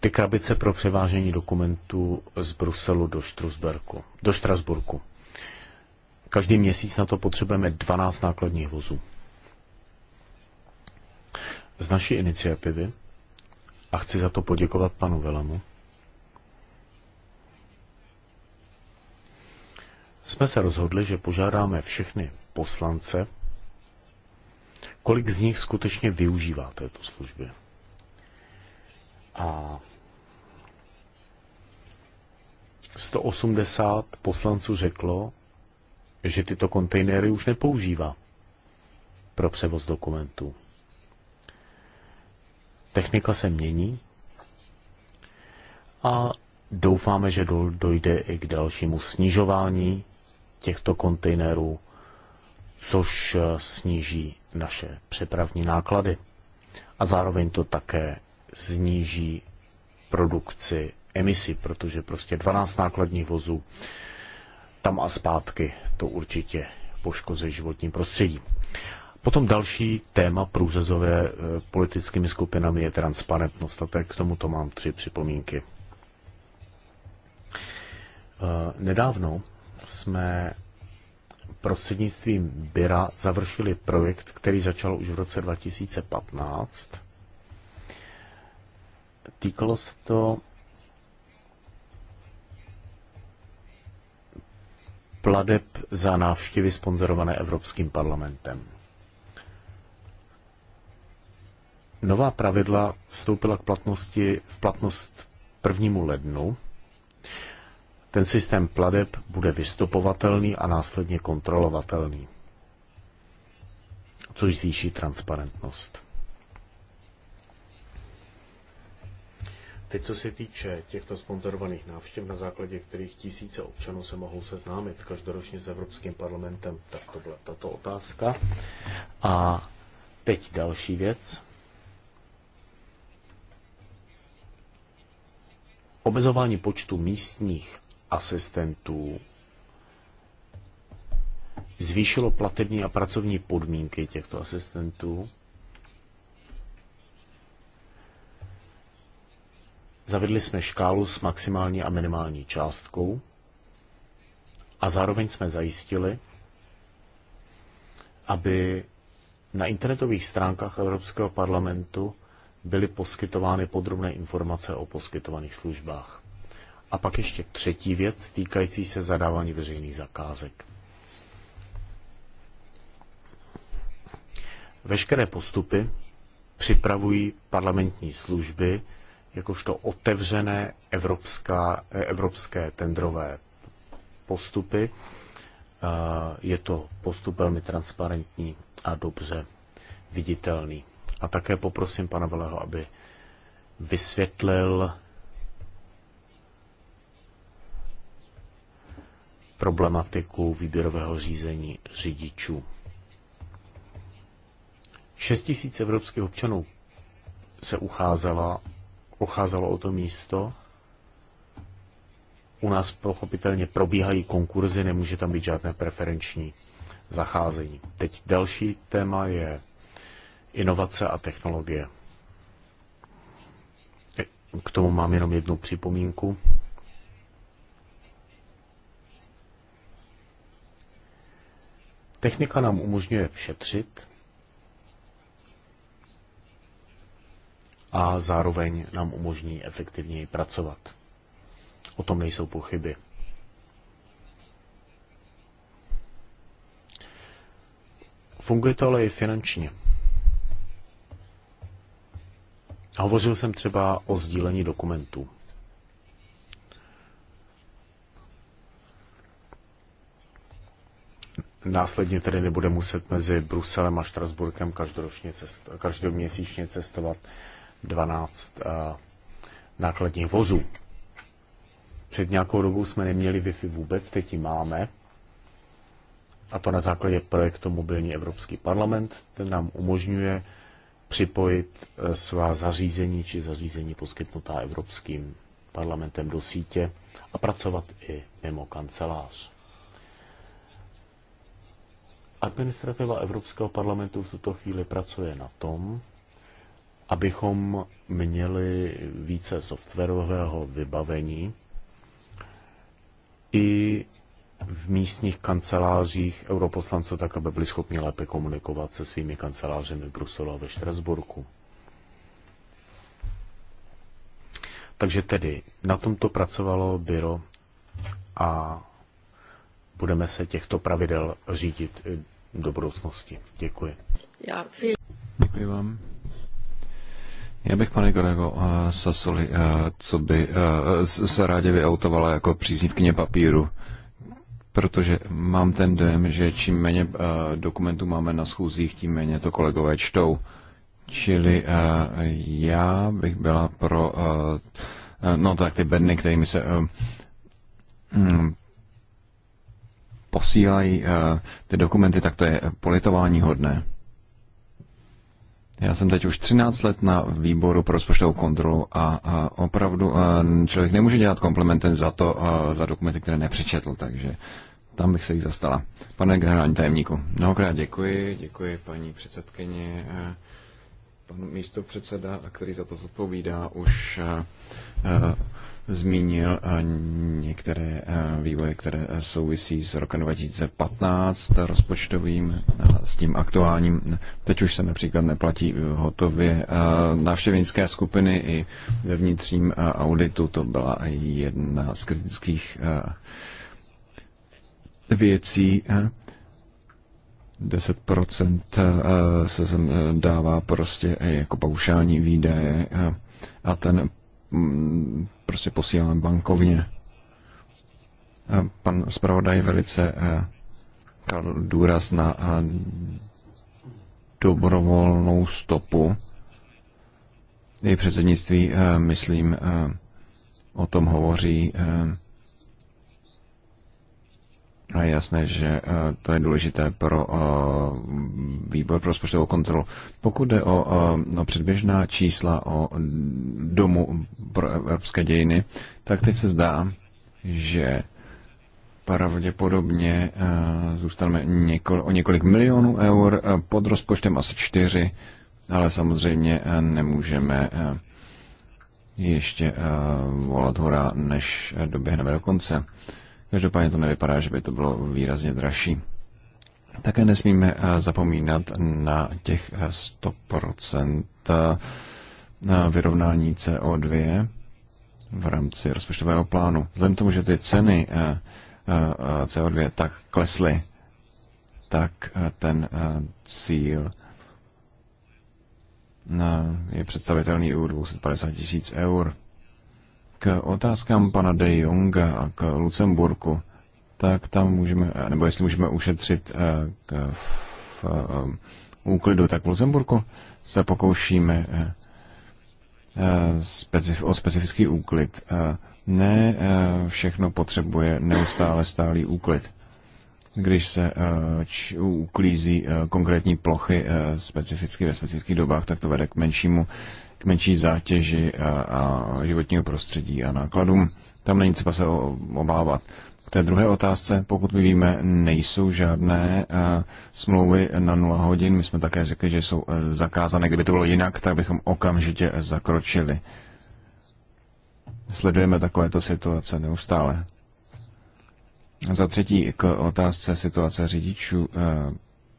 Ty krabice pro převážení dokumentů z Bruselu do Štrasburku. Do Štrasburku. Každý měsíc na to potřebujeme 12 nákladních vozů. Z naší iniciativy, a chci za to poděkovat panu Velemu, jsme se rozhodli, že požádáme všechny poslance, kolik z nich skutečně využívá této služby. A 180 poslanců řeklo, že tyto kontejnery už nepoužívá pro převoz dokumentů. Technika se mění a doufáme, že dojde i k dalšímu snižování těchto kontejnerů, což eh, sníží naše přepravní náklady. A zároveň to také sníží produkci emisí, protože prostě 12 nákladních vozů tam a zpátky. To určitě poškozuje životní prostředí. Potom další téma průřezové e, politickými skupinami je transparentnost. A tak k tomuto mám tři připomínky. E, nedávno jsme prostřednictvím Byra završili projekt, který začal už v roce 2015. Týkalo se to pladeb za návštěvy sponzorované Evropským parlamentem. Nová pravidla vstoupila k platnosti, v platnost 1. lednu. Ten systém pladeb bude vystupovatelný a následně kontrolovatelný, což zvýší transparentnost. Teď, co se týče těchto sponzorovaných návštěv, na základě kterých tisíce občanů se mohou seznámit každoročně s Evropským parlamentem, tak to byla tato otázka. A teď další věc. Omezování počtu místních asistentů zvýšilo platební a pracovní podmínky těchto asistentů Zavedli jsme škálu s maximální a minimální částkou a zároveň jsme zajistili, aby na internetových stránkách Evropského parlamentu byly poskytovány podrobné informace o poskytovaných službách. A pak ještě třetí věc týkající se zadávání veřejných zakázek. Veškeré postupy připravují parlamentní služby jakožto otevřené evropská, eh, evropské tendrové postupy. Eh, je to postup velmi transparentní a dobře viditelný. A také poprosím pana Veleho, aby vysvětlil problematiku výběrového řízení řidičů. 6 tisíc evropských občanů se ucházela pocházelo o to místo. U nás pochopitelně probíhají konkurzy, nemůže tam být žádné preferenční zacházení. Teď další téma je inovace a technologie. E, k tomu mám jenom jednu připomínku. Technika nám umožňuje šetřit, a zároveň nám umožní efektivněji pracovat. O tom nejsou pochyby. Funguje to ale i finančně. Hovořil jsem třeba o sdílení dokumentů. Následně tedy nebude muset mezi Bruselem a Štrasburkem každoročně cest, každoměsíčně cestovat 12 eh, nákladních vozů. Před nějakou dobou jsme neměli Wi-Fi vůbec, teď ji máme. A to na základě projektu Mobilní Evropský parlament. Ten nám umožňuje připojit eh, svá zařízení či zařízení poskytnutá Evropským parlamentem do sítě a pracovat i mimo kancelář. Administrativa Evropského parlamentu v tuto chvíli pracuje na tom, abychom měli více softwarového vybavení i v místních kancelářích europoslanců, tak aby byli schopni lépe komunikovat se svými kancelářemi v Bruselu a ve Štrasburku. Takže tedy na tomto pracovalo byro a budeme se těchto pravidel řídit do budoucnosti. Děkuji. Děkuji vám. Já bych, pane kolego eh, Sasoli, eh, co by eh, se rádě vyautovala jako příznivkyně papíru, protože mám ten dojem, že čím méně dokumentů máme na schůzích, tím méně to kolegové čtou. Čili já bych byla pro, no tak ty bedny, kterými se mm, posílají ty dokumenty, tak to je politování hodné. Já jsem teď už 13 let na výboru pro rozpočtovou kontrolu a, a opravdu a člověk nemůže dělat komplementy za to, a, za dokumenty, které nepřečetl, takže tam bych se jich zastala. Pane generální tajemníku, mnohokrát děkuji, děkuji paní předsedkyně, pan místo předseda, který za to zodpovídá, už zmínil eh, některé eh, vývoje, které eh, souvisí s rokem 2015, rozpočtovým s tím aktuálním. Teď už se například neplatí hotově návštěvnické skupiny i ve vnitřním auditu. To byla jedna z kritických věcí. 10% se dává prostě jako paušální výdaje a ten Mm, prostě posílám bankovně. Pan zpravodaj velice eh, kladl důraz na eh, dobrovolnou stopu. Její předsednictví, eh, myslím, o tom hovoří a jasné, že eh, to je důležité pro eh, výbor pro rozpočtovou kontrolu. Pokud jde eh, o předběžná čísla o domu pro evropské dějiny, tak teď se zdá, že pravděpodobně zůstaneme o několik milionů eur pod rozpočtem asi čtyři, ale samozřejmě nemůžeme ještě volat hora, než doběhneme do konce. Každopádně to nevypadá, že by to bylo výrazně dražší. Také nesmíme eh, zapomínat na těch 100% eh, eh, vyrovnání CO2 v rámci rozpočtového plánu. Vzhledem k tomu, že ty ceny CO2 tak klesly, tak ten cíl je představitelný u 250 tisíc eur. K otázkám pana de Jonga a k Lucemburku, tak tam můžeme, nebo jestli můžeme ušetřit eh, k, v, eh, úklidu, tak v Lucemburku se pokoušíme eh, o specifický úklid. Ne všechno potřebuje neustále stálý úklid. Když se č- uklízí konkrétní plochy specificky ve specifických dobách, tak to vede k menšímu k menší zátěži a, a životního prostředí a nákladům. Tam není třeba se obávat. K té druhé otázce, pokud my víme, nejsou žádné smlouvy na 0 hodin. My jsme také řekli, že jsou e, zakázané. Kdyby to bylo jinak, tak bychom okamžitě zakročili. Sledujeme takovéto situace neustále. Za třetí k otázce situace řidičů. E,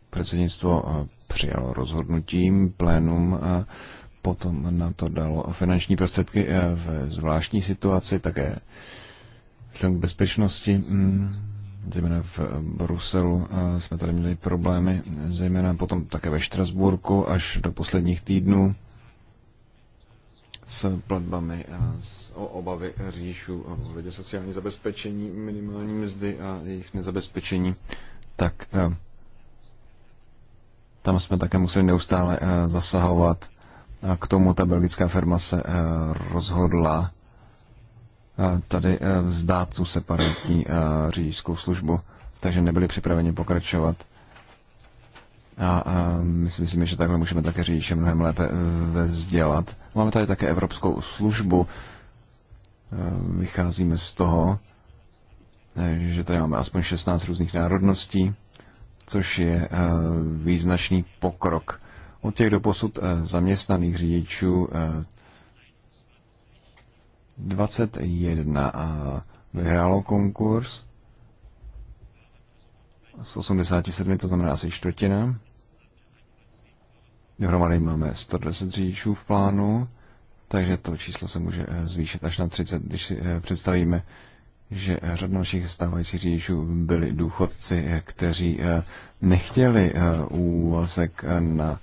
předsednictvo e, přijalo rozhodnutím, plénum potom na to dalo finanční prostředky eh, v zvláštní situaci, také jsem k bezpečnosti, mm, zejména v eh, Bruselu eh, jsme tady měli problémy, zejména potom také ve Štrasburku až do posledních týdnů s platbami a s o obavy říšů ohledně sociální zabezpečení, minimální mzdy a jejich nezabezpečení, tak tam jsme také museli neustále zasahovat a k tomu ta belgická firma se eh, rozhodla eh, tady eh, vzdát tu separátní řidičskou službu, takže nebyli připraveni pokračovat. A, a my si myslíme, že takhle můžeme také řidiče mnohem lépe vzdělat. Máme tady také evropskou službu. Vycházíme z toho, že tady máme aspoň 16 různých národností, což je význačný pokrok u těch doposud eh, zaměstnaných řidičů 21 eh, a vyhrálo konkurs z 87, to znamená asi čtvrtina. Dohromady máme 110 řidičů v plánu, takže to číslo se může eh, zvýšit až na 30, když si představíme, že řada našich stávajících řidičů byli důchodci, kteří nechtěli úvazek na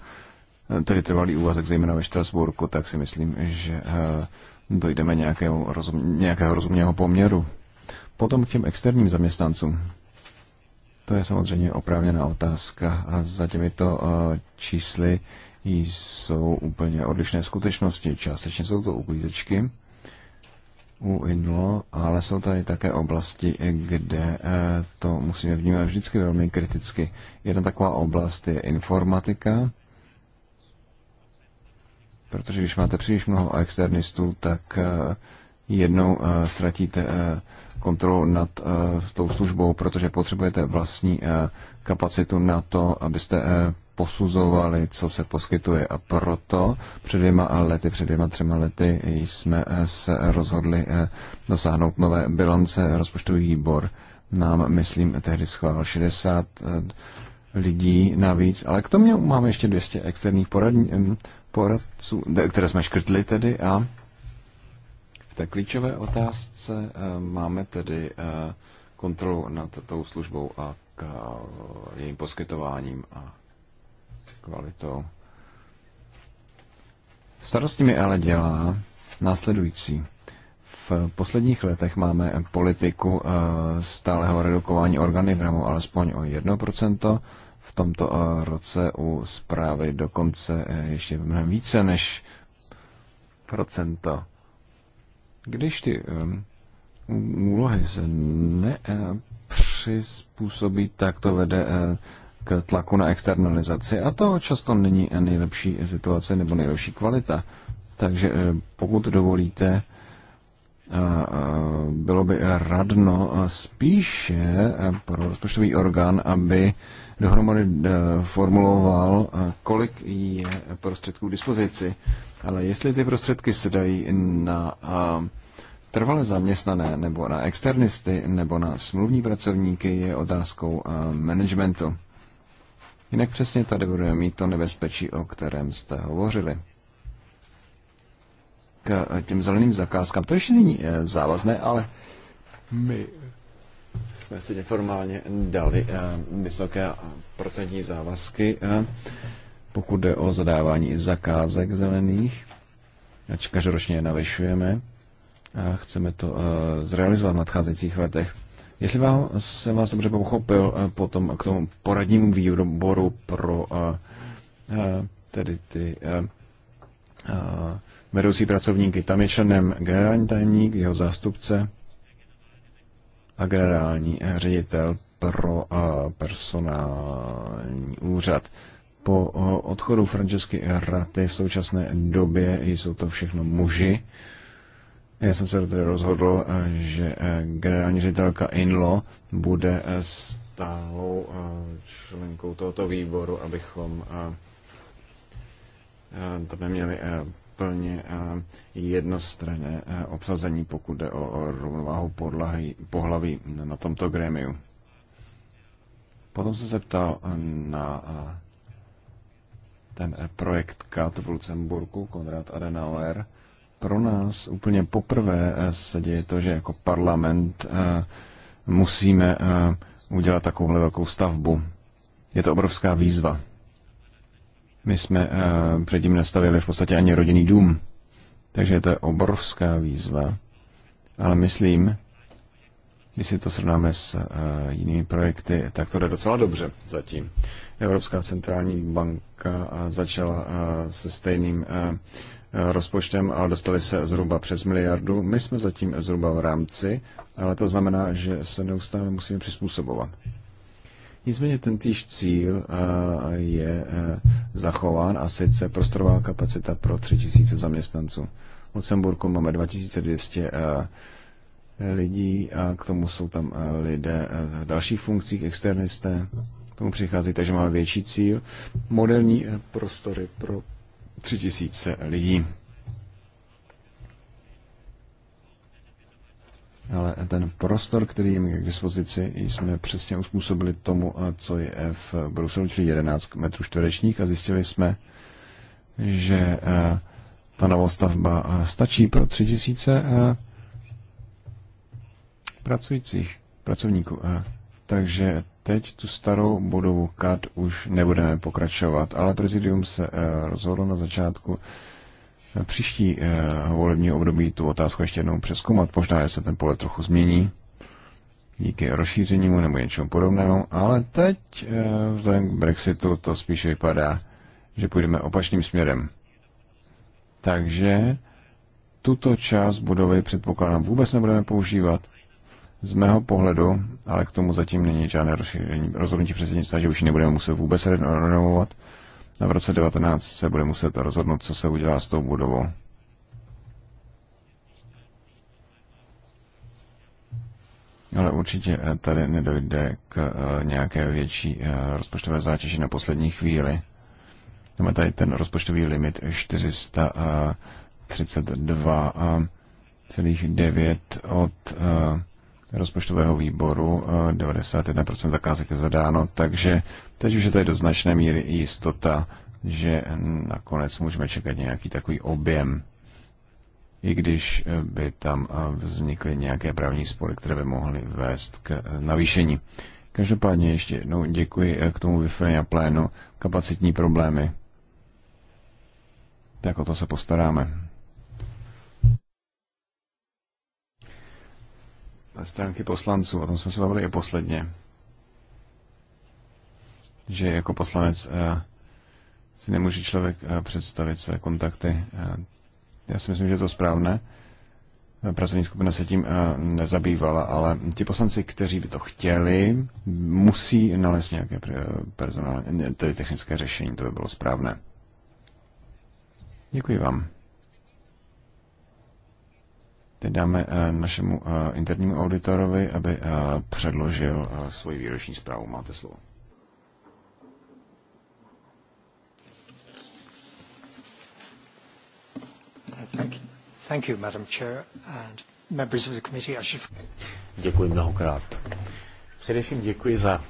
tedy trvalý úvazek, zejména ve Štrasburku, tak si myslím, že eh, dojdeme nějakého, rozum, nějakého rozumného poměru. Potom k těm externím zaměstnancům. To je samozřejmě oprávněná otázka a za těmito eh, čísly jsou úplně odlišné skutečnosti. Částečně jsou to uklízečky u INLO, ale jsou tady také oblasti, kde eh, to musíme vnímat vždycky velmi kriticky. Jedna taková oblast je informatika, Protože když máte příliš mnoho externistů, tak eh, jednou eh, ztratíte eh, kontrolu nad tou službou, protože potřebujete vlastní kapacitu na to, abyste posuzovali, co se poskytuje. A proto před dvěma lety, před dvěma třema lety jsme se rozhodli dosáhnout nové bilance. Rozpočtový výbor nám, myslím, tehdy schválil 60 lidí navíc, ale k tomu máme ještě 200 externích poradní, poradců, které jsme škrtli tedy a v té klíčové otázce eh, máme tedy eh, kontrolu nad tou službou a k eh, jejím poskytováním a kvalitou. Starosti mi ale dělá následující. V posledních letech máme politiku stáleho redukování organigramu alespoň o v tomto eh, roce u zprávy dokonce eh, ještě mnohem více než procento. Když ty eh, úlohy se nepřizpůsobí, tak to vede k tlaku na externalizaci a to často není nejlepší situace nebo nejlepší kvalita. Takže pokud dovolíte, bylo by radno spíše pro rozpočtový orgán, aby dohromady eh, formuloval, eh, kolik je prostředků k dispozici. Ale jestli ty prostředky se dají na eh, trvale zaměstnané nebo na externisty nebo na smluvní pracovníky, je otázkou managementu. Jinak přesně tady budeme mít to nebezpečí, o kterém jste hovořili. K těm zeleným zakázkám. To ještě není závazné, ale my jsme si neformálně dali eh, vysoké procentní závazky, eh, pokud jde o zadávání zakázek zelených, ač každoročně je navyšujeme a chceme to eh, zrealizovat v nadcházejících letech. Jestli vám, jsem vás dobře pochopil, potom k tomu poradnímu výboru pro tedy ty vedoucí pracovníky. Tam je členem generální tajemník, jeho zástupce generální eh, ředitel pro eh, personální úřad. Po eh, odchodu Francesky Raty v současné době jsou to všechno muži. Já jsem se tedy rozhodl, že generální ředitelka INLO bude stálou členkou tohoto výboru, abychom tam neměli úplně eh, jednostranné eh, obsazení, pokud jde o rovnováhu podlahy, pohlaví na tomto grémiu. Potom se zeptal eh, na ten projekt KAT v Lucemburku, Konrad Adenauer. Pro nás úplně poprvé se děje to, že jako parlament musíme udělat takovouhle velkou stavbu. Je to obrovská výzva. My jsme uh, předtím nestavili v podstatě ani rodinný dům. Takže to je obrovská výzva. Ale myslím, když si to srovnáme s uh, jinými projekty, tak to jde docela dobře zatím. Evropská centrální banka uh, začala uh, se stejným uh, rozpočtem, ale dostali se zhruba přes miliardu. My jsme zatím zhruba v rámci, ale to znamená, že se neustále musíme přizpůsobovat. Nicméně ten týž cíl eh, je eh, zachován a sice prostorová kapacita pro 3000 zaměstnanců. V Lucemburku máme 2200 eh, lidí a k tomu jsou tam lidé z dalších funkcích, externisté, k tomu přichází, takže máme větší cíl. Moderní prostory pro 3000 lidí. ale ten prostor, který jim je k dispozici, jsme přesně uspůsobili tomu, eh, co je v Bruselu, čili 11 metrů čtverečních a zjistili jsme, že eh, ta novostavba eh, stačí pro 3000 pracujících, pracovníků. Takže teď tu starou budovu kat už nebudeme pokračovat, ale prezidium se rozhodlo na začátku, příští eh, volební období tu otázku ještě jednou přeskoumat. Možná se ten pole trochu změní díky rozšířenímu nebo něčemu podobnému, ale teď eh, vzhledem k Brexitu to spíše vypadá, že půjdeme opačným směrem. Takže tuto část budovy předpokládám vůbec nebudeme používat. Z mého pohledu, ale k tomu zatím není žádné rozhodnutí předsednictva, že už ji nebudeme muset vůbec renovovat, v roce 19 se bude muset rozhodnout, co se udělá s tou budovou. Ale určitě eh, tady nedojde k eh, nějaké větší eh, rozpočtové zátěži na poslední chvíli. Máme tady ten rozpočtový limit 432,9 od rozpočtového výboru, 91% eh, zakázek je zadáno, takže teď už je tady do značné míry jistota, že nakonec můžeme čekat nějaký takový objem, i když eh, by tam eh, vznikly nějaké právní spory, které by mohly vést k navýšení. Každopádně ještě jednou děkuji k tomu Wi-Fi a plénu. Kapacitní problémy. Tak o to se postaráme. stránky poslanců, o tom jsme se bavili i posledně, že jako poslanec eh, si nemůže člověk eh, představit své kontakty. Eh, já si myslím, že je to správné. Pracovní skupina se tím nezabývala, ale ti poslanci, kteří by to chtěli, musí nalézt nějaké personální, tedy technické řešení, to by bylo správné. Děkuji vám. Teď dáme eh, našemu eh, internímu auditorovi, aby eh, předložil svoji výroční zprávu. Máte slovo. Thank you, Madam Chair, and members of the committee. Děkuji mnohokrát. Především děkuji za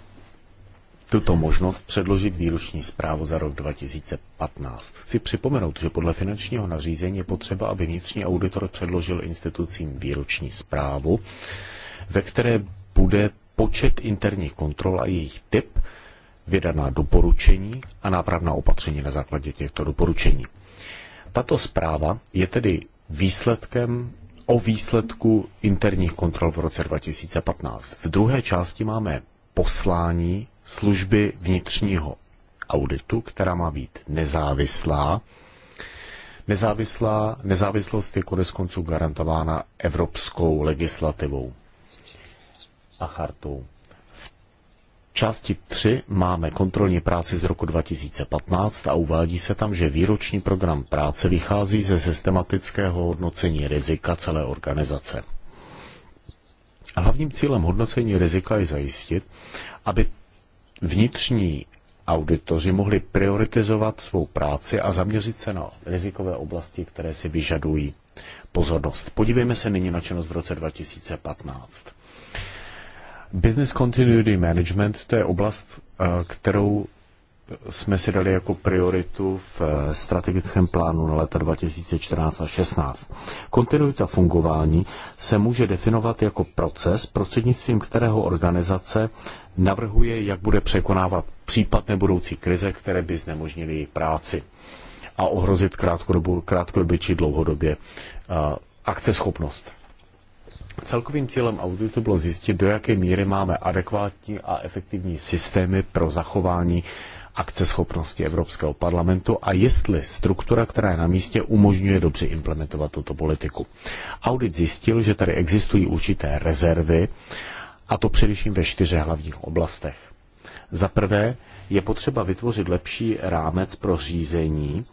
tuto možnost předložit výroční zprávu za rok 2015. Chci připomenout, že podle finančního nařízení je potřeba, aby vnitřní auditor předložil institucím výroční zprávu, ve které bude počet interních kontrol a jejich typ, vydaná doporučení a nápravná opatření na základě těchto doporučení. Tato zpráva je tedy výsledkem o výsledku interních kontrol v roce 2015. V druhé části máme poslání služby vnitřního auditu, která má být nezávislá. Nezávislá, nezávislost je konec konců garantována evropskou legislativou a chartou. V části 3 máme kontrolní práci z roku 2015 a uvádí se tam, že výroční program práce vychází ze systematického hodnocení rizika celé organizace. Hlavním cílem hodnocení rizika je zajistit, aby vnitřní auditoři mohli prioritizovat svou práci a zaměřit se na rizikové oblasti, které si vyžadují pozornost. Podívejme se nyní na činnost v roce 2015. Business Continuity Management to je oblast, eh, kterou jsme si dali jako prioritu v eh, strategickém plánu na leta 2014 a 16. Kontinuita fungování se může definovat jako proces, prostřednictvím kterého organizace navrhuje, jak bude překonávat případné budoucí krize, které by znemožnily její práci a ohrozit krátkodobě, krátkodobě či dlouhodobě eh, akceschopnost. Celkovým cílem auditu bylo zjistit, do jaké míry máme adekvátní a efektivní systémy pro zachování uh, akceschopnosti Evropského parlamentu a jestli struktura, která je na místě, umožňuje dobře implementovat tuto politiku. Audit zjistil, že tady existují určité rezervy, a to především ve čtyřech hlavních oblastech. Za prvé je potřeba vytvořit lepší rámec pro řízení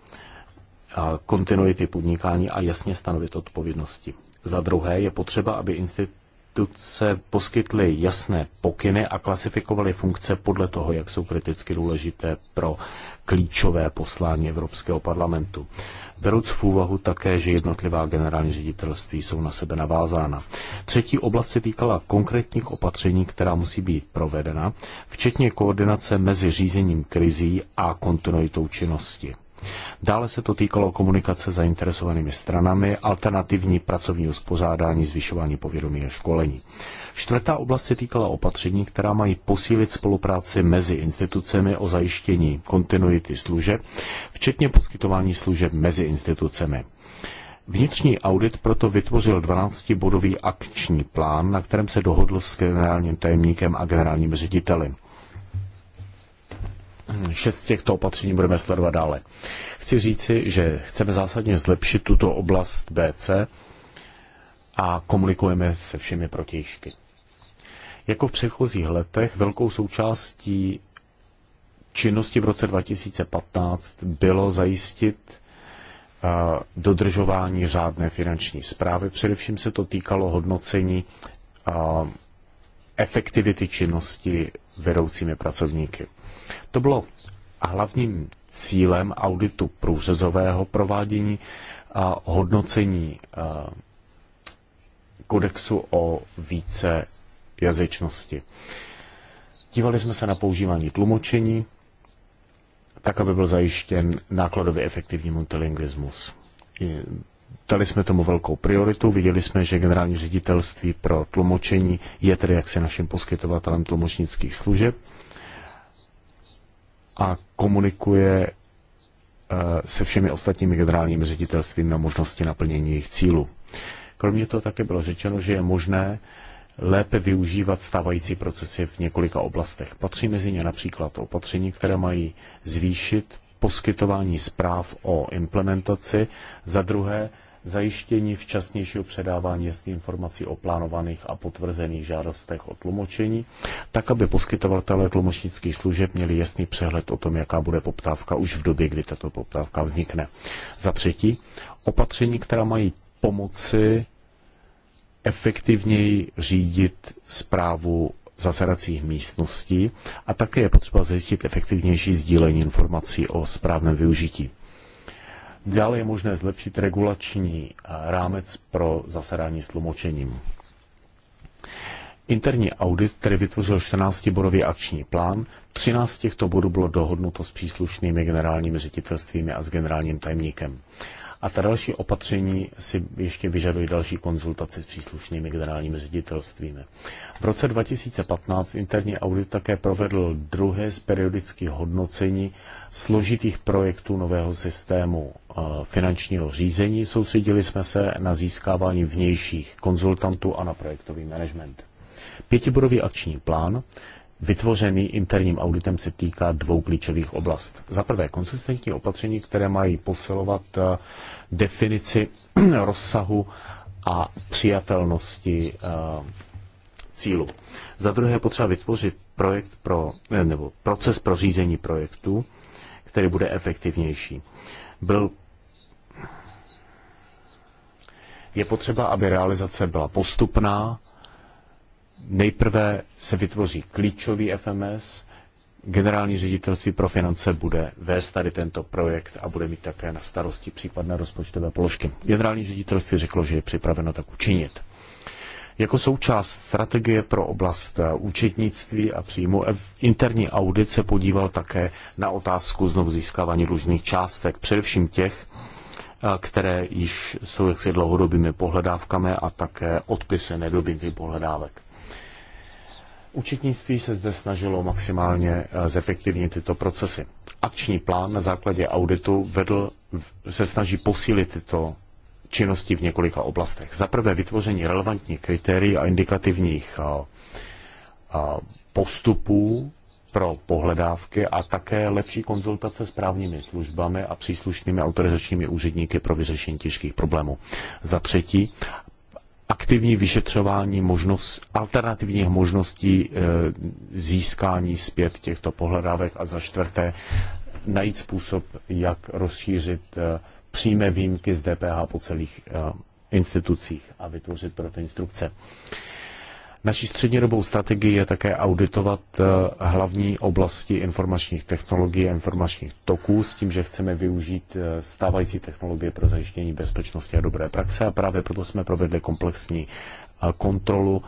kontinuity podnikání a jasně stanovit odpovědnosti. Za druhé je potřeba, aby instituce instituce poskytly jasné pokyny a klasifikovaly funkce podle toho, jak jsou kriticky důležité pro klíčové poslání Evropského parlamentu. Beruc v úvahu také, že jednotlivá generální ředitelství jsou na sebe navázána. Třetí oblast se týkala konkrétních opatření, která musí být provedena, včetně koordinace mezi řízením krizí a kontinuitou činnosti. Dále se to týkalo komunikace zainteresovanými stranami, alternativní pracovní uspořádání, zvyšování povědomí a školení. Čtvrtá oblast se týkala opatření, která mají posílit spolupráci mezi institucemi o zajištění kontinuity služeb, včetně poskytování služeb mezi institucemi. Vnitřní audit proto vytvořil 12-bodový akční plán, na kterém se dohodl s generálním tajemníkem a generálním řediteli. Šest těchto opatření budeme sledovat dále. Chci říci, že chceme zásadně zlepšit tuto oblast BC a komunikujeme se všemi protějšky. Jako v předchozích letech velkou součástí činnosti v roce 2015 bylo zajistit eh, dodržování řádné finanční zprávy. Především se to týkalo hodnocení eh, efektivity činnosti vedoucími pracovníky. To bylo hlavním cílem auditu průřezového provádění a hodnocení kodexu o více jazyčnosti. Dívali jsme se na používání tlumočení, tak, aby byl zajištěn nákladově efektivní multilingvismus. Dali jsme tomu velkou prioritu, viděli jsme, že generální ředitelství pro tlumočení je tedy jaksi naším poskytovatelem tlumočnických služeb a komunikuje eh, se všemi ostatními generálními ředitelstvím na možnosti naplnění jejich cílů. Kromě toho také bylo řečeno, že je možné lépe využívat stávající procesy v několika oblastech. Patří mezi ně například opatření, které mají zvýšit poskytování zpráv o implementaci, za druhé zajištění včasnějšího předávání jasných informací o plánovaných a potvrzených žádostech o tlumočení, tak aby poskytovatelé tlumočnických služeb měli jasný přehled o tom, jaká bude poptávka už v době, kdy tato poptávka vznikne. Za třetí, opatření, která mají pomoci efektivněji řídit zprávu zasedacích místností a také je potřeba zajistit efektivnější sdílení informací o správném využití. Dále je možné zlepšit regulační eh, rámec pro zasedání s tlumočením. Interní audit, který vytvořil 14-bodový akční plán, 13 těchto bodů bylo dohodnuto s příslušnými generálními ředitelstvími a s generálním tajemníkem. A ta další opatření si ještě vyžadují další konzultaci s příslušnými generálními ředitelstvími. V roce 2015 interní audit také provedl druhé z periodických hodnocení složitých projektů nového systému Eh, finančního řízení, soustředili jsme se na získávání vnějších konzultantů a na projektový management. Pětibodový akční plán, vytvořený interním auditem, se týká dvou klíčových oblast. Za prvé, konsistentní opatření, které mají posilovat eh, definici rozsahu a přijatelnosti eh, cílu. Za druhé potřeba vytvořit projekt pro, nebo proces pro řízení projektu, který bude efektivnější. Byl Je potřeba, aby realizace byla postupná. Nejprve se vytvoří klíčový FMS, generální ředitelství pro finance bude vést tady tento projekt a bude mít také na starosti případné rozpočtové položky. Generální ředitelství řeklo, že je připraveno tak učinit. Jako součást strategie pro oblast eh, účetnictví a příjmu eh, interní audit se podíval také na otázku znovu získávání dlužných částek, především těch, které již jsou jaksi dlouhodobými pohledávkami a také odpisy nedobytých pohledávek. Učitnictví se zde snažilo maximálně eh, zefektivnit tyto procesy. Akční plán na základě auditu vedl, se snaží posílit tyto činnosti v několika oblastech. Za prvé vytvoření relevantních kritérií a indikativních eh, eh, postupů pro pohledávky a také lepší konzultace s právními službami a příslušnými autorizačními úředníky pro vyřešení těžkých problémů. Za třetí, aktivní vyšetřování možnost, alternativních možností e, získání zpět těchto pohledávek a za čtvrté, najít způsob, jak rozšířit e, přímé výjimky z DPH po celých e, institucích a vytvořit pro to instrukce. E, Naší střednědobou strategii je také auditovat eh, hlavní oblasti informačních technologií a informačních toků s tím, že chceme využít eh, stávající technologie pro zajištění bezpečnosti a dobré praxe a právě proto jsme provedli komplexní eh, kontrolu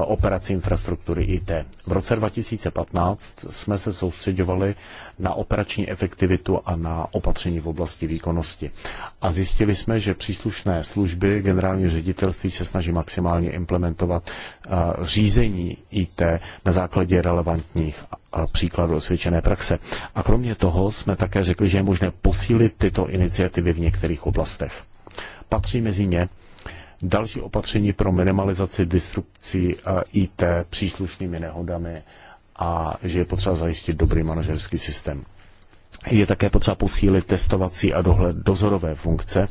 operaci infrastruktury IT. V roce 2015 jsme se soustředovali na operační efektivitu a na opatření v oblasti výkonnosti. A zjistili jsme, že příslušné služby generální ředitelství se snaží maximálně implementovat řízení IT na základě relevantních příkladů osvědčené praxe. A kromě toho jsme také řekli, že je možné posílit tyto iniciativy v některých oblastech. Patří mezi ně další opatření pro minimalizaci disrupcí IT příslušnými nehodami a že je potřeba zajistit dobrý manažerský systém. Je také potřeba posílit testovací a dohled dozorové funkce,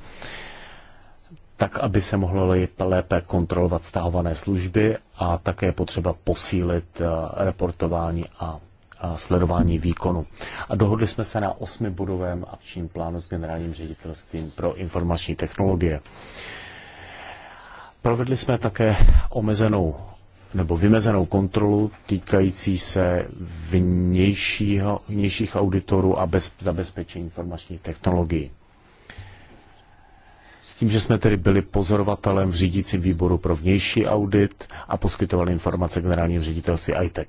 tak aby se mohlo lépe kontrolovat stahované služby a také je potřeba posílit eh, reportování a a sledování výkonu. A dohodli jsme se na osmibudovém akčním plánu s generálním ředitelstvím pro informační technologie. Provedli jsme také omezenou nebo vymezenou kontrolu týkající se vnějšího, vnějších auditorů a bez, zabezpečení informačních technologií. S tím, že jsme tedy byli pozorovatelem v řídícím výboru pro vnější audit a poskytovali informace generálním ředitelství ITEC.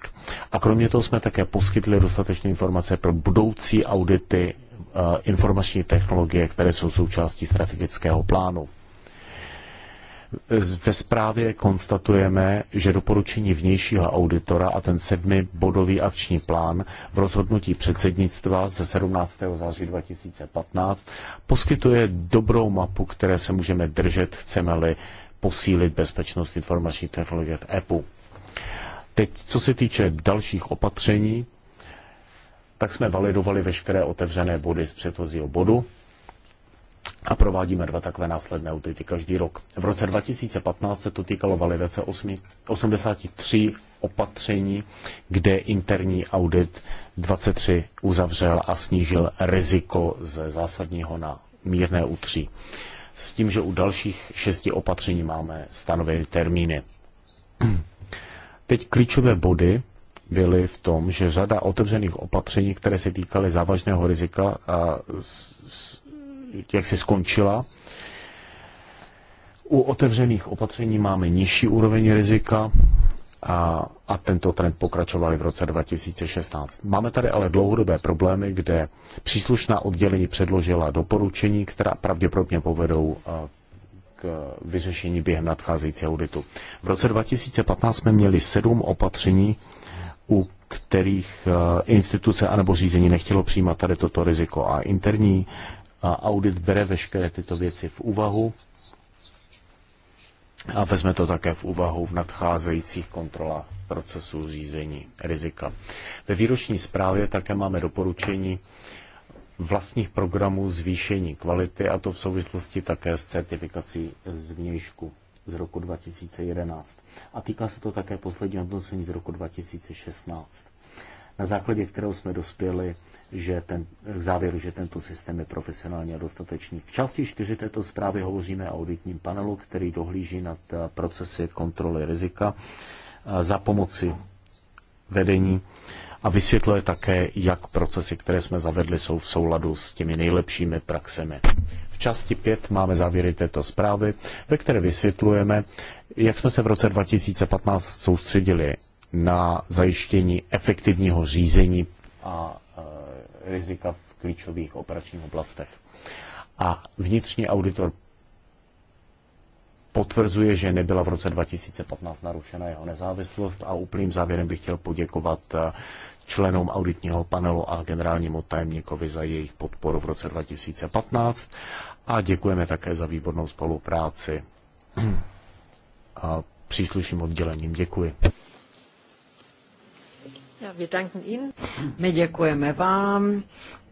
A kromě toho jsme také poskytli dostatečné informace pro budoucí audity eh, informační technologie, které jsou součástí strategického plánu. Ve zprávě konstatujeme, že doporučení vnějšího auditora a ten sedmi bodový akční plán v rozhodnutí předsednictva ze 17. září 2015 poskytuje dobrou mapu, které se můžeme držet, chceme-li posílit bezpečnost informační technologie v EPU. Teď, co se týče dalších opatření, tak jsme validovali veškeré otevřené body z předchozího bodu a provádíme dva takové následné audity každý rok. V roce 2015 se to týkalo validace 8, 83 opatření, kde interní audit 23 uzavřel a snížil riziko ze zásadního na mírné utří. S tím, že u dalších šesti opatření máme stanovené termíny. Teď klíčové body byly v tom, že řada otevřených opatření, které se týkaly závažného rizika, a s, s, jak si skončila. U otevřených opatření máme nižší úroveň rizika a, a tento trend pokračoval v roce 2016. Máme tady ale dlouhodobé problémy, kde příslušná oddělení předložila doporučení, která pravděpodobně povedou eh, k vyřešení během nadcházející auditu. V roce 2015 jsme měli sedm opatření, u kterých eh, instituce anebo řízení nechtělo přijímat tady toto riziko a interní a audit bere veškeré tyto věci v úvahu a vezme to také v úvahu v nadcházejících kontrolách procesu řízení rizika. Ve výroční zprávě také máme doporučení vlastních programů zvýšení kvality a to v souvislosti také s certifikací z vnějšku z roku 2011. A týká se to také poslední hodnocení z roku 2016, na základě kterého jsme dospěli že ten, k závěru, že tento systém je profesionálně dostatečný. V části 4 této zprávy hovoříme o auditním panelu, který dohlíží nad eh, procesy kontroly rizika eh, za pomoci vedení a vysvětluje také, jak procesy, které jsme zavedli, jsou v souladu s těmi nejlepšími praxemi. V části 5 máme závěry této zprávy, ve které vysvětlujeme, jak jsme se v roce 2015 soustředili na zajištění efektivního řízení a rizika v klíčových operačních oblastech. A vnitřní auditor potvrzuje, že nebyla v roce 2015 narušena jeho nezávislost a úplným závěrem bych chtěl poděkovat eh, členům auditního panelu a generálnímu tajemníkovi za jejich podporu v roce 2015 a děkujeme také za výbornou spolupráci a příslušným oddělením. Děkuji. My děkujeme vám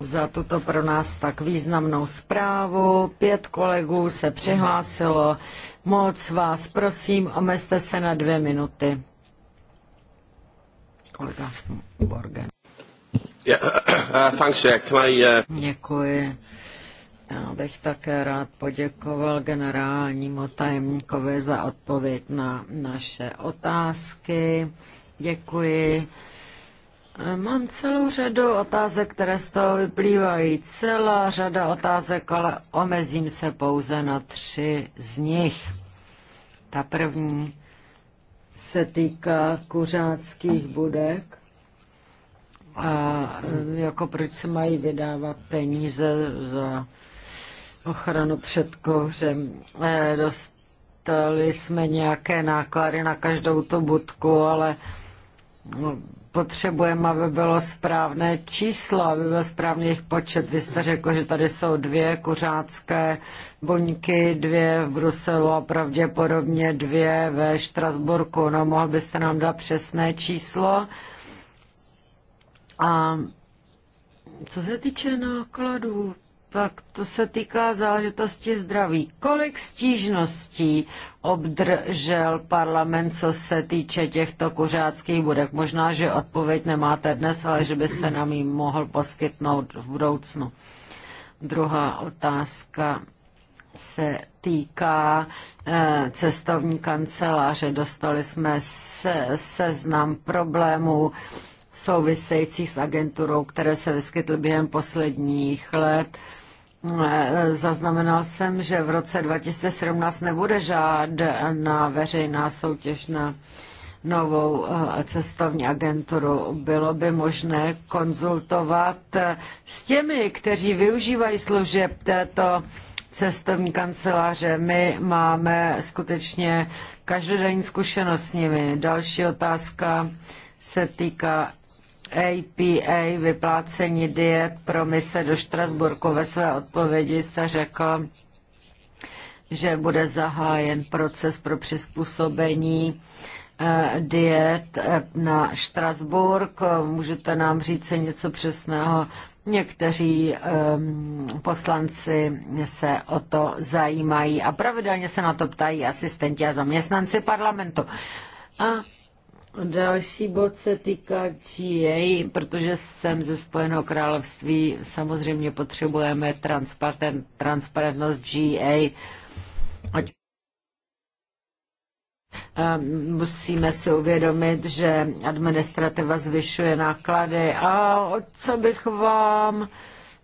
za tuto pro nás tak významnou zprávu. Pět kolegů se přihlásilo. Moc vás prosím, omezte se na dvě minuty. Kolega Borgen. Eh, eh, Děkuji. Já bych také rád poděkoval generálnímu tajemníkovi za odpověď na naše otázky. Děkuji. Mám celou řadu otázek, které z toho vyplývají. Celá řada otázek, ale omezím se pouze na tři z nich. Ta první se týká kuřáckých budek a eh, jako proč se mají vydávat peníze za ochranu před kouřem. Eh, dostali jsme nějaké náklady na každou tu budku, ale no, potřebujeme, aby bylo správné číslo, aby byl správný jejich počet. Vy jste řekl, že tady jsou dvě kuřácké buňky, dvě v Bruselu a pravděpodobně dvě ve Štrasburku. No, mohl byste nám dát přesné číslo? A co se týče nákladů, tak to se týká záležitosti zdraví. Kolik stížností obdržel parlament, co se týče těchto kuřáckých budek. Možná, že odpověď nemáte dnes, ale že byste nám ji mohl poskytnout v budoucnu. Druhá otázka se týká eh, cestovní kanceláře. Dostali jsme se, seznam problémů souvisejících s agenturou, které se vyskytly během posledních let Zaznamenal jsem, že v roce 2017 nebude žádná veřejná soutěž na novou eh, cestovní agenturu. Bylo by možné konzultovat eh, s těmi, kteří využívají služeb této cestovní kanceláře. My máme skutečně každodenní zkušenost s nimi. Další otázka se týká APA, vyplácení diet pro mise do Štrasburku. Ve své odpovědi jste řekl, že bude zahájen proces pro přizpůsobení eh, diet eh, na Štrasburg. Můžete nám říct něco přesného? Někteří um, poslanci se o to zajímají a pravidelně se na to ptají asistenti a zaměstnanci parlamentu. A Další bod se týká GA, protože jsem ze Spojeného království, samozřejmě potřebujeme transparent, transparentnost GA. Ať Musíme si uvědomit, že administrativa zvyšuje náklady a o co bych vám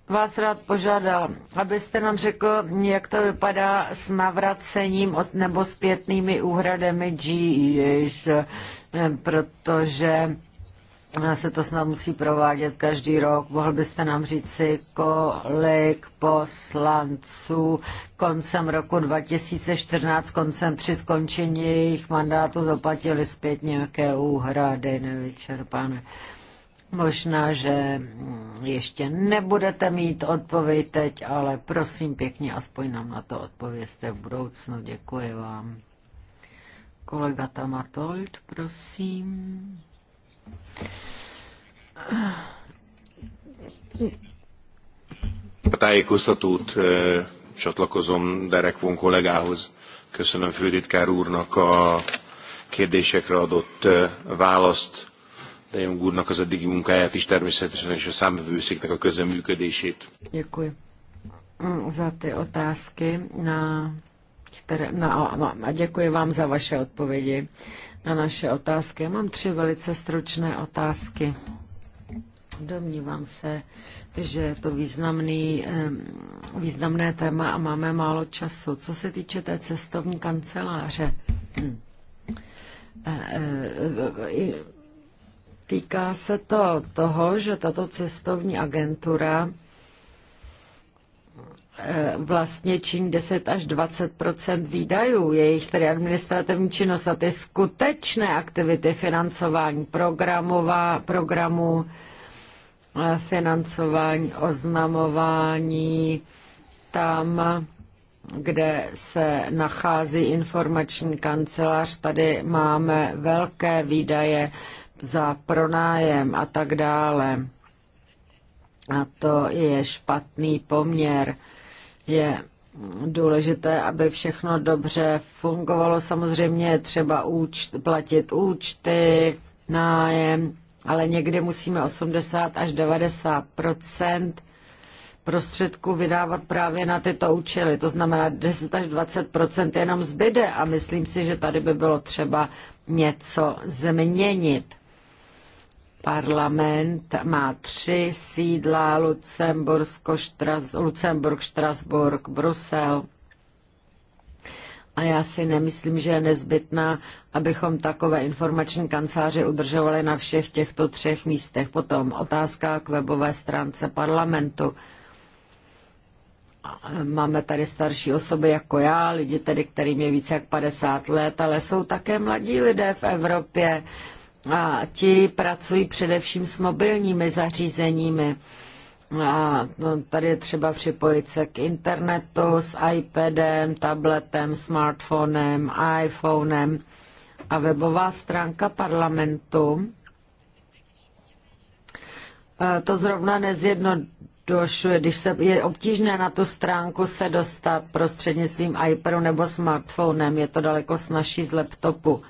vás rád požádal, abyste nám řekl, jak to vypadá s navracením nebo zpětnými úhradami GES, eh, protože eh, se to snad musí provádět každý rok. Mohl byste nám říci, kolik poslanců koncem roku 2014, koncem při skončení jejich mandátu zaplatili zpět nějaké úhrady nevyčerpané. Možná, že ještě nebudete mít odpověď teď, ale prosím pěkně, aspoň nám na to odpovězte v budoucnu. Děkuji vám. Kolega Tamatold, prosím. A tájékoztatót eh, csatlakozom Derek von kollégához. Köszönöm főtitkár úrnak a kérdésekre adott eh, választ Jung úrnak az eddigi munkáját is természetesen, és a számvevőszéknek a közeműködését. Děkuji za ty otázky, na, které, na, na, no, a děkuji vám za vaše odpovědi na naše otázky. Já mám tři velice stručné otázky. Domnívám se, že je to významný, významné téma a máme málo času. Co se týče té cestovní kanceláře, e, e, e, Týká se to toho, že tato cestovní agentura eh, vlastně činí 10 až 20 výdajů, jejich tedy administrativní činnost a ty skutečné aktivity financování programová, programu eh, financování, oznamování, tam, kde se nachází informační kancelář, tady máme velké výdaje za pronájem a tak dále. A to je špatný poměr. Je důležité, aby všechno dobře fungovalo. Samozřejmě je třeba účt, platit účty, nájem, ale někdy musíme 80 až 90 prostředků vydávat právě na tyto účely. To znamená 10 až 20 jenom zbyde a myslím si, že tady by bylo třeba něco změnit parlament má tři sídla, Lucembursko, Štras, Lucemburg, Štrasburg, Brusel. A já si nemyslím, že je nezbytná, abychom takové informační kanceláře udržovali na všech těchto třech místech. Potom otázka k webové stránce parlamentu. E, máme tady starší osoby jako já, lidi tedy, kterým je více jak 50 let, ale jsou také mladí lidé v Evropě a ti pracují především s mobilními zařízeními. A no, tady je třeba připojit se k internetu s iPadem, tabletem, smartphonem, iPhonem a webová stránka parlamentu. E, to zrovna nezjednodušuje, když se, je obtížné na tu stránku se dostat prostřednictvím iPadu nebo smartphonem, je to daleko snažší z laptopu.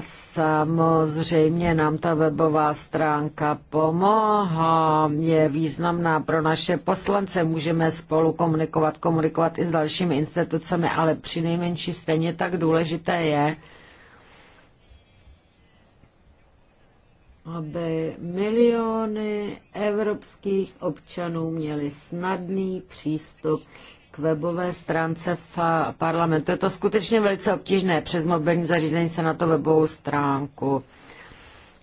Samozřejmě nám ta webová stránka pomohá, je významná pro naše poslance, můžeme spolu komunikovat, komunikovat i s dalšími institucemi, ale při nejmenší stejně tak důležité je, aby miliony evropských občanů měli snadný přístup webové stránce v parlamentu. Je to skutečně velice obtížné. Přes mobilní zařízení se na to webovou stránku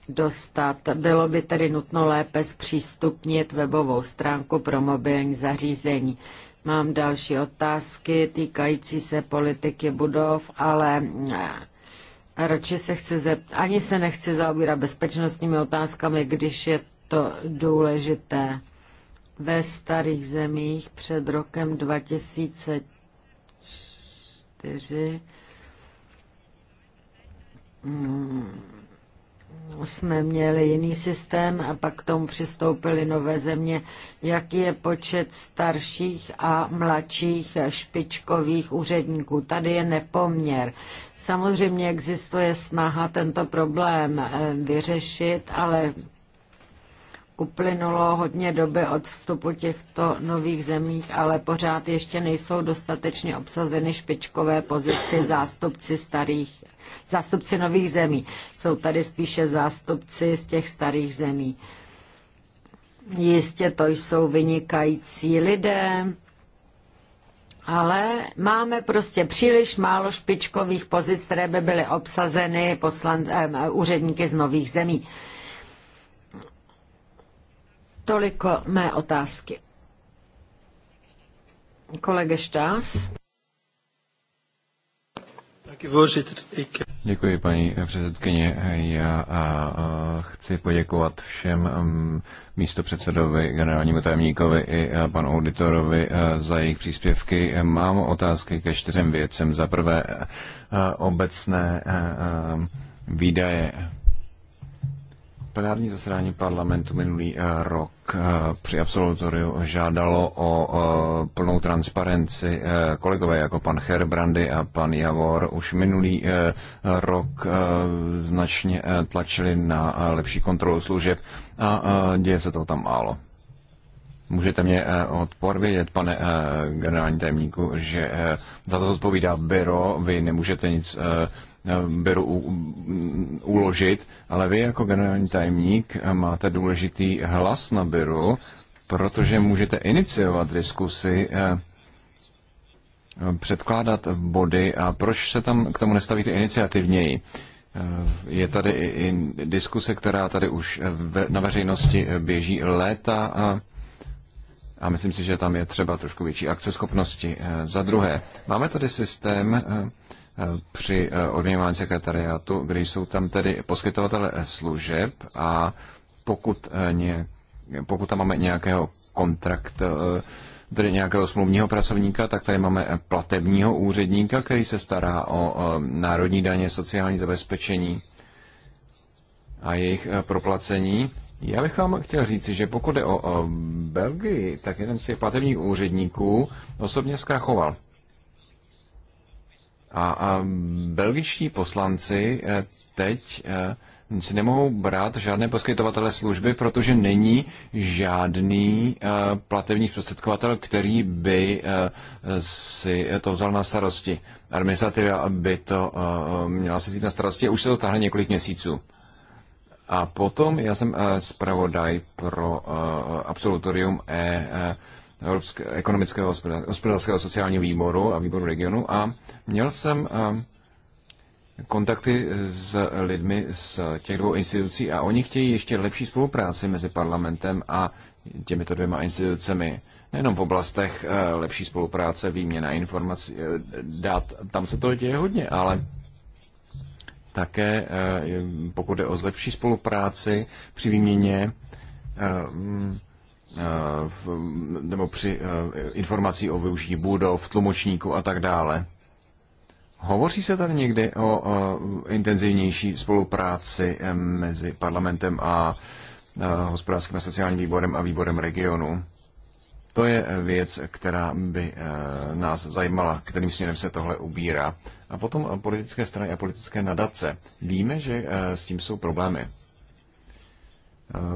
dostat. Bylo by tedy nutno lépe zpřístupnit webovou stránku pro mobilní zařízení. Mám další otázky týkající se politiky budov, ale eh, radši se chci zept... ani se nechci zaobírat bezpečnostními otázkami, když je to důležité ve starých zemích před rokem 2004 hmm. jsme měli jiný systém a pak k tomu přistoupily nové země. Jaký je počet starších a mladších špičkových úředníků? Tady je nepoměr. Samozřejmě existuje snaha tento problém eh, vyřešit, ale uplynulo hodně doby od vstupu těchto nových zemích, ale pořád ještě nejsou dostatečně obsazeny špičkové pozici zástupci starých, zástupci nových zemí. Jsou tady spíše zástupci z těch starých zemí. Jistě to jsou vynikající lidé, ale máme prostě příliš málo špičkových pozic, které by byly obsazeny poslan, eh, úředníky z nových zemí. Toliko mé otázky. Kolege Štás. Děkuji, paní předsedkyně. Já a, a chci poděkovat všem mm, místopředsedovi, generálnímu tajemníkovi i panu auditorovi za jejich příspěvky. Mám otázky ke čtyřem věcem. Za prvé obecné výdaje plenární zasedání parlamentu minulý rok Eh, při absolutoriu žádalo o eh, plnou transparenci. Eh, kolegové jako pan Herbrandy a pan Javor už minulý rok značně tlačili na lepší kontrolu služeb a děje se to tam málo. Můžete mě odpovědět, pane generální tajemníku, že za to odpovídá byro, vy nemůžete nic Eh, beru uložit, ale vy jako generální tajemník máte důležitý hlas na byru, protože můžete iniciovat diskusy, eh, předkládat body a proč se tam k tomu nestavíte iniciativněji? Eh, je tady i diskuse, která tady už na veřejnosti běží léta a, a myslím si, že tam je třeba trošku větší akceschopnosti. Za druhé, máme tady systém, při eh, odměňování sekretariátu, kde jsou tam tedy poskytovatele eh, služeb a pokud, eh, nějak, pokud tam máme nějakého kontrakt, tedy nějakého smluvního pracovníka, tak tady máme platebního úředníka, který se stará o národní daně, sociální zabezpečení a jejich proplacení. Já bych vám chtěl říci, že pokud jde o, o Belgii, tak jeden z těch platebních úředníků osobně zkrachoval. A, a belgičtí poslanci eh, teď eh, si nemohou brát žádné poskytovatele služby, protože není žádný eh, platební prostředkovatel, který by si to vzal na starosti. Administrativa by to měla si vzít na starosti, už se to táhne několik měsíců. A potom já jsem zpravodaj pro absolutorium E Evropské, ekonomického, hospodářského sociálního výboru a výboru regionu a měl jsem eh, kontakty s lidmi z těch dvou institucí a oni chtějí ještě lepší spolupráci mezi parlamentem a těmito dvěma institucemi. Nejenom v oblastech eh, lepší spolupráce, výměna informací, eh, dát tam se to děje hodně, ale také pokud jde o zlepší spolupráci při výměně mm, Eh, nebo při eh, informací o využití budov, tlumočníků a tak dále. Hovoří se tady někdy o, eh, intenzivnější spolupráci mezi parlamentem a hospodářským a sociálním výborem a výborem regionu? To je věc, která by nás zajímala, kterým směrem se tohle ubírá. A potom politické strany a politické nadace. Víme, že s tím jsou problémy.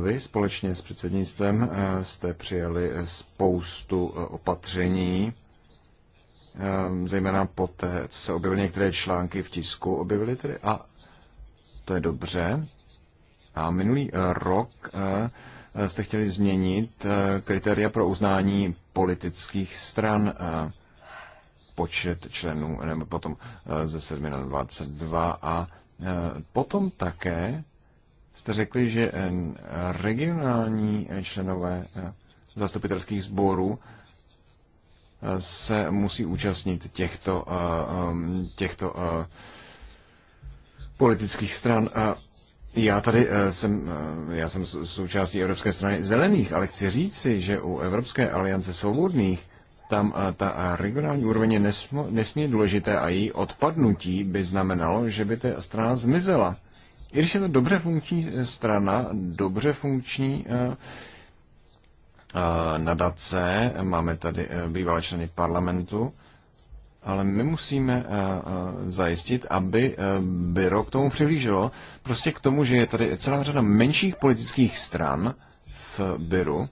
Vy společně s předsednictvem eh, jste přijali eh, spoustu eh, opatření, zejména poté, co se objevily některé články v tisku, objevily tedy a to je dobře. A minulý rok jste chtěli změnit kritéria pro uznání politických stran počet členů, nebo potom ze 7 na 22 a potom také jste řekli, že eh, regionální eh, členové eh, zastupitelských sborů se musí účastnit těchto, těchto politických stran. Já tady jsem, já jsem součástí Evropské strany zelených, ale chci říci, že u Evropské aliance svobodných tam ta regionální úroveň je nesmírně důležité a její odpadnutí by znamenalo, že by ta strana zmizela. I když je to dobře funkční eh, strana, dobře funkční eh, eh, nadace, máme tady bývalé členy parlamentu, ale my musíme zajistit, aby byro k tomu přihlíželo. Prostě k tomu, že je tady celá řada menších politických stran v byru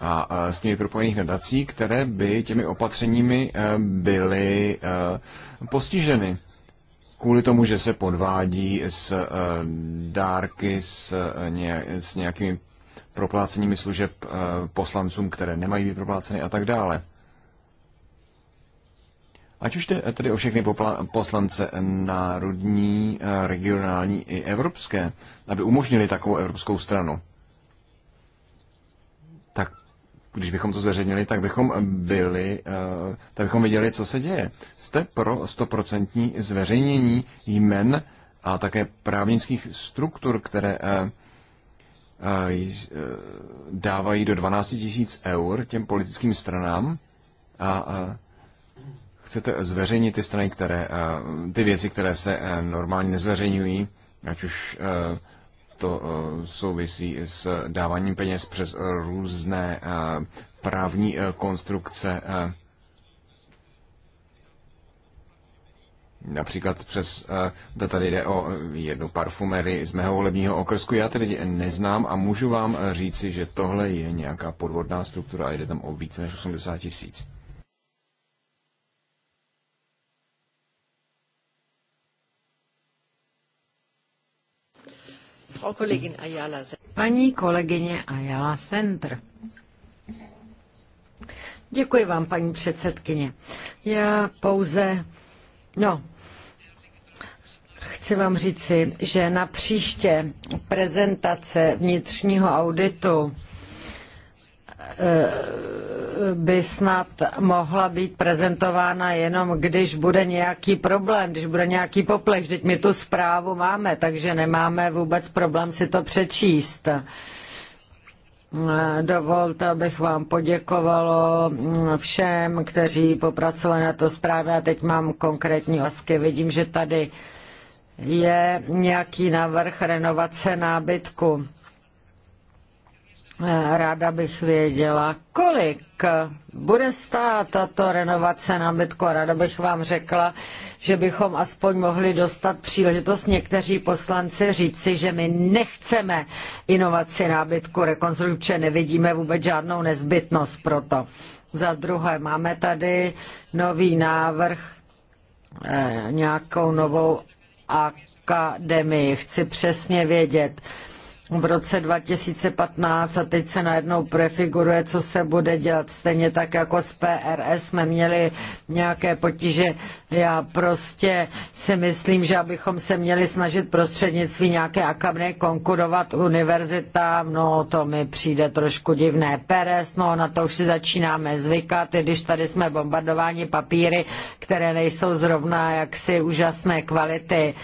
a s nimi propojených nadací, které by těmi opatřeními byly postiženy kvůli tomu, že se podvádí s eh, dárky, s eh, nějakými propláceními služeb eh, poslancům, které nemají být propláceny a tak dále. Ať už jde tedy o všechny poslance národní, regionální i evropské, aby umožnili takovou evropskou stranu když bychom to zveřejnili, tak bychom byli, eh, tak bychom viděli, co se děje. Jste pro stoprocentní zveřejnění jmen a také právnických struktur, které eh, eh, dávají do 12 tisíc eur těm politickým stranám a chcete zveřejnit ty strany, které, ty věci, které se normálně nezveřejňují, ať už to eh, souvisí s dáváním peněz přes eh, různé eh, právní konstrukce, například přes, to tady jde o jednu parfumery z mého volebního okrsku, já tedy neznám a můžu vám říci, že tohle je nějaká podvodná struktura a jde tam o více než 80 tisíc. Paní kolegyně Ayala Center. Děkuji vám, paní předsedkyně. Já pouze, no, chci vám říci, že na příště prezentace vnitřního auditu by snad mohla být prezentována jenom, když bude nějaký problém, když bude nějaký poplech. Vždyť my tu zprávu máme, takže nemáme vůbec problém si to přečíst. Dovolte, abych vám poděkovalo všem, kteří popracovali na to zprávě a teď mám konkrétní osky. Vidím, že tady je nějaký návrh renovace nábytku. Ráda bych věděla, kolik bude stát tato renovace nábytku. Ráda bych vám řekla, že bychom aspoň mohli dostat příležitost někteří poslanci říci, že my nechceme inovaci nábytku rekonstrukce, nevidíme vůbec žádnou nezbytnost pro to. Za druhé, máme tady nový návrh, eh, nějakou novou akademii. Chci přesně vědět, v roce 2015 a teď se najednou prefiguruje, co se bude dělat. Stejně tak jako s PRS jsme měli nějaké potíže. Já prostě si myslím, že abychom se měli snažit prostřednictvím nějaké akademie konkurovat univerzitám, no to mi přijde trošku divné. PRS, no na to už si začínáme zvykat, i když tady jsme bombardováni papíry, které nejsou zrovna jaksi úžasné kvality.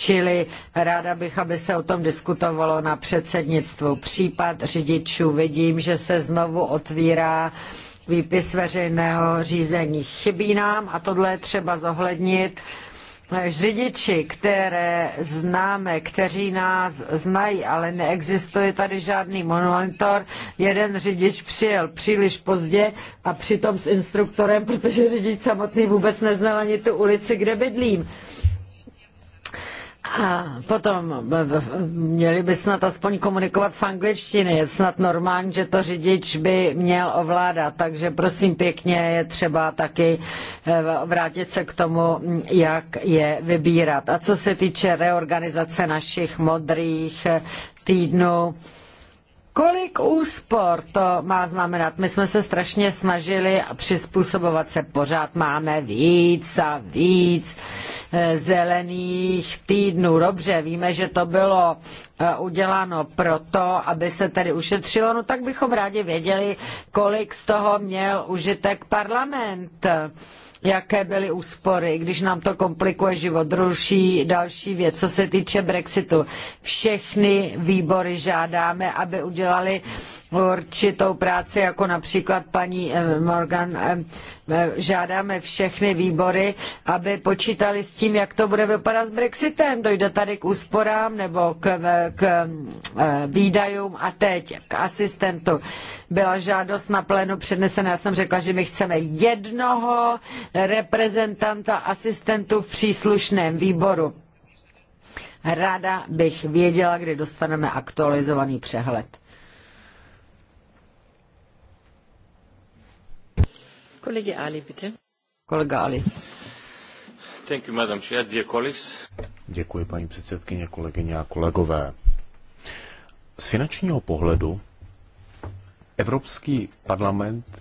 Čili ráda bych, aby se o tom diskutovalo na předsednictvu. Případ řidičů vidím, že se znovu otvírá výpis veřejného řízení. Chybí nám a tohle je třeba zohlednit. Řidiči, které známe, kteří nás znají, ale neexistuje tady žádný monitor, jeden řidič přijel příliš pozdě a přitom s instruktorem, protože řidič samotný vůbec neznal ani tu ulici, kde bydlím. A potom měli by snad aspoň komunikovat v angličtině. Je snad normální, že to řidič by měl ovládat. Takže prosím pěkně, je třeba taky eh, vrátit se k tomu, jak je vybírat. A co se týče reorganizace našich modrých eh, týdnů, Kolik úspor to má znamenat? My jsme se strašně snažili a přizpůsobovat se. Pořád máme víc a víc eh, zelených týdnů. Dobře, víme, že to bylo eh, uděláno proto, aby se tedy ušetřilo. No tak bychom rádi věděli, kolik z toho měl užitek parlament jaké byly úspory, když nám to komplikuje život. Ruší další věc, co se týče Brexitu. Všechny výbory žádáme, aby udělali určitou práci, jako například paní eh, Morgan. Eh, eh, žádáme všechny výbory, aby počítali s tím, jak to bude vypadat s Brexitem. Dojde tady k úsporám nebo k, k výdajům a teď k asistentu. Byla žádost na plénu přednesena, já jsem řekla, že my chceme jednoho reprezentanta asistentu v příslušném výboru. Ráda bych věděla, kdy dostaneme aktualizovaný přehled. Kolegy Ali, Kolega Ali. Thank you, madam chair, dear colleagues. Děkuji, paní předsedkyně, kolegyně a kolegové. Z finančního pohledu Evropský parlament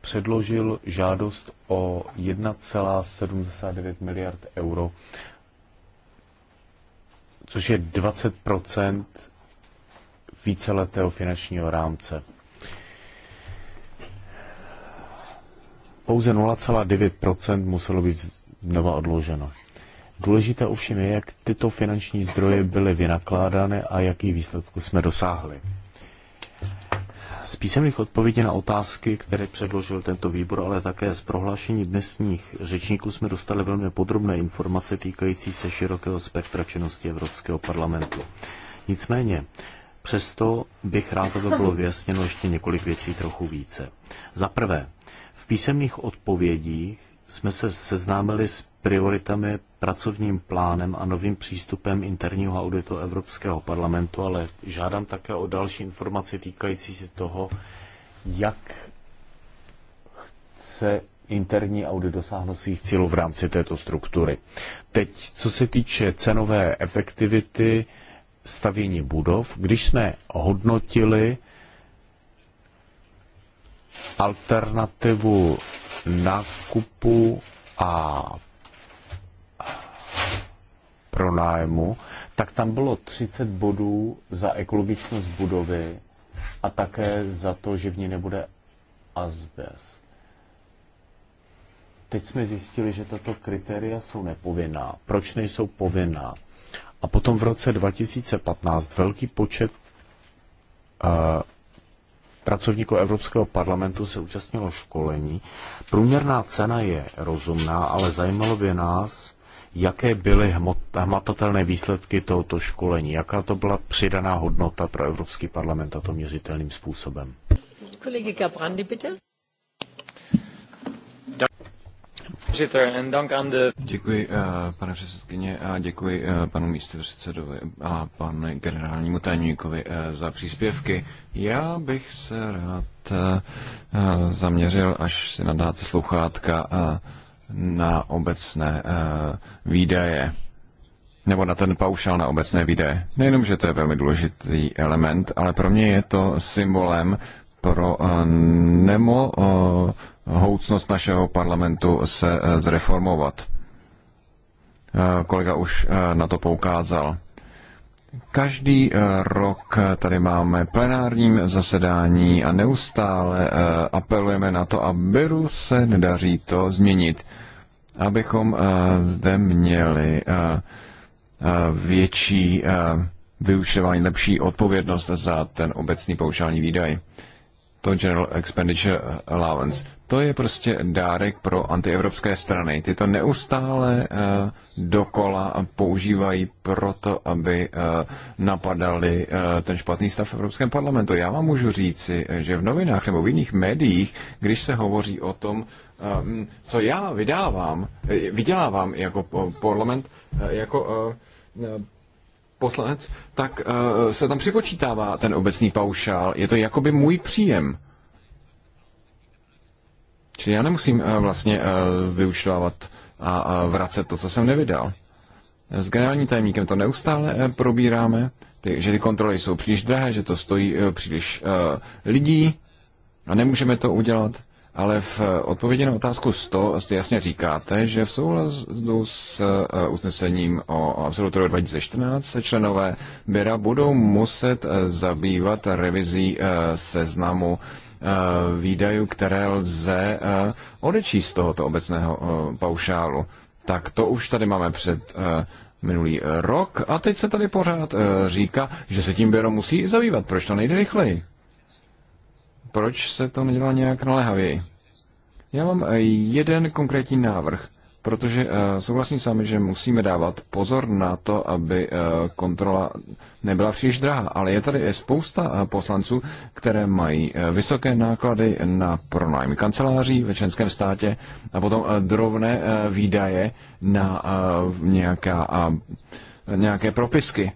předložil žádost o 1,79 miliard euro, což je 20 víceletého finančního rámce. pouze 0,9% muselo být znova odloženo. Důležité ovšem je, jak tyto finanční zdroje byly vynakládány a jaký výsledku jsme dosáhli. Z písemných odpovědí na otázky, které předložil tento výbor, ale také z prohlášení dnesních řečníků jsme dostali velmi podrobné informace týkající se širokého spektra činnosti Evropského parlamentu. Nicméně, přesto bych rád, aby bylo vyjasněno ještě několik věcí trochu více. Za prvé, v písemných odpovědích jsme se seznámili s prioritami, pracovním plánem a novým přístupem interního auditu Evropského parlamentu, ale žádám také o další informace týkající se toho, jak chce interní audit dosáhnout svých cílů v rámci této struktury. Teď, co se týče cenové efektivity stavění budov, když jsme hodnotili alternativu nákupu a pronájmu, tak tam bylo 30 bodů za ekologičnost budovy a také za to, že v ní nebude azbest. Teď jsme zjistili, že tato kritéria jsou nepovinná. Proč nejsou povinná? A potom v roce 2015 velký počet uh, pracovníků Evropského parlamentu se účastnilo školení. Průměrná cena je rozumná, ale zajímalo by nás, jaké byly hmatatelné výsledky tohoto školení, jaká to byla přidaná hodnota pro Evropský parlament a to měřitelným způsobem. Kolegy Gabrandy, bitte. Děkuji, eh, pane předsedkyně, a děkuji eh, panu předsedovi a panu generálnímu tajemníkovi eh, za příspěvky. Já bych se rád zaměřil, až si nadáte sluchátka, na obecné výdaje nebo na ten paušál na obecné výdaje. Nejenom, že to je velmi důležitý element, ale pro mě je to symbolem pro nemo houcnost našeho parlamentu se eh, zreformovat. Eh, kolega už eh, na to poukázal. Každý rok tady máme plenárním zasedání a neustále apelujeme na to, aby se nedaří to změnit, abychom zde měli větší vyučování, lepší odpovědnost za ten obecný paušální výdaj. To General Expenditure Allowance. To je prostě dárek pro antievropské strany. Ty to neustále eh, dokola používají proto, aby eh, napadali eh, ten špatný stav v Evropském parlamentu. Já vám můžu říci, že v novinách nebo v jiných médiích, když se hovoří o tom, co já vydávám, vydělávám jako parlament, jako poslanec, tak se tam připočítává ten obecný paušál. Je to jakoby můj příjem. Čili já nemusím eh, vlastně eh, vyučtovávat a vracet to, co jsem nevydal. S generálním tajemníkem to neustále eh, probíráme, ty, že ty kontroly jsou příliš drahé, že to stojí příliš lidí a nemůžeme to udělat. Ale v odpovědi na otázku 100 jste jasně říkáte, že v souladu s usnesením o absolutoru 2014 se členové Byra budou muset zabývat revizí seznamu Eh, výdajů, které lze eh, odečíst z tohoto obecného eh, paušálu. Tak to už tady máme před minulý rok a teď se tady pořád říká, že se tím běro musí zabývat. Proč to nejde rychleji? Proč se to nedělá nějak naléhavěji? Já mám jeden konkrétní návrh. Protože eh, souhlasím s vámi, že musíme dávat pozor na to, aby eh, kontrola nebyla příliš drahá. Ale je tady spousta eh, poslanců, které mají vysoké náklady na pronájem kanceláří ve členském státě a potom drobné výdaje na nějaká, nějaké propisky.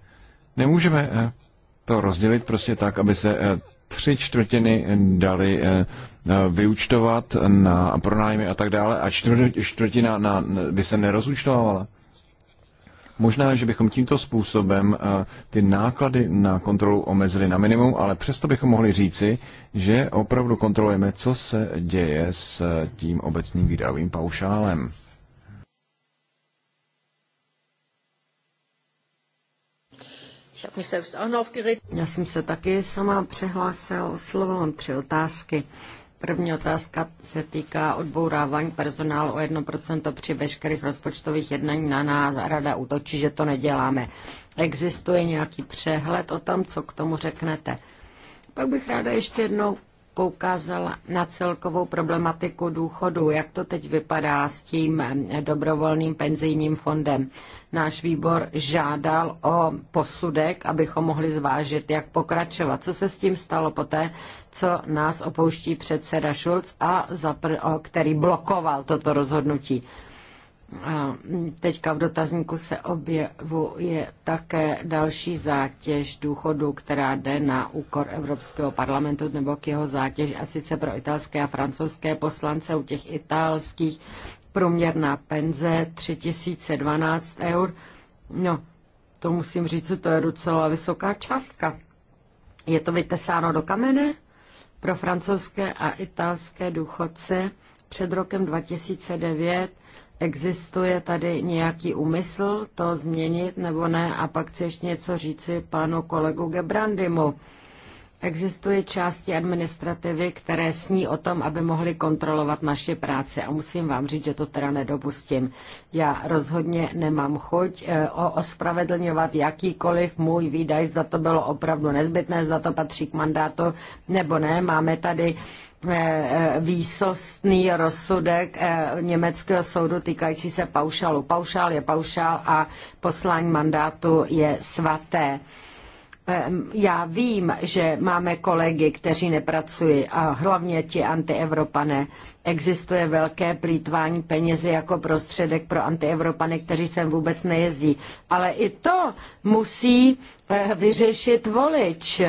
Nemůžeme to rozdělit prostě tak, aby se tři čtvrtiny dali eh, eh, vyučtovat na pronájmy a tak dále a čtvrtina na, by se nerozúčtovala. Možná, že bychom tímto způsobem eh, ty náklady na kontrolu omezili na minimum, ale přesto bychom mohli říci, že opravdu kontrolujeme, co se děje s tím obecným výdavým paušálem. Já jsem se taky sama přihlásil o slovo, mám tři otázky. První otázka se týká odbourávání personálu o 1% při veškerých rozpočtových jednání na nás. Rada útočí, že to neděláme. Existuje nějaký přehled o tom, co k tomu řeknete? Pak bych ráda ještě jednou poukázal na celkovou problematiku důchodu, jak to teď vypadá s tím dobrovolným penzijním fondem. Náš výbor žádal o posudek, abychom mohli zvážit, jak pokračovat. Co se s tím stalo poté, co nás opouští předseda Schulz, a zapr- který blokoval toto rozhodnutí. A teďka v dotazníku se objevuje také další zátěž důchodu, která jde na úkor Evropského parlamentu nebo k jeho zátěž a sice pro italské a francouzské poslance u těch italských průměrná penze 3012 eur. No, to musím říct, to je docela vysoká částka. Je to vytesáno do kamene pro francouzské a italské důchodce před rokem 2009 Existuje tady nějaký úmysl to změnit nebo ne? A pak chci ještě něco říci panu kolegu Gebrandimu. Existují části administrativy, které sní o tom, aby mohli kontrolovat naši práci. A musím vám říct, že to teda nedopustím. Já rozhodně nemám chuť eh, o ospravedlňovat jakýkoliv můj výdaj, zda to bylo opravdu nezbytné, zda to patří k mandátu nebo ne. Máme tady Eh, eh, výsostný rozsudek eh, německého soudu týkající se paušalu. Paušál je paušál a poslání mandátu je svaté. Ehm, já vím, že máme kolegy, kteří nepracují a hlavně ti antievropané. Existuje velké plítvání penězi jako prostředek pro antievropany, kteří sem vůbec nejezdí. Ale i to musí vyřešit volič.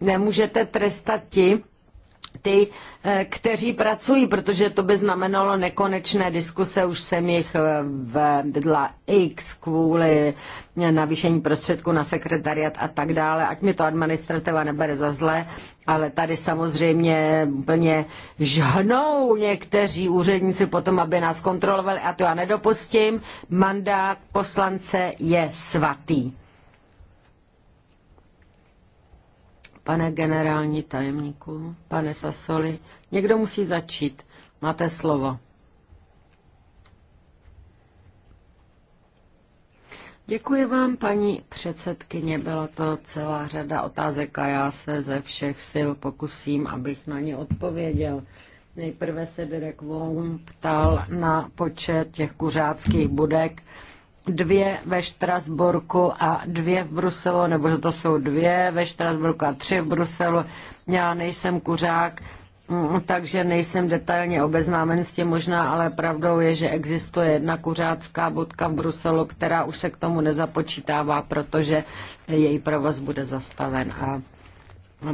Nemůžete trestat ti, ty, eh, kteří pracují, protože to by znamenalo nekonečné diskuse, už jsem jich eh, dla x kvůli navýšení prostředku na sekretariat a tak dále, ať mi to administrativa nebere za zlé, ale tady samozřejmě úplně žhnou někteří úředníci potom, aby nás kontrolovali a to já nedopustím. Mandát poslance je svatý. Pane generální tajemníku, pane Sasoli, někdo musí začít. Máte slovo. Děkuji vám, paní předsedkyně. Byla to celá řada otázek a já se ze všech sil pokusím, abych na ně odpověděl. Nejprve se Derek Voum ptal na počet těch kuřáckých budek dvě ve Štrasburku a dvě v Bruselu, nebo to jsou dvě ve Štrasburku a tři v Bruselu. Já nejsem kuřák, mm, takže nejsem detailně obeznámen s tím možná, ale pravdou je, že existuje jedna kuřácká budka v Bruselu, která už se k tomu nezapočítává, protože její provoz bude zastaven. A,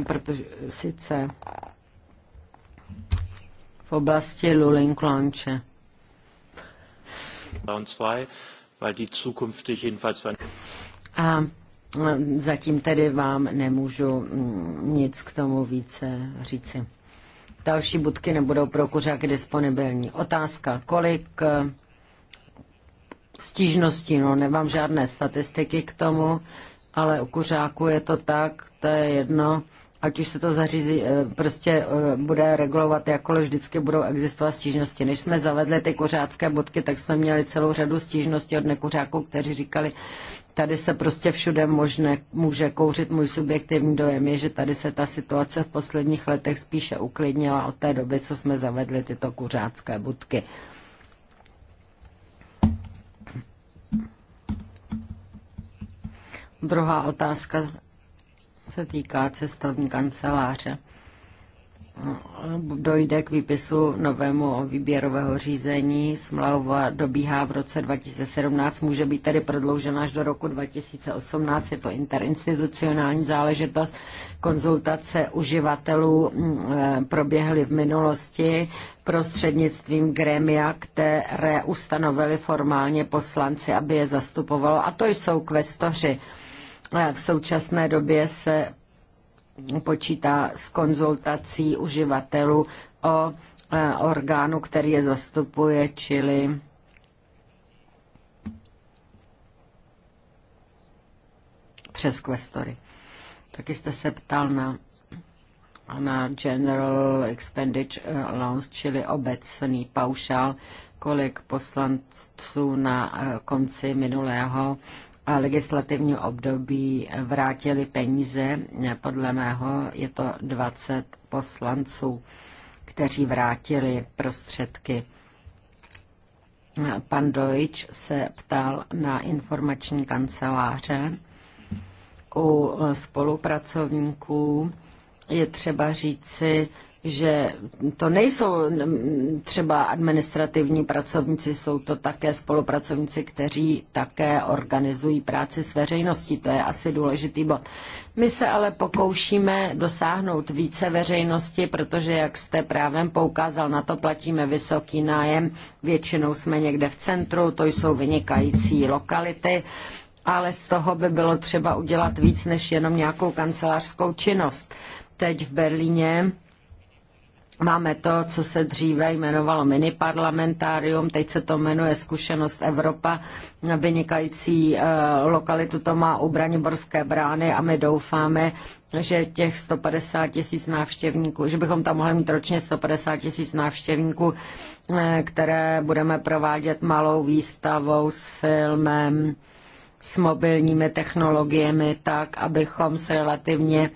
protože sice v oblasti Lulin weil die jedenfalls A zatím tedy vám nemůžu mm, nic k tomu více říci. Další budky nebudou pro kuřáky disponibilní. Otázka, kolik e, stížností, no nemám žádné statistiky k tomu, ale u kuřáku je to tak, to je jedno, ať už se to zařízí, eh, prostě eh, bude regulovat jakkoliv, vždycky budou existovat stížnosti. Než jsme zavedli ty kuřácké bodky, tak jsme měli celou řadu stížností od nekuřáků, kteří říkali, tady se prostě všude možne, může kouřit. Můj subjektivní dojem je, že tady se ta situace v posledních letech spíše uklidnila od té doby, co jsme zavedli tyto kuřácké budky. Druhá otázka se týká cestovní kanceláře. Dojde k výpisu novému výběrového řízení. Smlouva dobíhá v roce 2017, může být tedy prodloužena až do roku 2018. Je to interinstitucionální záležitost. Konzultace uživatelů mm, eh, proběhly v minulosti prostřednictvím grémia, které ustanovili formálně poslanci, aby je zastupovalo. A to jsou kvestoři. V současné době se počítá s konzultací uživatelů o e, orgánu, který je zastupuje, čili přes kvestory. Taky jste se ptal na, na General Expenditure Allowance, čili obecný paušál, kolik poslanců na e, konci minulého legislativní období vrátili peníze. Podle mého je to 20 poslanců, kteří vrátili prostředky. Pan Dojč se ptal na informační kanceláře. U spolupracovníků je třeba říci, že to nejsou třeba administrativní pracovníci, jsou to také spolupracovníci, kteří také organizují práci s veřejností. To je asi důležitý bod. My se ale pokoušíme dosáhnout více veřejnosti, protože, jak jste právě poukázal, na to platíme vysoký nájem. Většinou jsme někde v centru, to jsou vynikající lokality ale z toho by bylo třeba udělat víc než jenom nějakou kancelářskou činnost. Teď v Berlíně Máme to, co se dříve jmenovalo miniparlamentárium, teď se to jmenuje Zkušenost Evropa. Vynikající eh, lokalitu to má u Braniborské brány a my doufáme, že těch 150 tisíc návštěvníků, že bychom tam mohli mít ročně 150 tisíc návštěvníků, eh, které budeme provádět malou výstavou s filmem, s mobilními technologiemi, tak abychom se relativně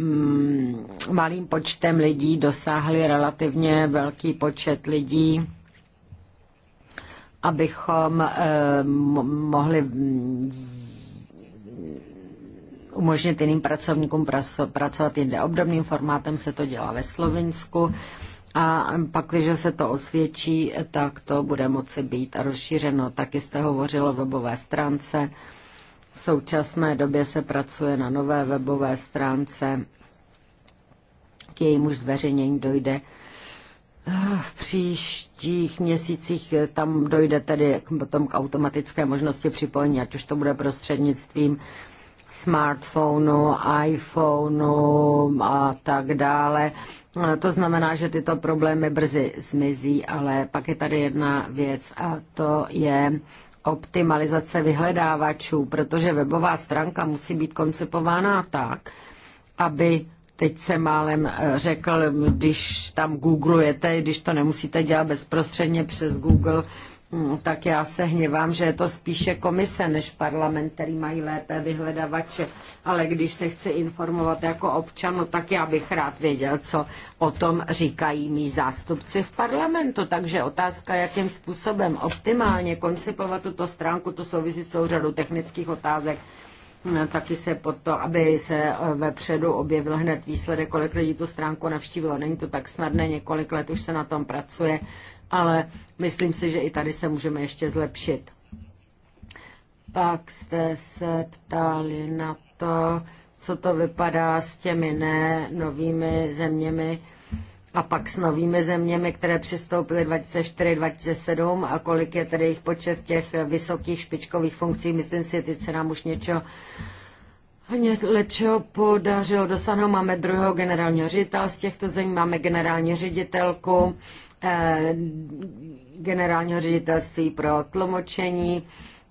Mm, malým počtem lidí dosáhli relativně velký počet lidí, abychom eh, mohli mm, umožnit jiným pracovníkům pracovat jinde. Obdobným formátem se to dělá ve Slovinsku. A pak, když se to osvědčí, tak to bude moci být rozšířeno. Taky jste hovořil o webové stránce. V současné době se pracuje na nové webové stránce, k jejímuž zveřejnění dojde eh, v příštích měsících eh, tam dojde tedy k, potom k automatické možnosti připojení, ať už to bude prostřednictvím smartphonu, iPhoneu a tak dále. Eh, to znamená, že tyto problémy brzy zmizí, ale pak je tady jedna věc a to je optimalizace vyhledávačů, protože webová stránka musí být koncipována tak, aby teď se málem eh, řekl, když tam googlujete, když to nemusíte dělat bezprostředně přes Google, Mm, tak já se hněvám, že je to spíše komise než parlament, který mají lépe vyhledavače. Ale když se chci informovat jako no, tak já bych rád věděl, co o tom říkají mý zástupci v parlamentu. Takže otázka, jakým způsobem optimálně koncipovat tuto stránku, to souvisí s řadou technických otázek. Mm, taky se pod to, aby se eh, vepředu objevil hned výsledek, kolik lidí tu stránku navštívilo. Není to tak snadné, několik let už se na tom pracuje ale myslím si, že i tady se můžeme ještě zlepšit. Pak jste se ptali na to, co to vypadá s těmi ne novými zeměmi a pak s novými zeměmi, které přistoupily 24, 2007 a kolik je tedy jejich počet těch vysokých špičkových funkcí. Myslím si, teď se nám už něco něco podařilo dosáhnout. Máme druhého generálního ředitele z těchto zemí, máme generální ředitelku Eh, generálního ředitelství pro tlumočení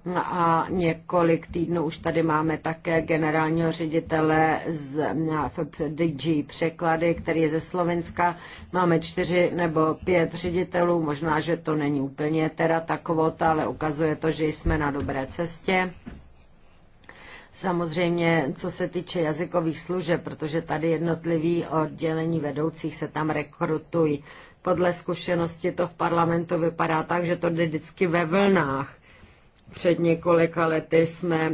no a několik týdnů už tady máme také generálního ředitele z DG Překlady, který je ze Slovenska. Máme čtyři nebo pět ředitelů, možná, že to není úplně teda takovota, ale ukazuje to, že jsme na dobré cestě. Samozřejmě, co se týče jazykových služeb, protože tady jednotliví oddělení vedoucích se tam rekrutují. Podle zkušenosti to v parlamentu vypadá tak, že to jde vždycky ve vlnách. Před několika lety jsme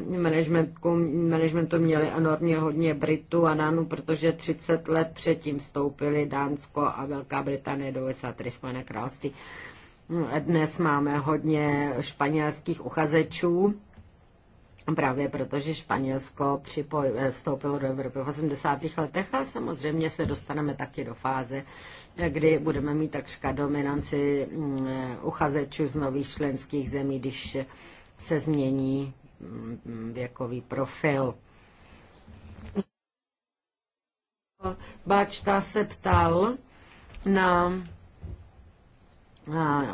managementu měli enormně hodně Britů a Danů, protože 30 let předtím vstoupili Dánsko a Velká Británie do USA, tedy Spojené království. Dnes máme hodně španělských uchazečů, Právě protože Španělsko připoj, vstoupilo do Evropy v 80. letech a samozřejmě se dostaneme taky do fáze, kdy budeme mít takřka dominanci mm, uchazečů z nových členských zemí, když se změní mm, věkový profil. Báčta se ptal na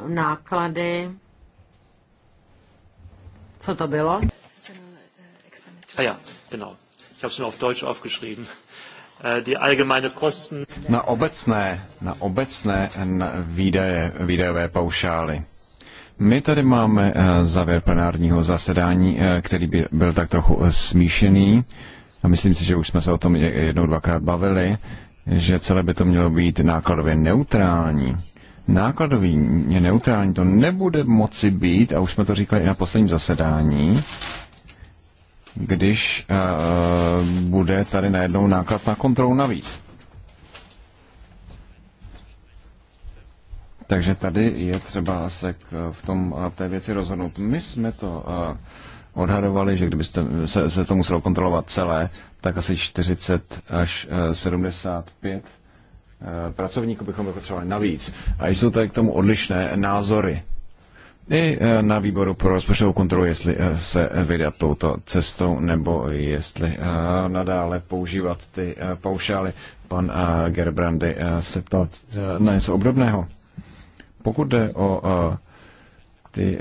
náklady. Co to bylo? Ah ja, genau. Ich habe es mir auf Deutsch aufgeschrieben. Äh, na obecné, na obecné výdaje, výdajové paušály. My tady máme äh, závěr plenárního zasedání, äh, který by byl tak trochu smíšený. A myslím si, že už jsme se o tom jednou, dvakrát bavili, že celé by to mělo být nákladově neutrální. Nákladový neutrální to nebude moci být, a už jsme to říkali i na posledním zasedání, když uh, bude tady najednou náklad na kontrolu navíc. Takže tady je třeba se k, v tom v eh, té věci rozhodnout. My jsme to uh, odhadovali, že kdybyste se, se to muselo kontrolovat celé, tak asi 40 až uh, 75 pracovníků bychom potřebovali navíc. A jsou tady k tomu odlišné názory i eh, na výboru pro rozpočtovou kontrolu, jestli eh, se vydat touto cestou nebo jestli eh, nadále používat ty paušály. Pan Gerbrandy se ptal na něco obdobného. Pokud jde o ty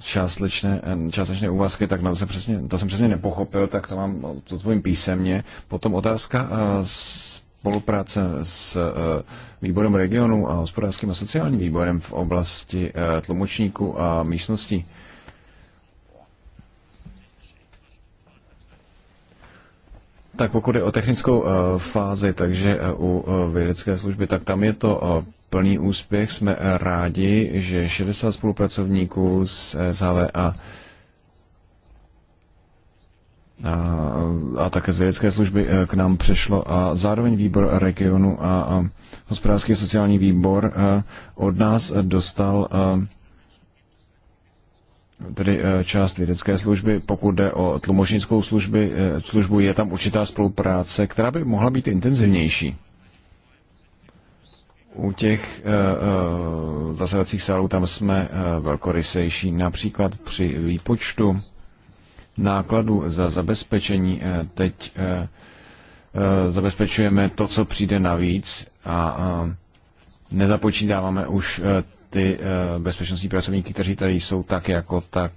částečné, částečné úvazky, tak to, se přesně, to jsem přesně nepochopil, tak to vám tvojím písemně. Potom otázka spolupráce s eh, výborem regionu a hospodářským a sociálním výborem v oblasti eh, tlumočníků a místností. Tak pokud je o technickou eh, fázi, takže u vědecké služby, tak tam je to plný úspěch. Jsme rádi, že 60 spolupracovníků z SHV a a, a také z vědecké služby eh, k nám přešlo a zároveň výbor regionu a, a hospodářský sociální výbor eh, od nás dostal eh, tedy část vědecké služby. Pokud jde o tlumočnickou služby, službu, je tam určitá spolupráce, která by mohla být intenzivnější. U těch uh, zasedacích sálů tam jsme uh, velkorysejší, například při výpočtu nákladů za zabezpečení eh, teď eh, eh, zabezpečujeme to, co přijde navíc a nezapočítáváme už ty bezpečnostní pracovníky, kteří tady jsou tak jako tak.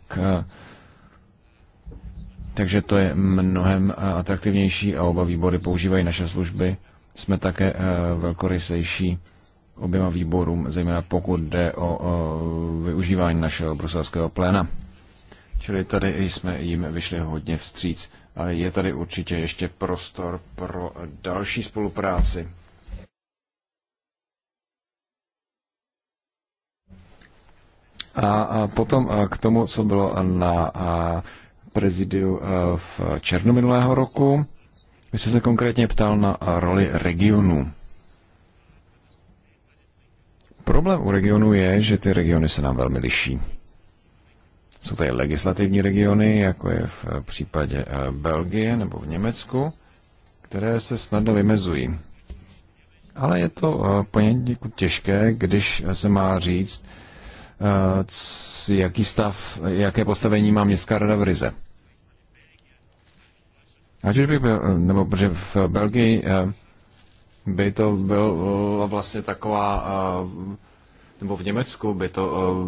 Takže to je mnohem atraktivnější a oba výbory používají naše služby. Jsme také velkorysejší oběma výborům, zejména pokud jde o využívání našeho bruselského pléna. Čili tady jsme jim vyšli hodně vstříc. A je tady určitě ještě prostor pro další spolupráci. A potom k tomu, co bylo na prezidiu v červnu minulého roku. Vy jste se konkrétně ptal na roli regionů. Problém u regionu je, že ty regiony se nám velmi liší. Jsou tady legislativní regiony, jako je v eh, případě eh, Belgie nebo v Německu, které se snadno vymezují. Ale je to eh, poněkud těžké, když se má říct, jaký stav, jaké postavení má městská rada v Rize. Ať už by byl, nebo protože v Belgii by to byla vlastně taková nebo v Německu by to eh,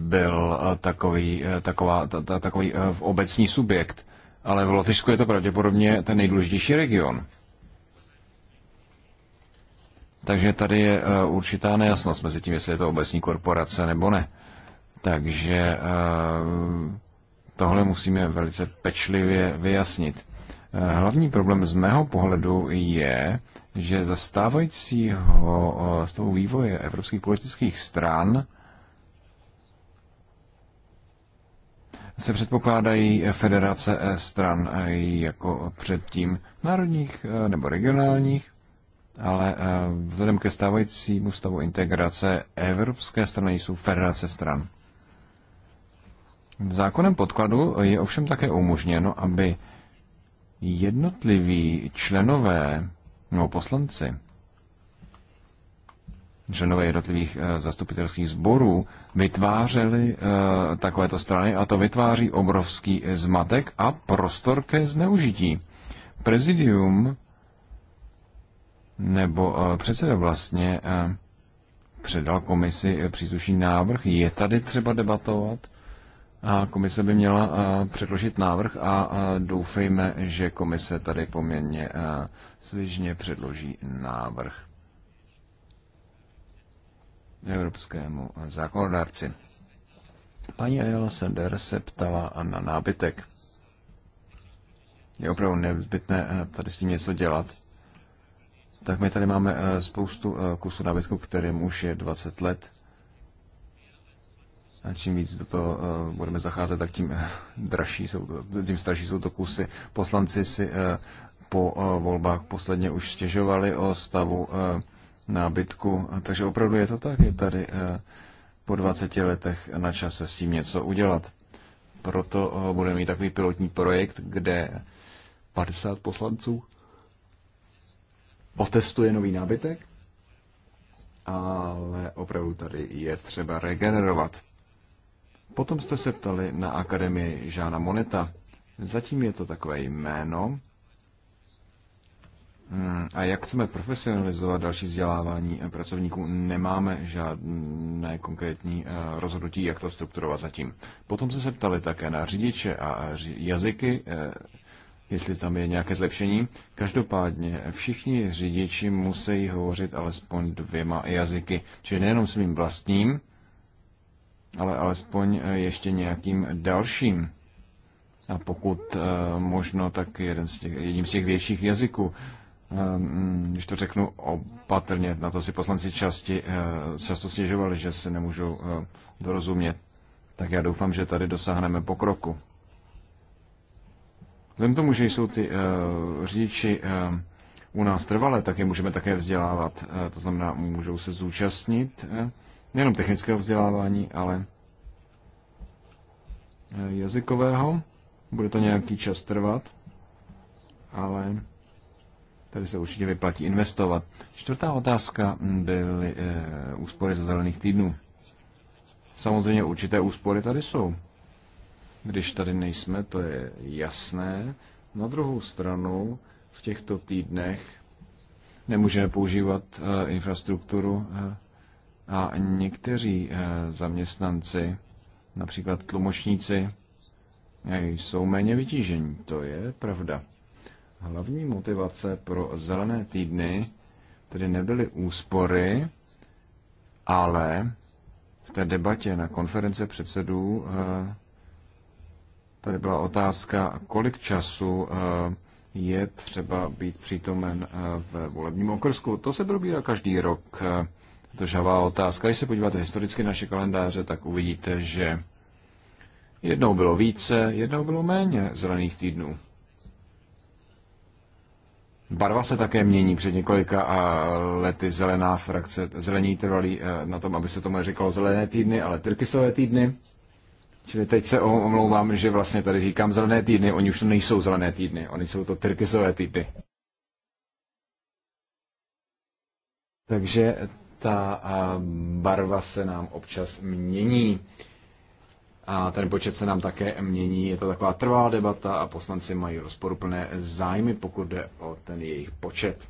byl eh, takový, eh, taková, ta, ta, takový obecní subjekt, ale v Lotyšsku je to pravděpodobně ten nejdůležitější region. Takže tady je určitá nejasnost mezi tím, jestli je to obecní korporace nebo ne. Takže tohle musíme velice pečlivě vyjasnit. Hlavní problém z mého pohledu je, že za stávajícího stavu eh, vývoje evropských politických stran se předpokládají federace eh, stran eh, jako předtím národních nebo regionálních, ale vzhledem ke stávajícímu stavu integrace evropské strany jsou federace stran. Zákonem podkladu je ovšem také umožněno, aby jednotliví členové nebo poslanci, členové jednotlivých eh, zastupitelských sborů vytvářeli eh, takovéto strany a to vytváří obrovský zmatek a prostor ke zneužití. Prezidium nebo eh, předseda vlastně předal komisi příslušný návrh. Je tady třeba debatovat a komise by měla předložit návrh a doufejme, že komise tady poměrně svižně předloží návrh evropskému zákonodárci. Paní Ayala Sender se ptala na nábytek. Je opravdu nezbytné eh, tady s tím něco dělat. Tak my tady máme eh, spoustu eh, kusů nábytku, kterým už je 20 let a čím víc do toho eh, budeme zacházet, tak tím, eh, dražší jsou, tím starší jsou to kusy. Poslanci si eh, po volbách posledně už stěžovali o stavu nábytku. Takže opravdu je to tak, je tady po 20 letech na čase s tím něco udělat. Proto budeme mít takový pilotní projekt, kde 50 poslanců otestuje nový nábytek, ale opravdu tady je třeba regenerovat. Potom jste se ptali na Akademii Žána Moneta. Zatím je to takové jméno. Hmm, a jak chceme profesionalizovat další vzdělávání pracovníků, nemáme žádné konkrétní eh, rozhodnutí, jak to strukturovat zatím. Potom se se ptali také na řidiče a jazyky, eh, jestli tam je nějaké zlepšení. Každopádně všichni řidiči musí hovořit alespoň dvěma jazyky, čili nejenom svým vlastním, ale alespoň eh, ještě nějakým dalším. A pokud eh, možno, tak jeden z těch, jedním z těch větších jazyků. Eh, mm, když to řeknu opatrně, na to si poslanci časti, často stěžovali, že se nemůžou dorozumět. Tak já doufám, že tady dosáhneme pokroku. Vzhledem tomu, že jsou ty uh, řidiči uh, u nás trvalé, tak je můžeme také vzdělávat. Uh, to znamená, můžou se zúčastnit uh, nejenom technického vzdělávání, ale eh, jazykového. Bude to nějaký čas trvat, ale tady se určitě vyplatí investovat. Čtvrtá otázka hm, byly e, úspory ze zelených týdnů. Samozřejmě určité úspory tady jsou. Když tady nejsme, to je jasné. Na druhou stranu v těchto týdnech nemůžeme používat e, infrastrukturu e, a někteří eh, zaměstnanci, například tlumočníci, eh, jsou méně vytížení. To je pravda. Hlavní motivace pro zelené týdny tedy nebyly úspory, ale v té debatě na konference předsedů eh, tady byla otázka, kolik času je třeba být přítomen v volebním okrsku. To se probírá každý rok državá otázka. Když se podíváte historicky na naše kalendáře, tak uvidíte, že jednou bylo více, jednou bylo méně zelených týdnů. Barva se také mění. Před několika lety zelená frakce, zelení trvalí e, na tom, aby se tomu říkalo zelené týdny, ale tyrkysové týdny. Čili teď se omlouvám, že vlastně tady říkám zelené týdny, oni už to nejsou zelené týdny, oni jsou to tyrkysové týdny. Takže ta barva se nám občas mění. A ten počet se nám také mění. Je to taková trvalá debata a poslanci mají rozporuplné zájmy, pokud jde o ten jejich počet.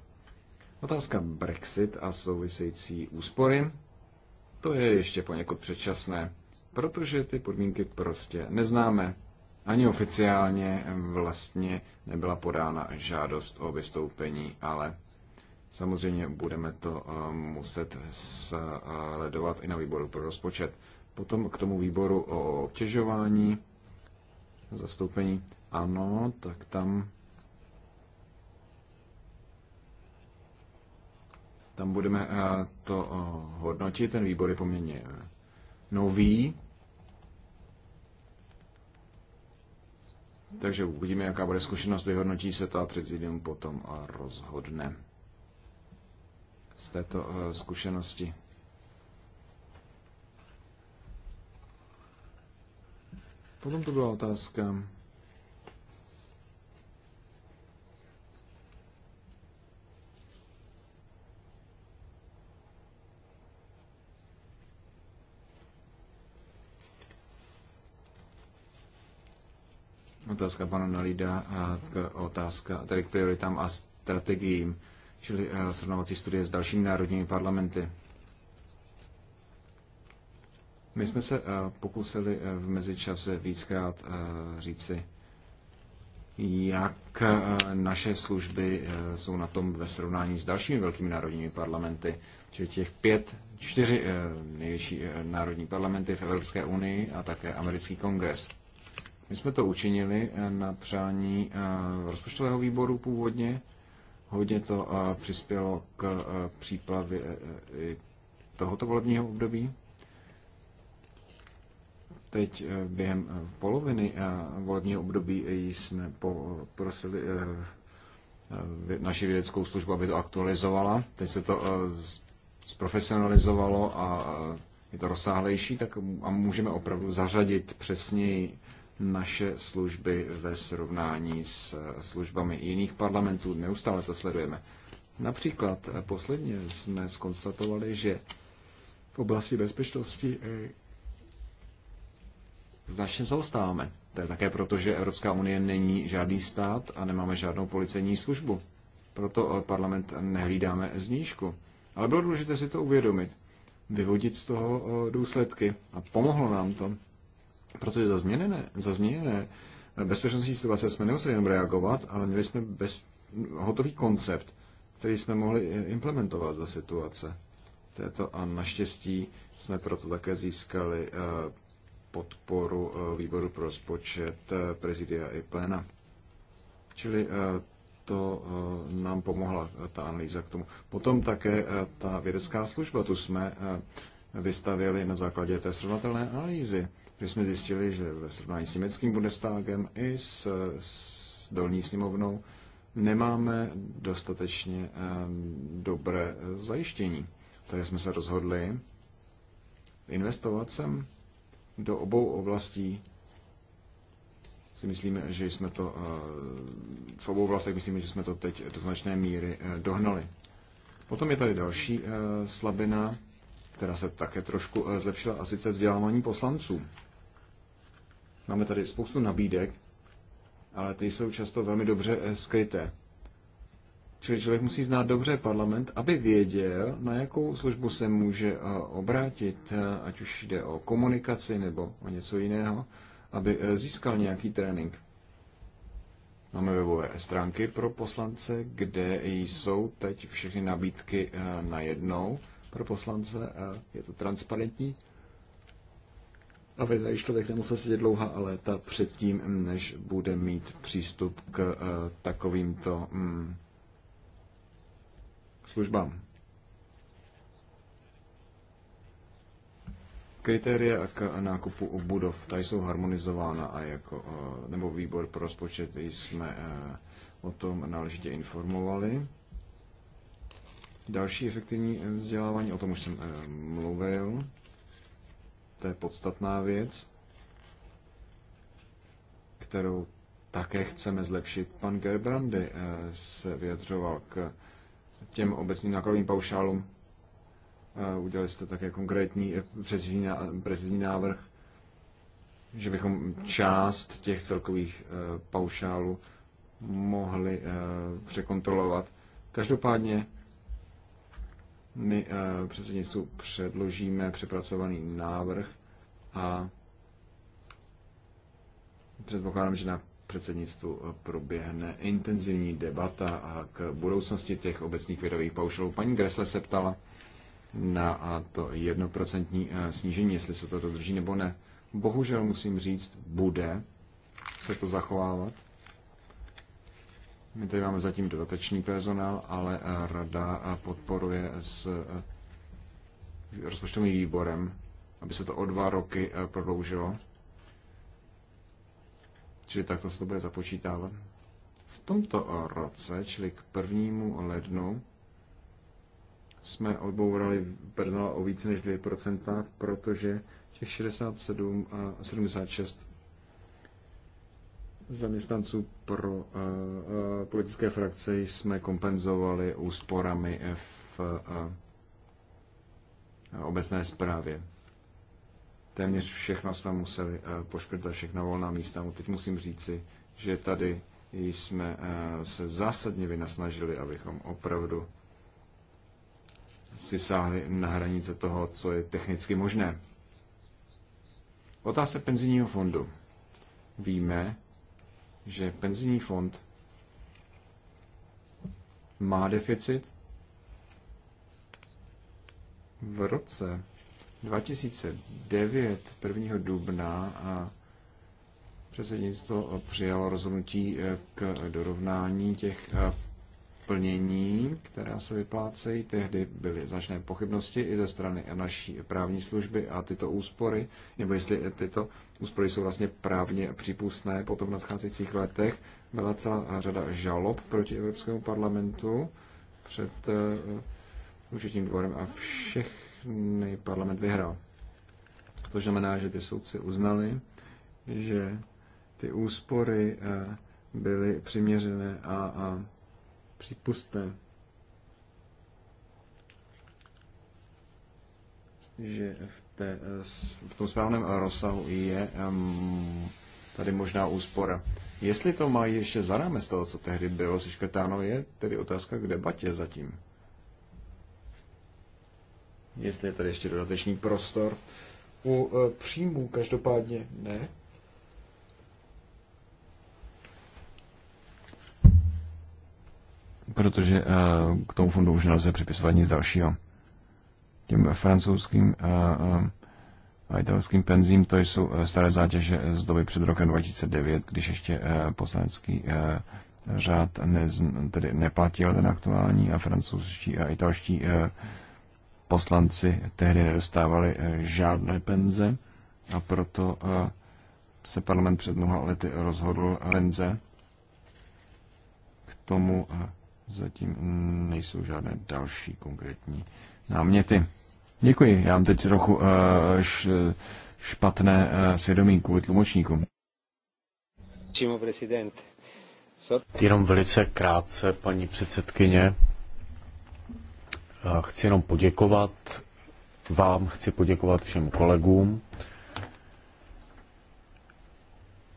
Otázka Brexit a související úspory. To je ještě poněkud předčasné, protože ty podmínky prostě neznáme. Ani oficiálně vlastně nebyla podána žádost o vystoupení, ale Samozřejmě budeme to eh, muset sledovat i na výboru pro rozpočet. Potom k tomu výboru o obtěžování, zastoupení, ano, tak tam tam budeme eh, to eh, hodnotit, ten výbor je poměrně nový, takže uvidíme, jaká bude zkušenost, vyhodnotí se to a prezidium potom rozhodne z této eh, zkušenosti. Potom to byla otázka. Otázka pana Nalída a k otázka, tedy k prioritám a strategiím čili eh, srovnávací studie s dalšími národními parlamenty. My jsme se eh, pokusili eh, v mezičase víckrát říci, jak naše služby jsou na tom ve srovnání s dalšími velkými národními parlamenty, čili těch pět, čtyři největší národní parlamenty v Evropské unii a také americký kongres. My jsme to učinili na přání rozpočtového výboru původně, Hodně to a přispělo k e, příplavě e, e, tohoto volebního období. Teď během poloviny volebního období jsme poprosili naši vědeckou službu, aby to aktualizovala. Teď se to zprofesionalizovalo a je to rozsáhlejší, tak a můžeme opravdu zařadit přesněji naše služby ve srovnání s službami jiných parlamentů. Neustále to sledujeme. Například eh, posledně jsme skonstatovali, že v oblasti bezpečnosti eh, značně zaostáváme. To je také proto, že Evropská unie není žádný stát a nemáme žádnou policejní službu. Proto eh, parlament nehlídáme znížku. Ale bylo důležité si to uvědomit, vyvodit z toho důsledky a pomohlo nám to. Protože za změněné, za změněné bezpečnostní situace jsme nemuseli jenom reagovat, ale měli jsme bez, hotový koncept, který jsme mohli implementovat za situace této. A naštěstí jsme proto také získali eh, podporu eh, výboru pro rozpočet eh, prezidia i pléna. Čili to nám pomohla ta analýza k tomu. Potom také ta vědecká služba, tu jsme vystavěli na základě té srovnatelné analýzy že jsme zjistili, že ve srovnání s německým Bundestagem i s, s dolní sněmovnou nemáme dostatečně dobré zajištění. Takže jsme se rozhodli investovat sem do obou oblastí. Si myslíme, že jsme to eh, v obou oblastech myslíme, že jsme to teď do značné míry eh, dohnali. Potom je tady další eh, slabina, která se také trošku zlepšila, a sice vzdělávání poslanců. Máme tady spoustu nabídek, ale ty jsou často velmi dobře eh, skryté. Čili člověk musí znát dobře parlament, aby věděl, na jakou službu se může eh, obrátit, eh, ať už jde o komunikaci nebo o něco jiného, aby získal nějaký trénink. Máme webové stránky pro poslance, kde jsou teď všechny nabídky na jednou pro poslance. Je to transparentní aby tady člověk nemusel sedět dlouhá léta předtím, než bude mít přístup k eh, takovýmto mm, službám. Kritéria k nákupu budov, ta jsou harmonizována a jako, eh, nebo výbor pro rozpočet jsme eh, o tom náležitě informovali. Další efektivní vzdělávání, o tom už jsem mluvil. To je podstatná věc, kterou také chceme zlepšit. Pan Gerbrandy eh, se vyjadřoval k těm obecným nákladovým paušálům. Eh, udělali jste také konkrétní eh, precizní návrh, že bychom část těch celkových paušálů mohli překontrolovat. Každopádně my eh, předsednictvu předložíme přepracovaný návrh a předpokládám, že na předsednictvu eh, proběhne intenzivní debata k budoucnosti těch obecných vědových paušalů. Paní Gresle se ptala na to jednoprocentní eh, snížení, jestli se to dodrží nebo ne. Bohužel musím říct, bude se to zachovávat. My tady máme zatím dodatečný personál, ale eh, rada eh, podporuje s eh, rozpočtovým výborem, aby se to o dva roky prodloužilo. Čili takto se to bude započítávat. V tomto roce, čili k prvnímu lednu, jsme odbourali personál o více než 2%, protože těch 67 a 76 zaměstnanců pro eh, eh, politické frakce jsme kompenzovali úsporami v eh, obecné správě. Téměř všechno jsme museli poškrtat, všechna volná místa. No, teď musím říci, že tady jsme se zásadně vynasnažili, abychom opravdu si sáhli na hranice toho, co je technicky možné. Otázka penzijního fondu. Víme, že penzijní fond má deficit v roce 2009, 1. dubna, a předsednictvo přijalo rozhodnutí eh, k dorovnání těch eh, plnění, která se vyplácejí. Tehdy byly značné pochybnosti i ze strany naší právní služby a tyto úspory, nebo jestli tyto úspory jsou vlastně právně přípustné, potom v nadcházejících letech byla celá řada žalob proti Evropskému parlamentu před eh, určitým dvorem a všechny parlament vyhrál. To znamená, že ty soudci uznali, že ty úspory eh, byly přiměřené a, a Připustné, že v, té, v tom správném rozsahu je um, tady možná úspora. Jestli to má ještě za rámec toho, co tehdy bylo seškrtáno, je tedy otázka k debatě zatím. Jestli je tady ještě dodatečný prostor. U uh, příjmů každopádně ne. protože eh, k tomu fondu už nelze připisovat nic dalšího. Těm francouzským eh, eh, a italským penzím to jsou staré zátěže z doby před rokem 2009, když ještě poslanecký řád ne, tedy neplatil ten aktuální a francouzští a italští poslanci tehdy nedostávali žádné penze a proto se parlament před mnoha lety rozhodl penze k tomu zatím nejsou žádné další konkrétní náměty. Děkuji, já mám teď trochu eh, š, špatné eh, svědomí kvůli tlumočníkům. Jenom velice krátce, paní předsedkyně. Eh, chci jenom poděkovat vám, chci poděkovat všem kolegům.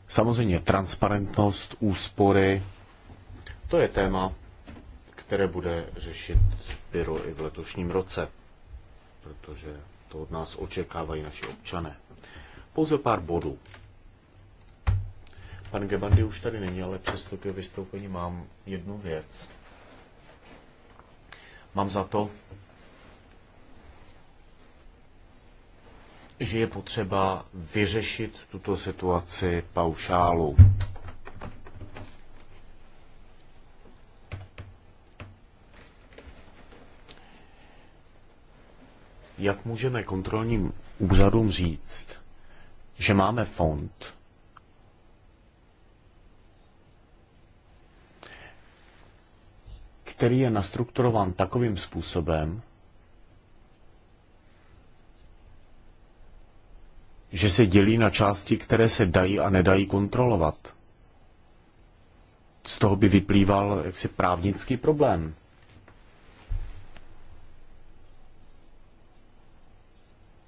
Samozřejmě transparentnost, úspory, to je téma, které bude řešit Pyro i v letošním roce, protože to od nás očekávají naši občané. Pouze pár bodů. Pan Gebandy už tady není, ale přesto k vystoupení mám jednu věc. Mám za to, že je potřeba vyřešit tuto situaci paušálu Jak můžeme kontrolním úřadům říct, že máme fond, který je nastrukturován takovým způsobem, že se dělí na části, které se dají a nedají kontrolovat. Z toho by vyplýval jaksi právnický problém.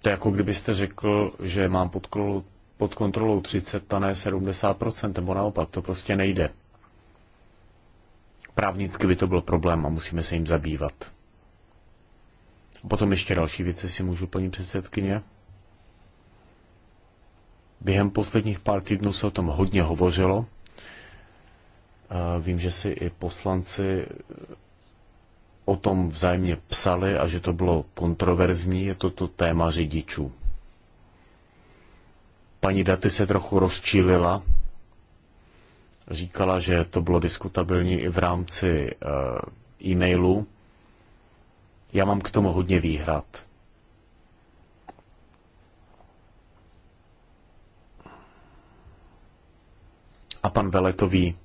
To je jako kdybyste řekl, že mám pod kontrolou, pod kontrolou 30 a ne 70%, nebo naopak, to prostě nejde. Právnicky by to byl problém a musíme se jim zabývat. Potom ještě další věci si můžu, paní předsedkyně. Během posledních pár týdnů se o tom hodně hovořilo. Vím, že si i poslanci o tom vzájemně psali a že to bylo kontroverzní, je toto téma řidičů. Paní Daty se trochu rozčílila, říkala, že to bylo diskutabilní i v rámci eh, e-mailu. Já mám k tomu hodně výhrad. A pan Veletový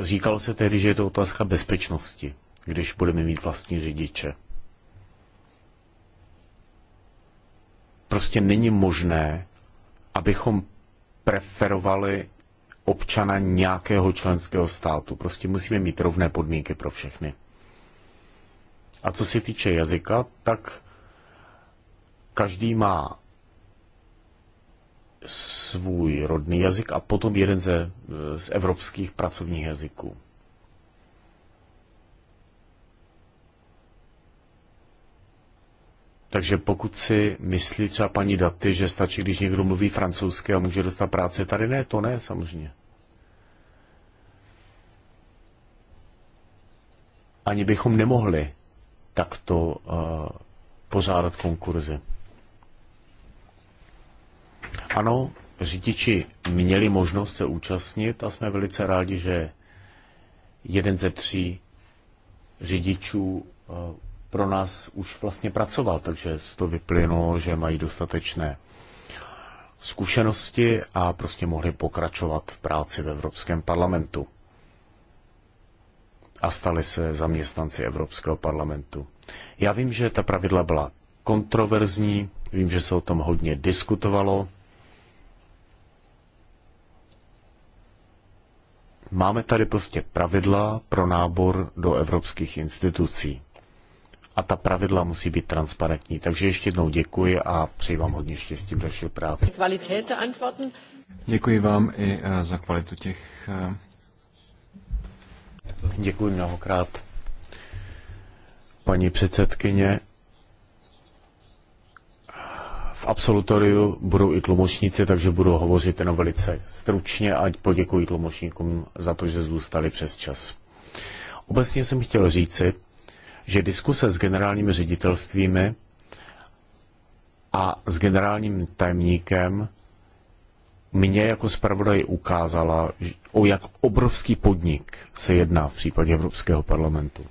Říkalo se tehdy, že je to otázka bezpečnosti, když budeme mít vlastní řidiče. Prostě není možné, abychom preferovali občana nějakého členského státu. Prostě musíme mít rovné podmínky pro všechny. A co se týče jazyka, tak každý má svůj rodný jazyk a potom jeden ze, z evropských pracovních jazyků. Takže pokud si myslí třeba paní Daty, že stačí, když někdo mluví francouzsky a může dostat práci, tady ne, to ne, samozřejmě. Ani bychom nemohli takto uh, pořádat konkurzy. Ano, řidiči měli možnost se účastnit a jsme velice rádi, že jeden ze tří řidičů eh, pro nás už vlastně pracoval, takže z toho vyplynulo, že mají dostatečné zkušenosti a prostě mohli pokračovat v práci v Evropském parlamentu. A stali se zaměstnanci Evropského parlamentu. Já vím, že ta pravidla byla kontroverzní, vím, že se o tom hodně diskutovalo, Máme tady prostě pravidla pro nábor do evropských institucí. A ta pravidla musí být transparentní. Takže ještě jednou děkuji a přeji vám hodně štěstí v další práci. Děkuji vám i eh, za kvalitu těch. Eh, děkuji mnohokrát. Paní předsedkyně, v absolutoriu budou i tlumočníci, takže budu hovořit jenom velice stručně a poděkuji tlumočníkům za to, že zůstali přes čas. Obecně jsem chtěl říci, že diskuse s generálními ředitelstvími a s generálním tajemníkem mě jako zpravodaj ukázala, o jak obrovský podnik se jedná v případě Evropského parlamentu.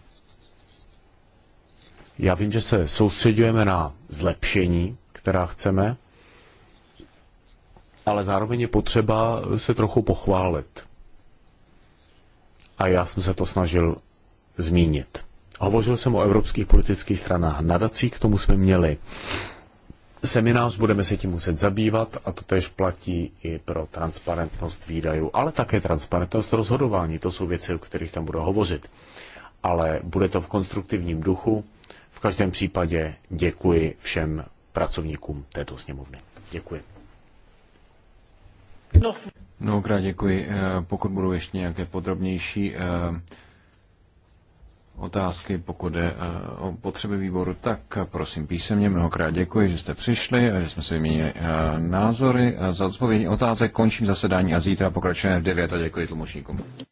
Já vím, že se soustředujeme na zlepšení, která chceme, ale zároveň je potřeba se trochu pochválit. A já jsem se to snažil zmínit. Hovořil jsem o evropských politických stranách nadací, k tomu jsme měli seminář, budeme se tím muset zabývat a to tež platí i pro transparentnost výdajů, ale také transparentnost rozhodování. To jsou věci, o kterých tam budu hovořit. Ale bude to v konstruktivním duchu. V každém případě děkuji všem pracovníkům této sněmovny. Děkuji. No. Mnohokrát děkuji. Eh, pokud budou ještě nějaké podrobnější eh, otázky, pokud je eh, o potřeby výboru, tak prosím písemně. Mnohokrát děkuji, že jste přišli a že jsme si vyměnili názory. Za odpovědi otázek končím zasedání a zítra pokračujeme v 9 a děkuji tlumočníkům.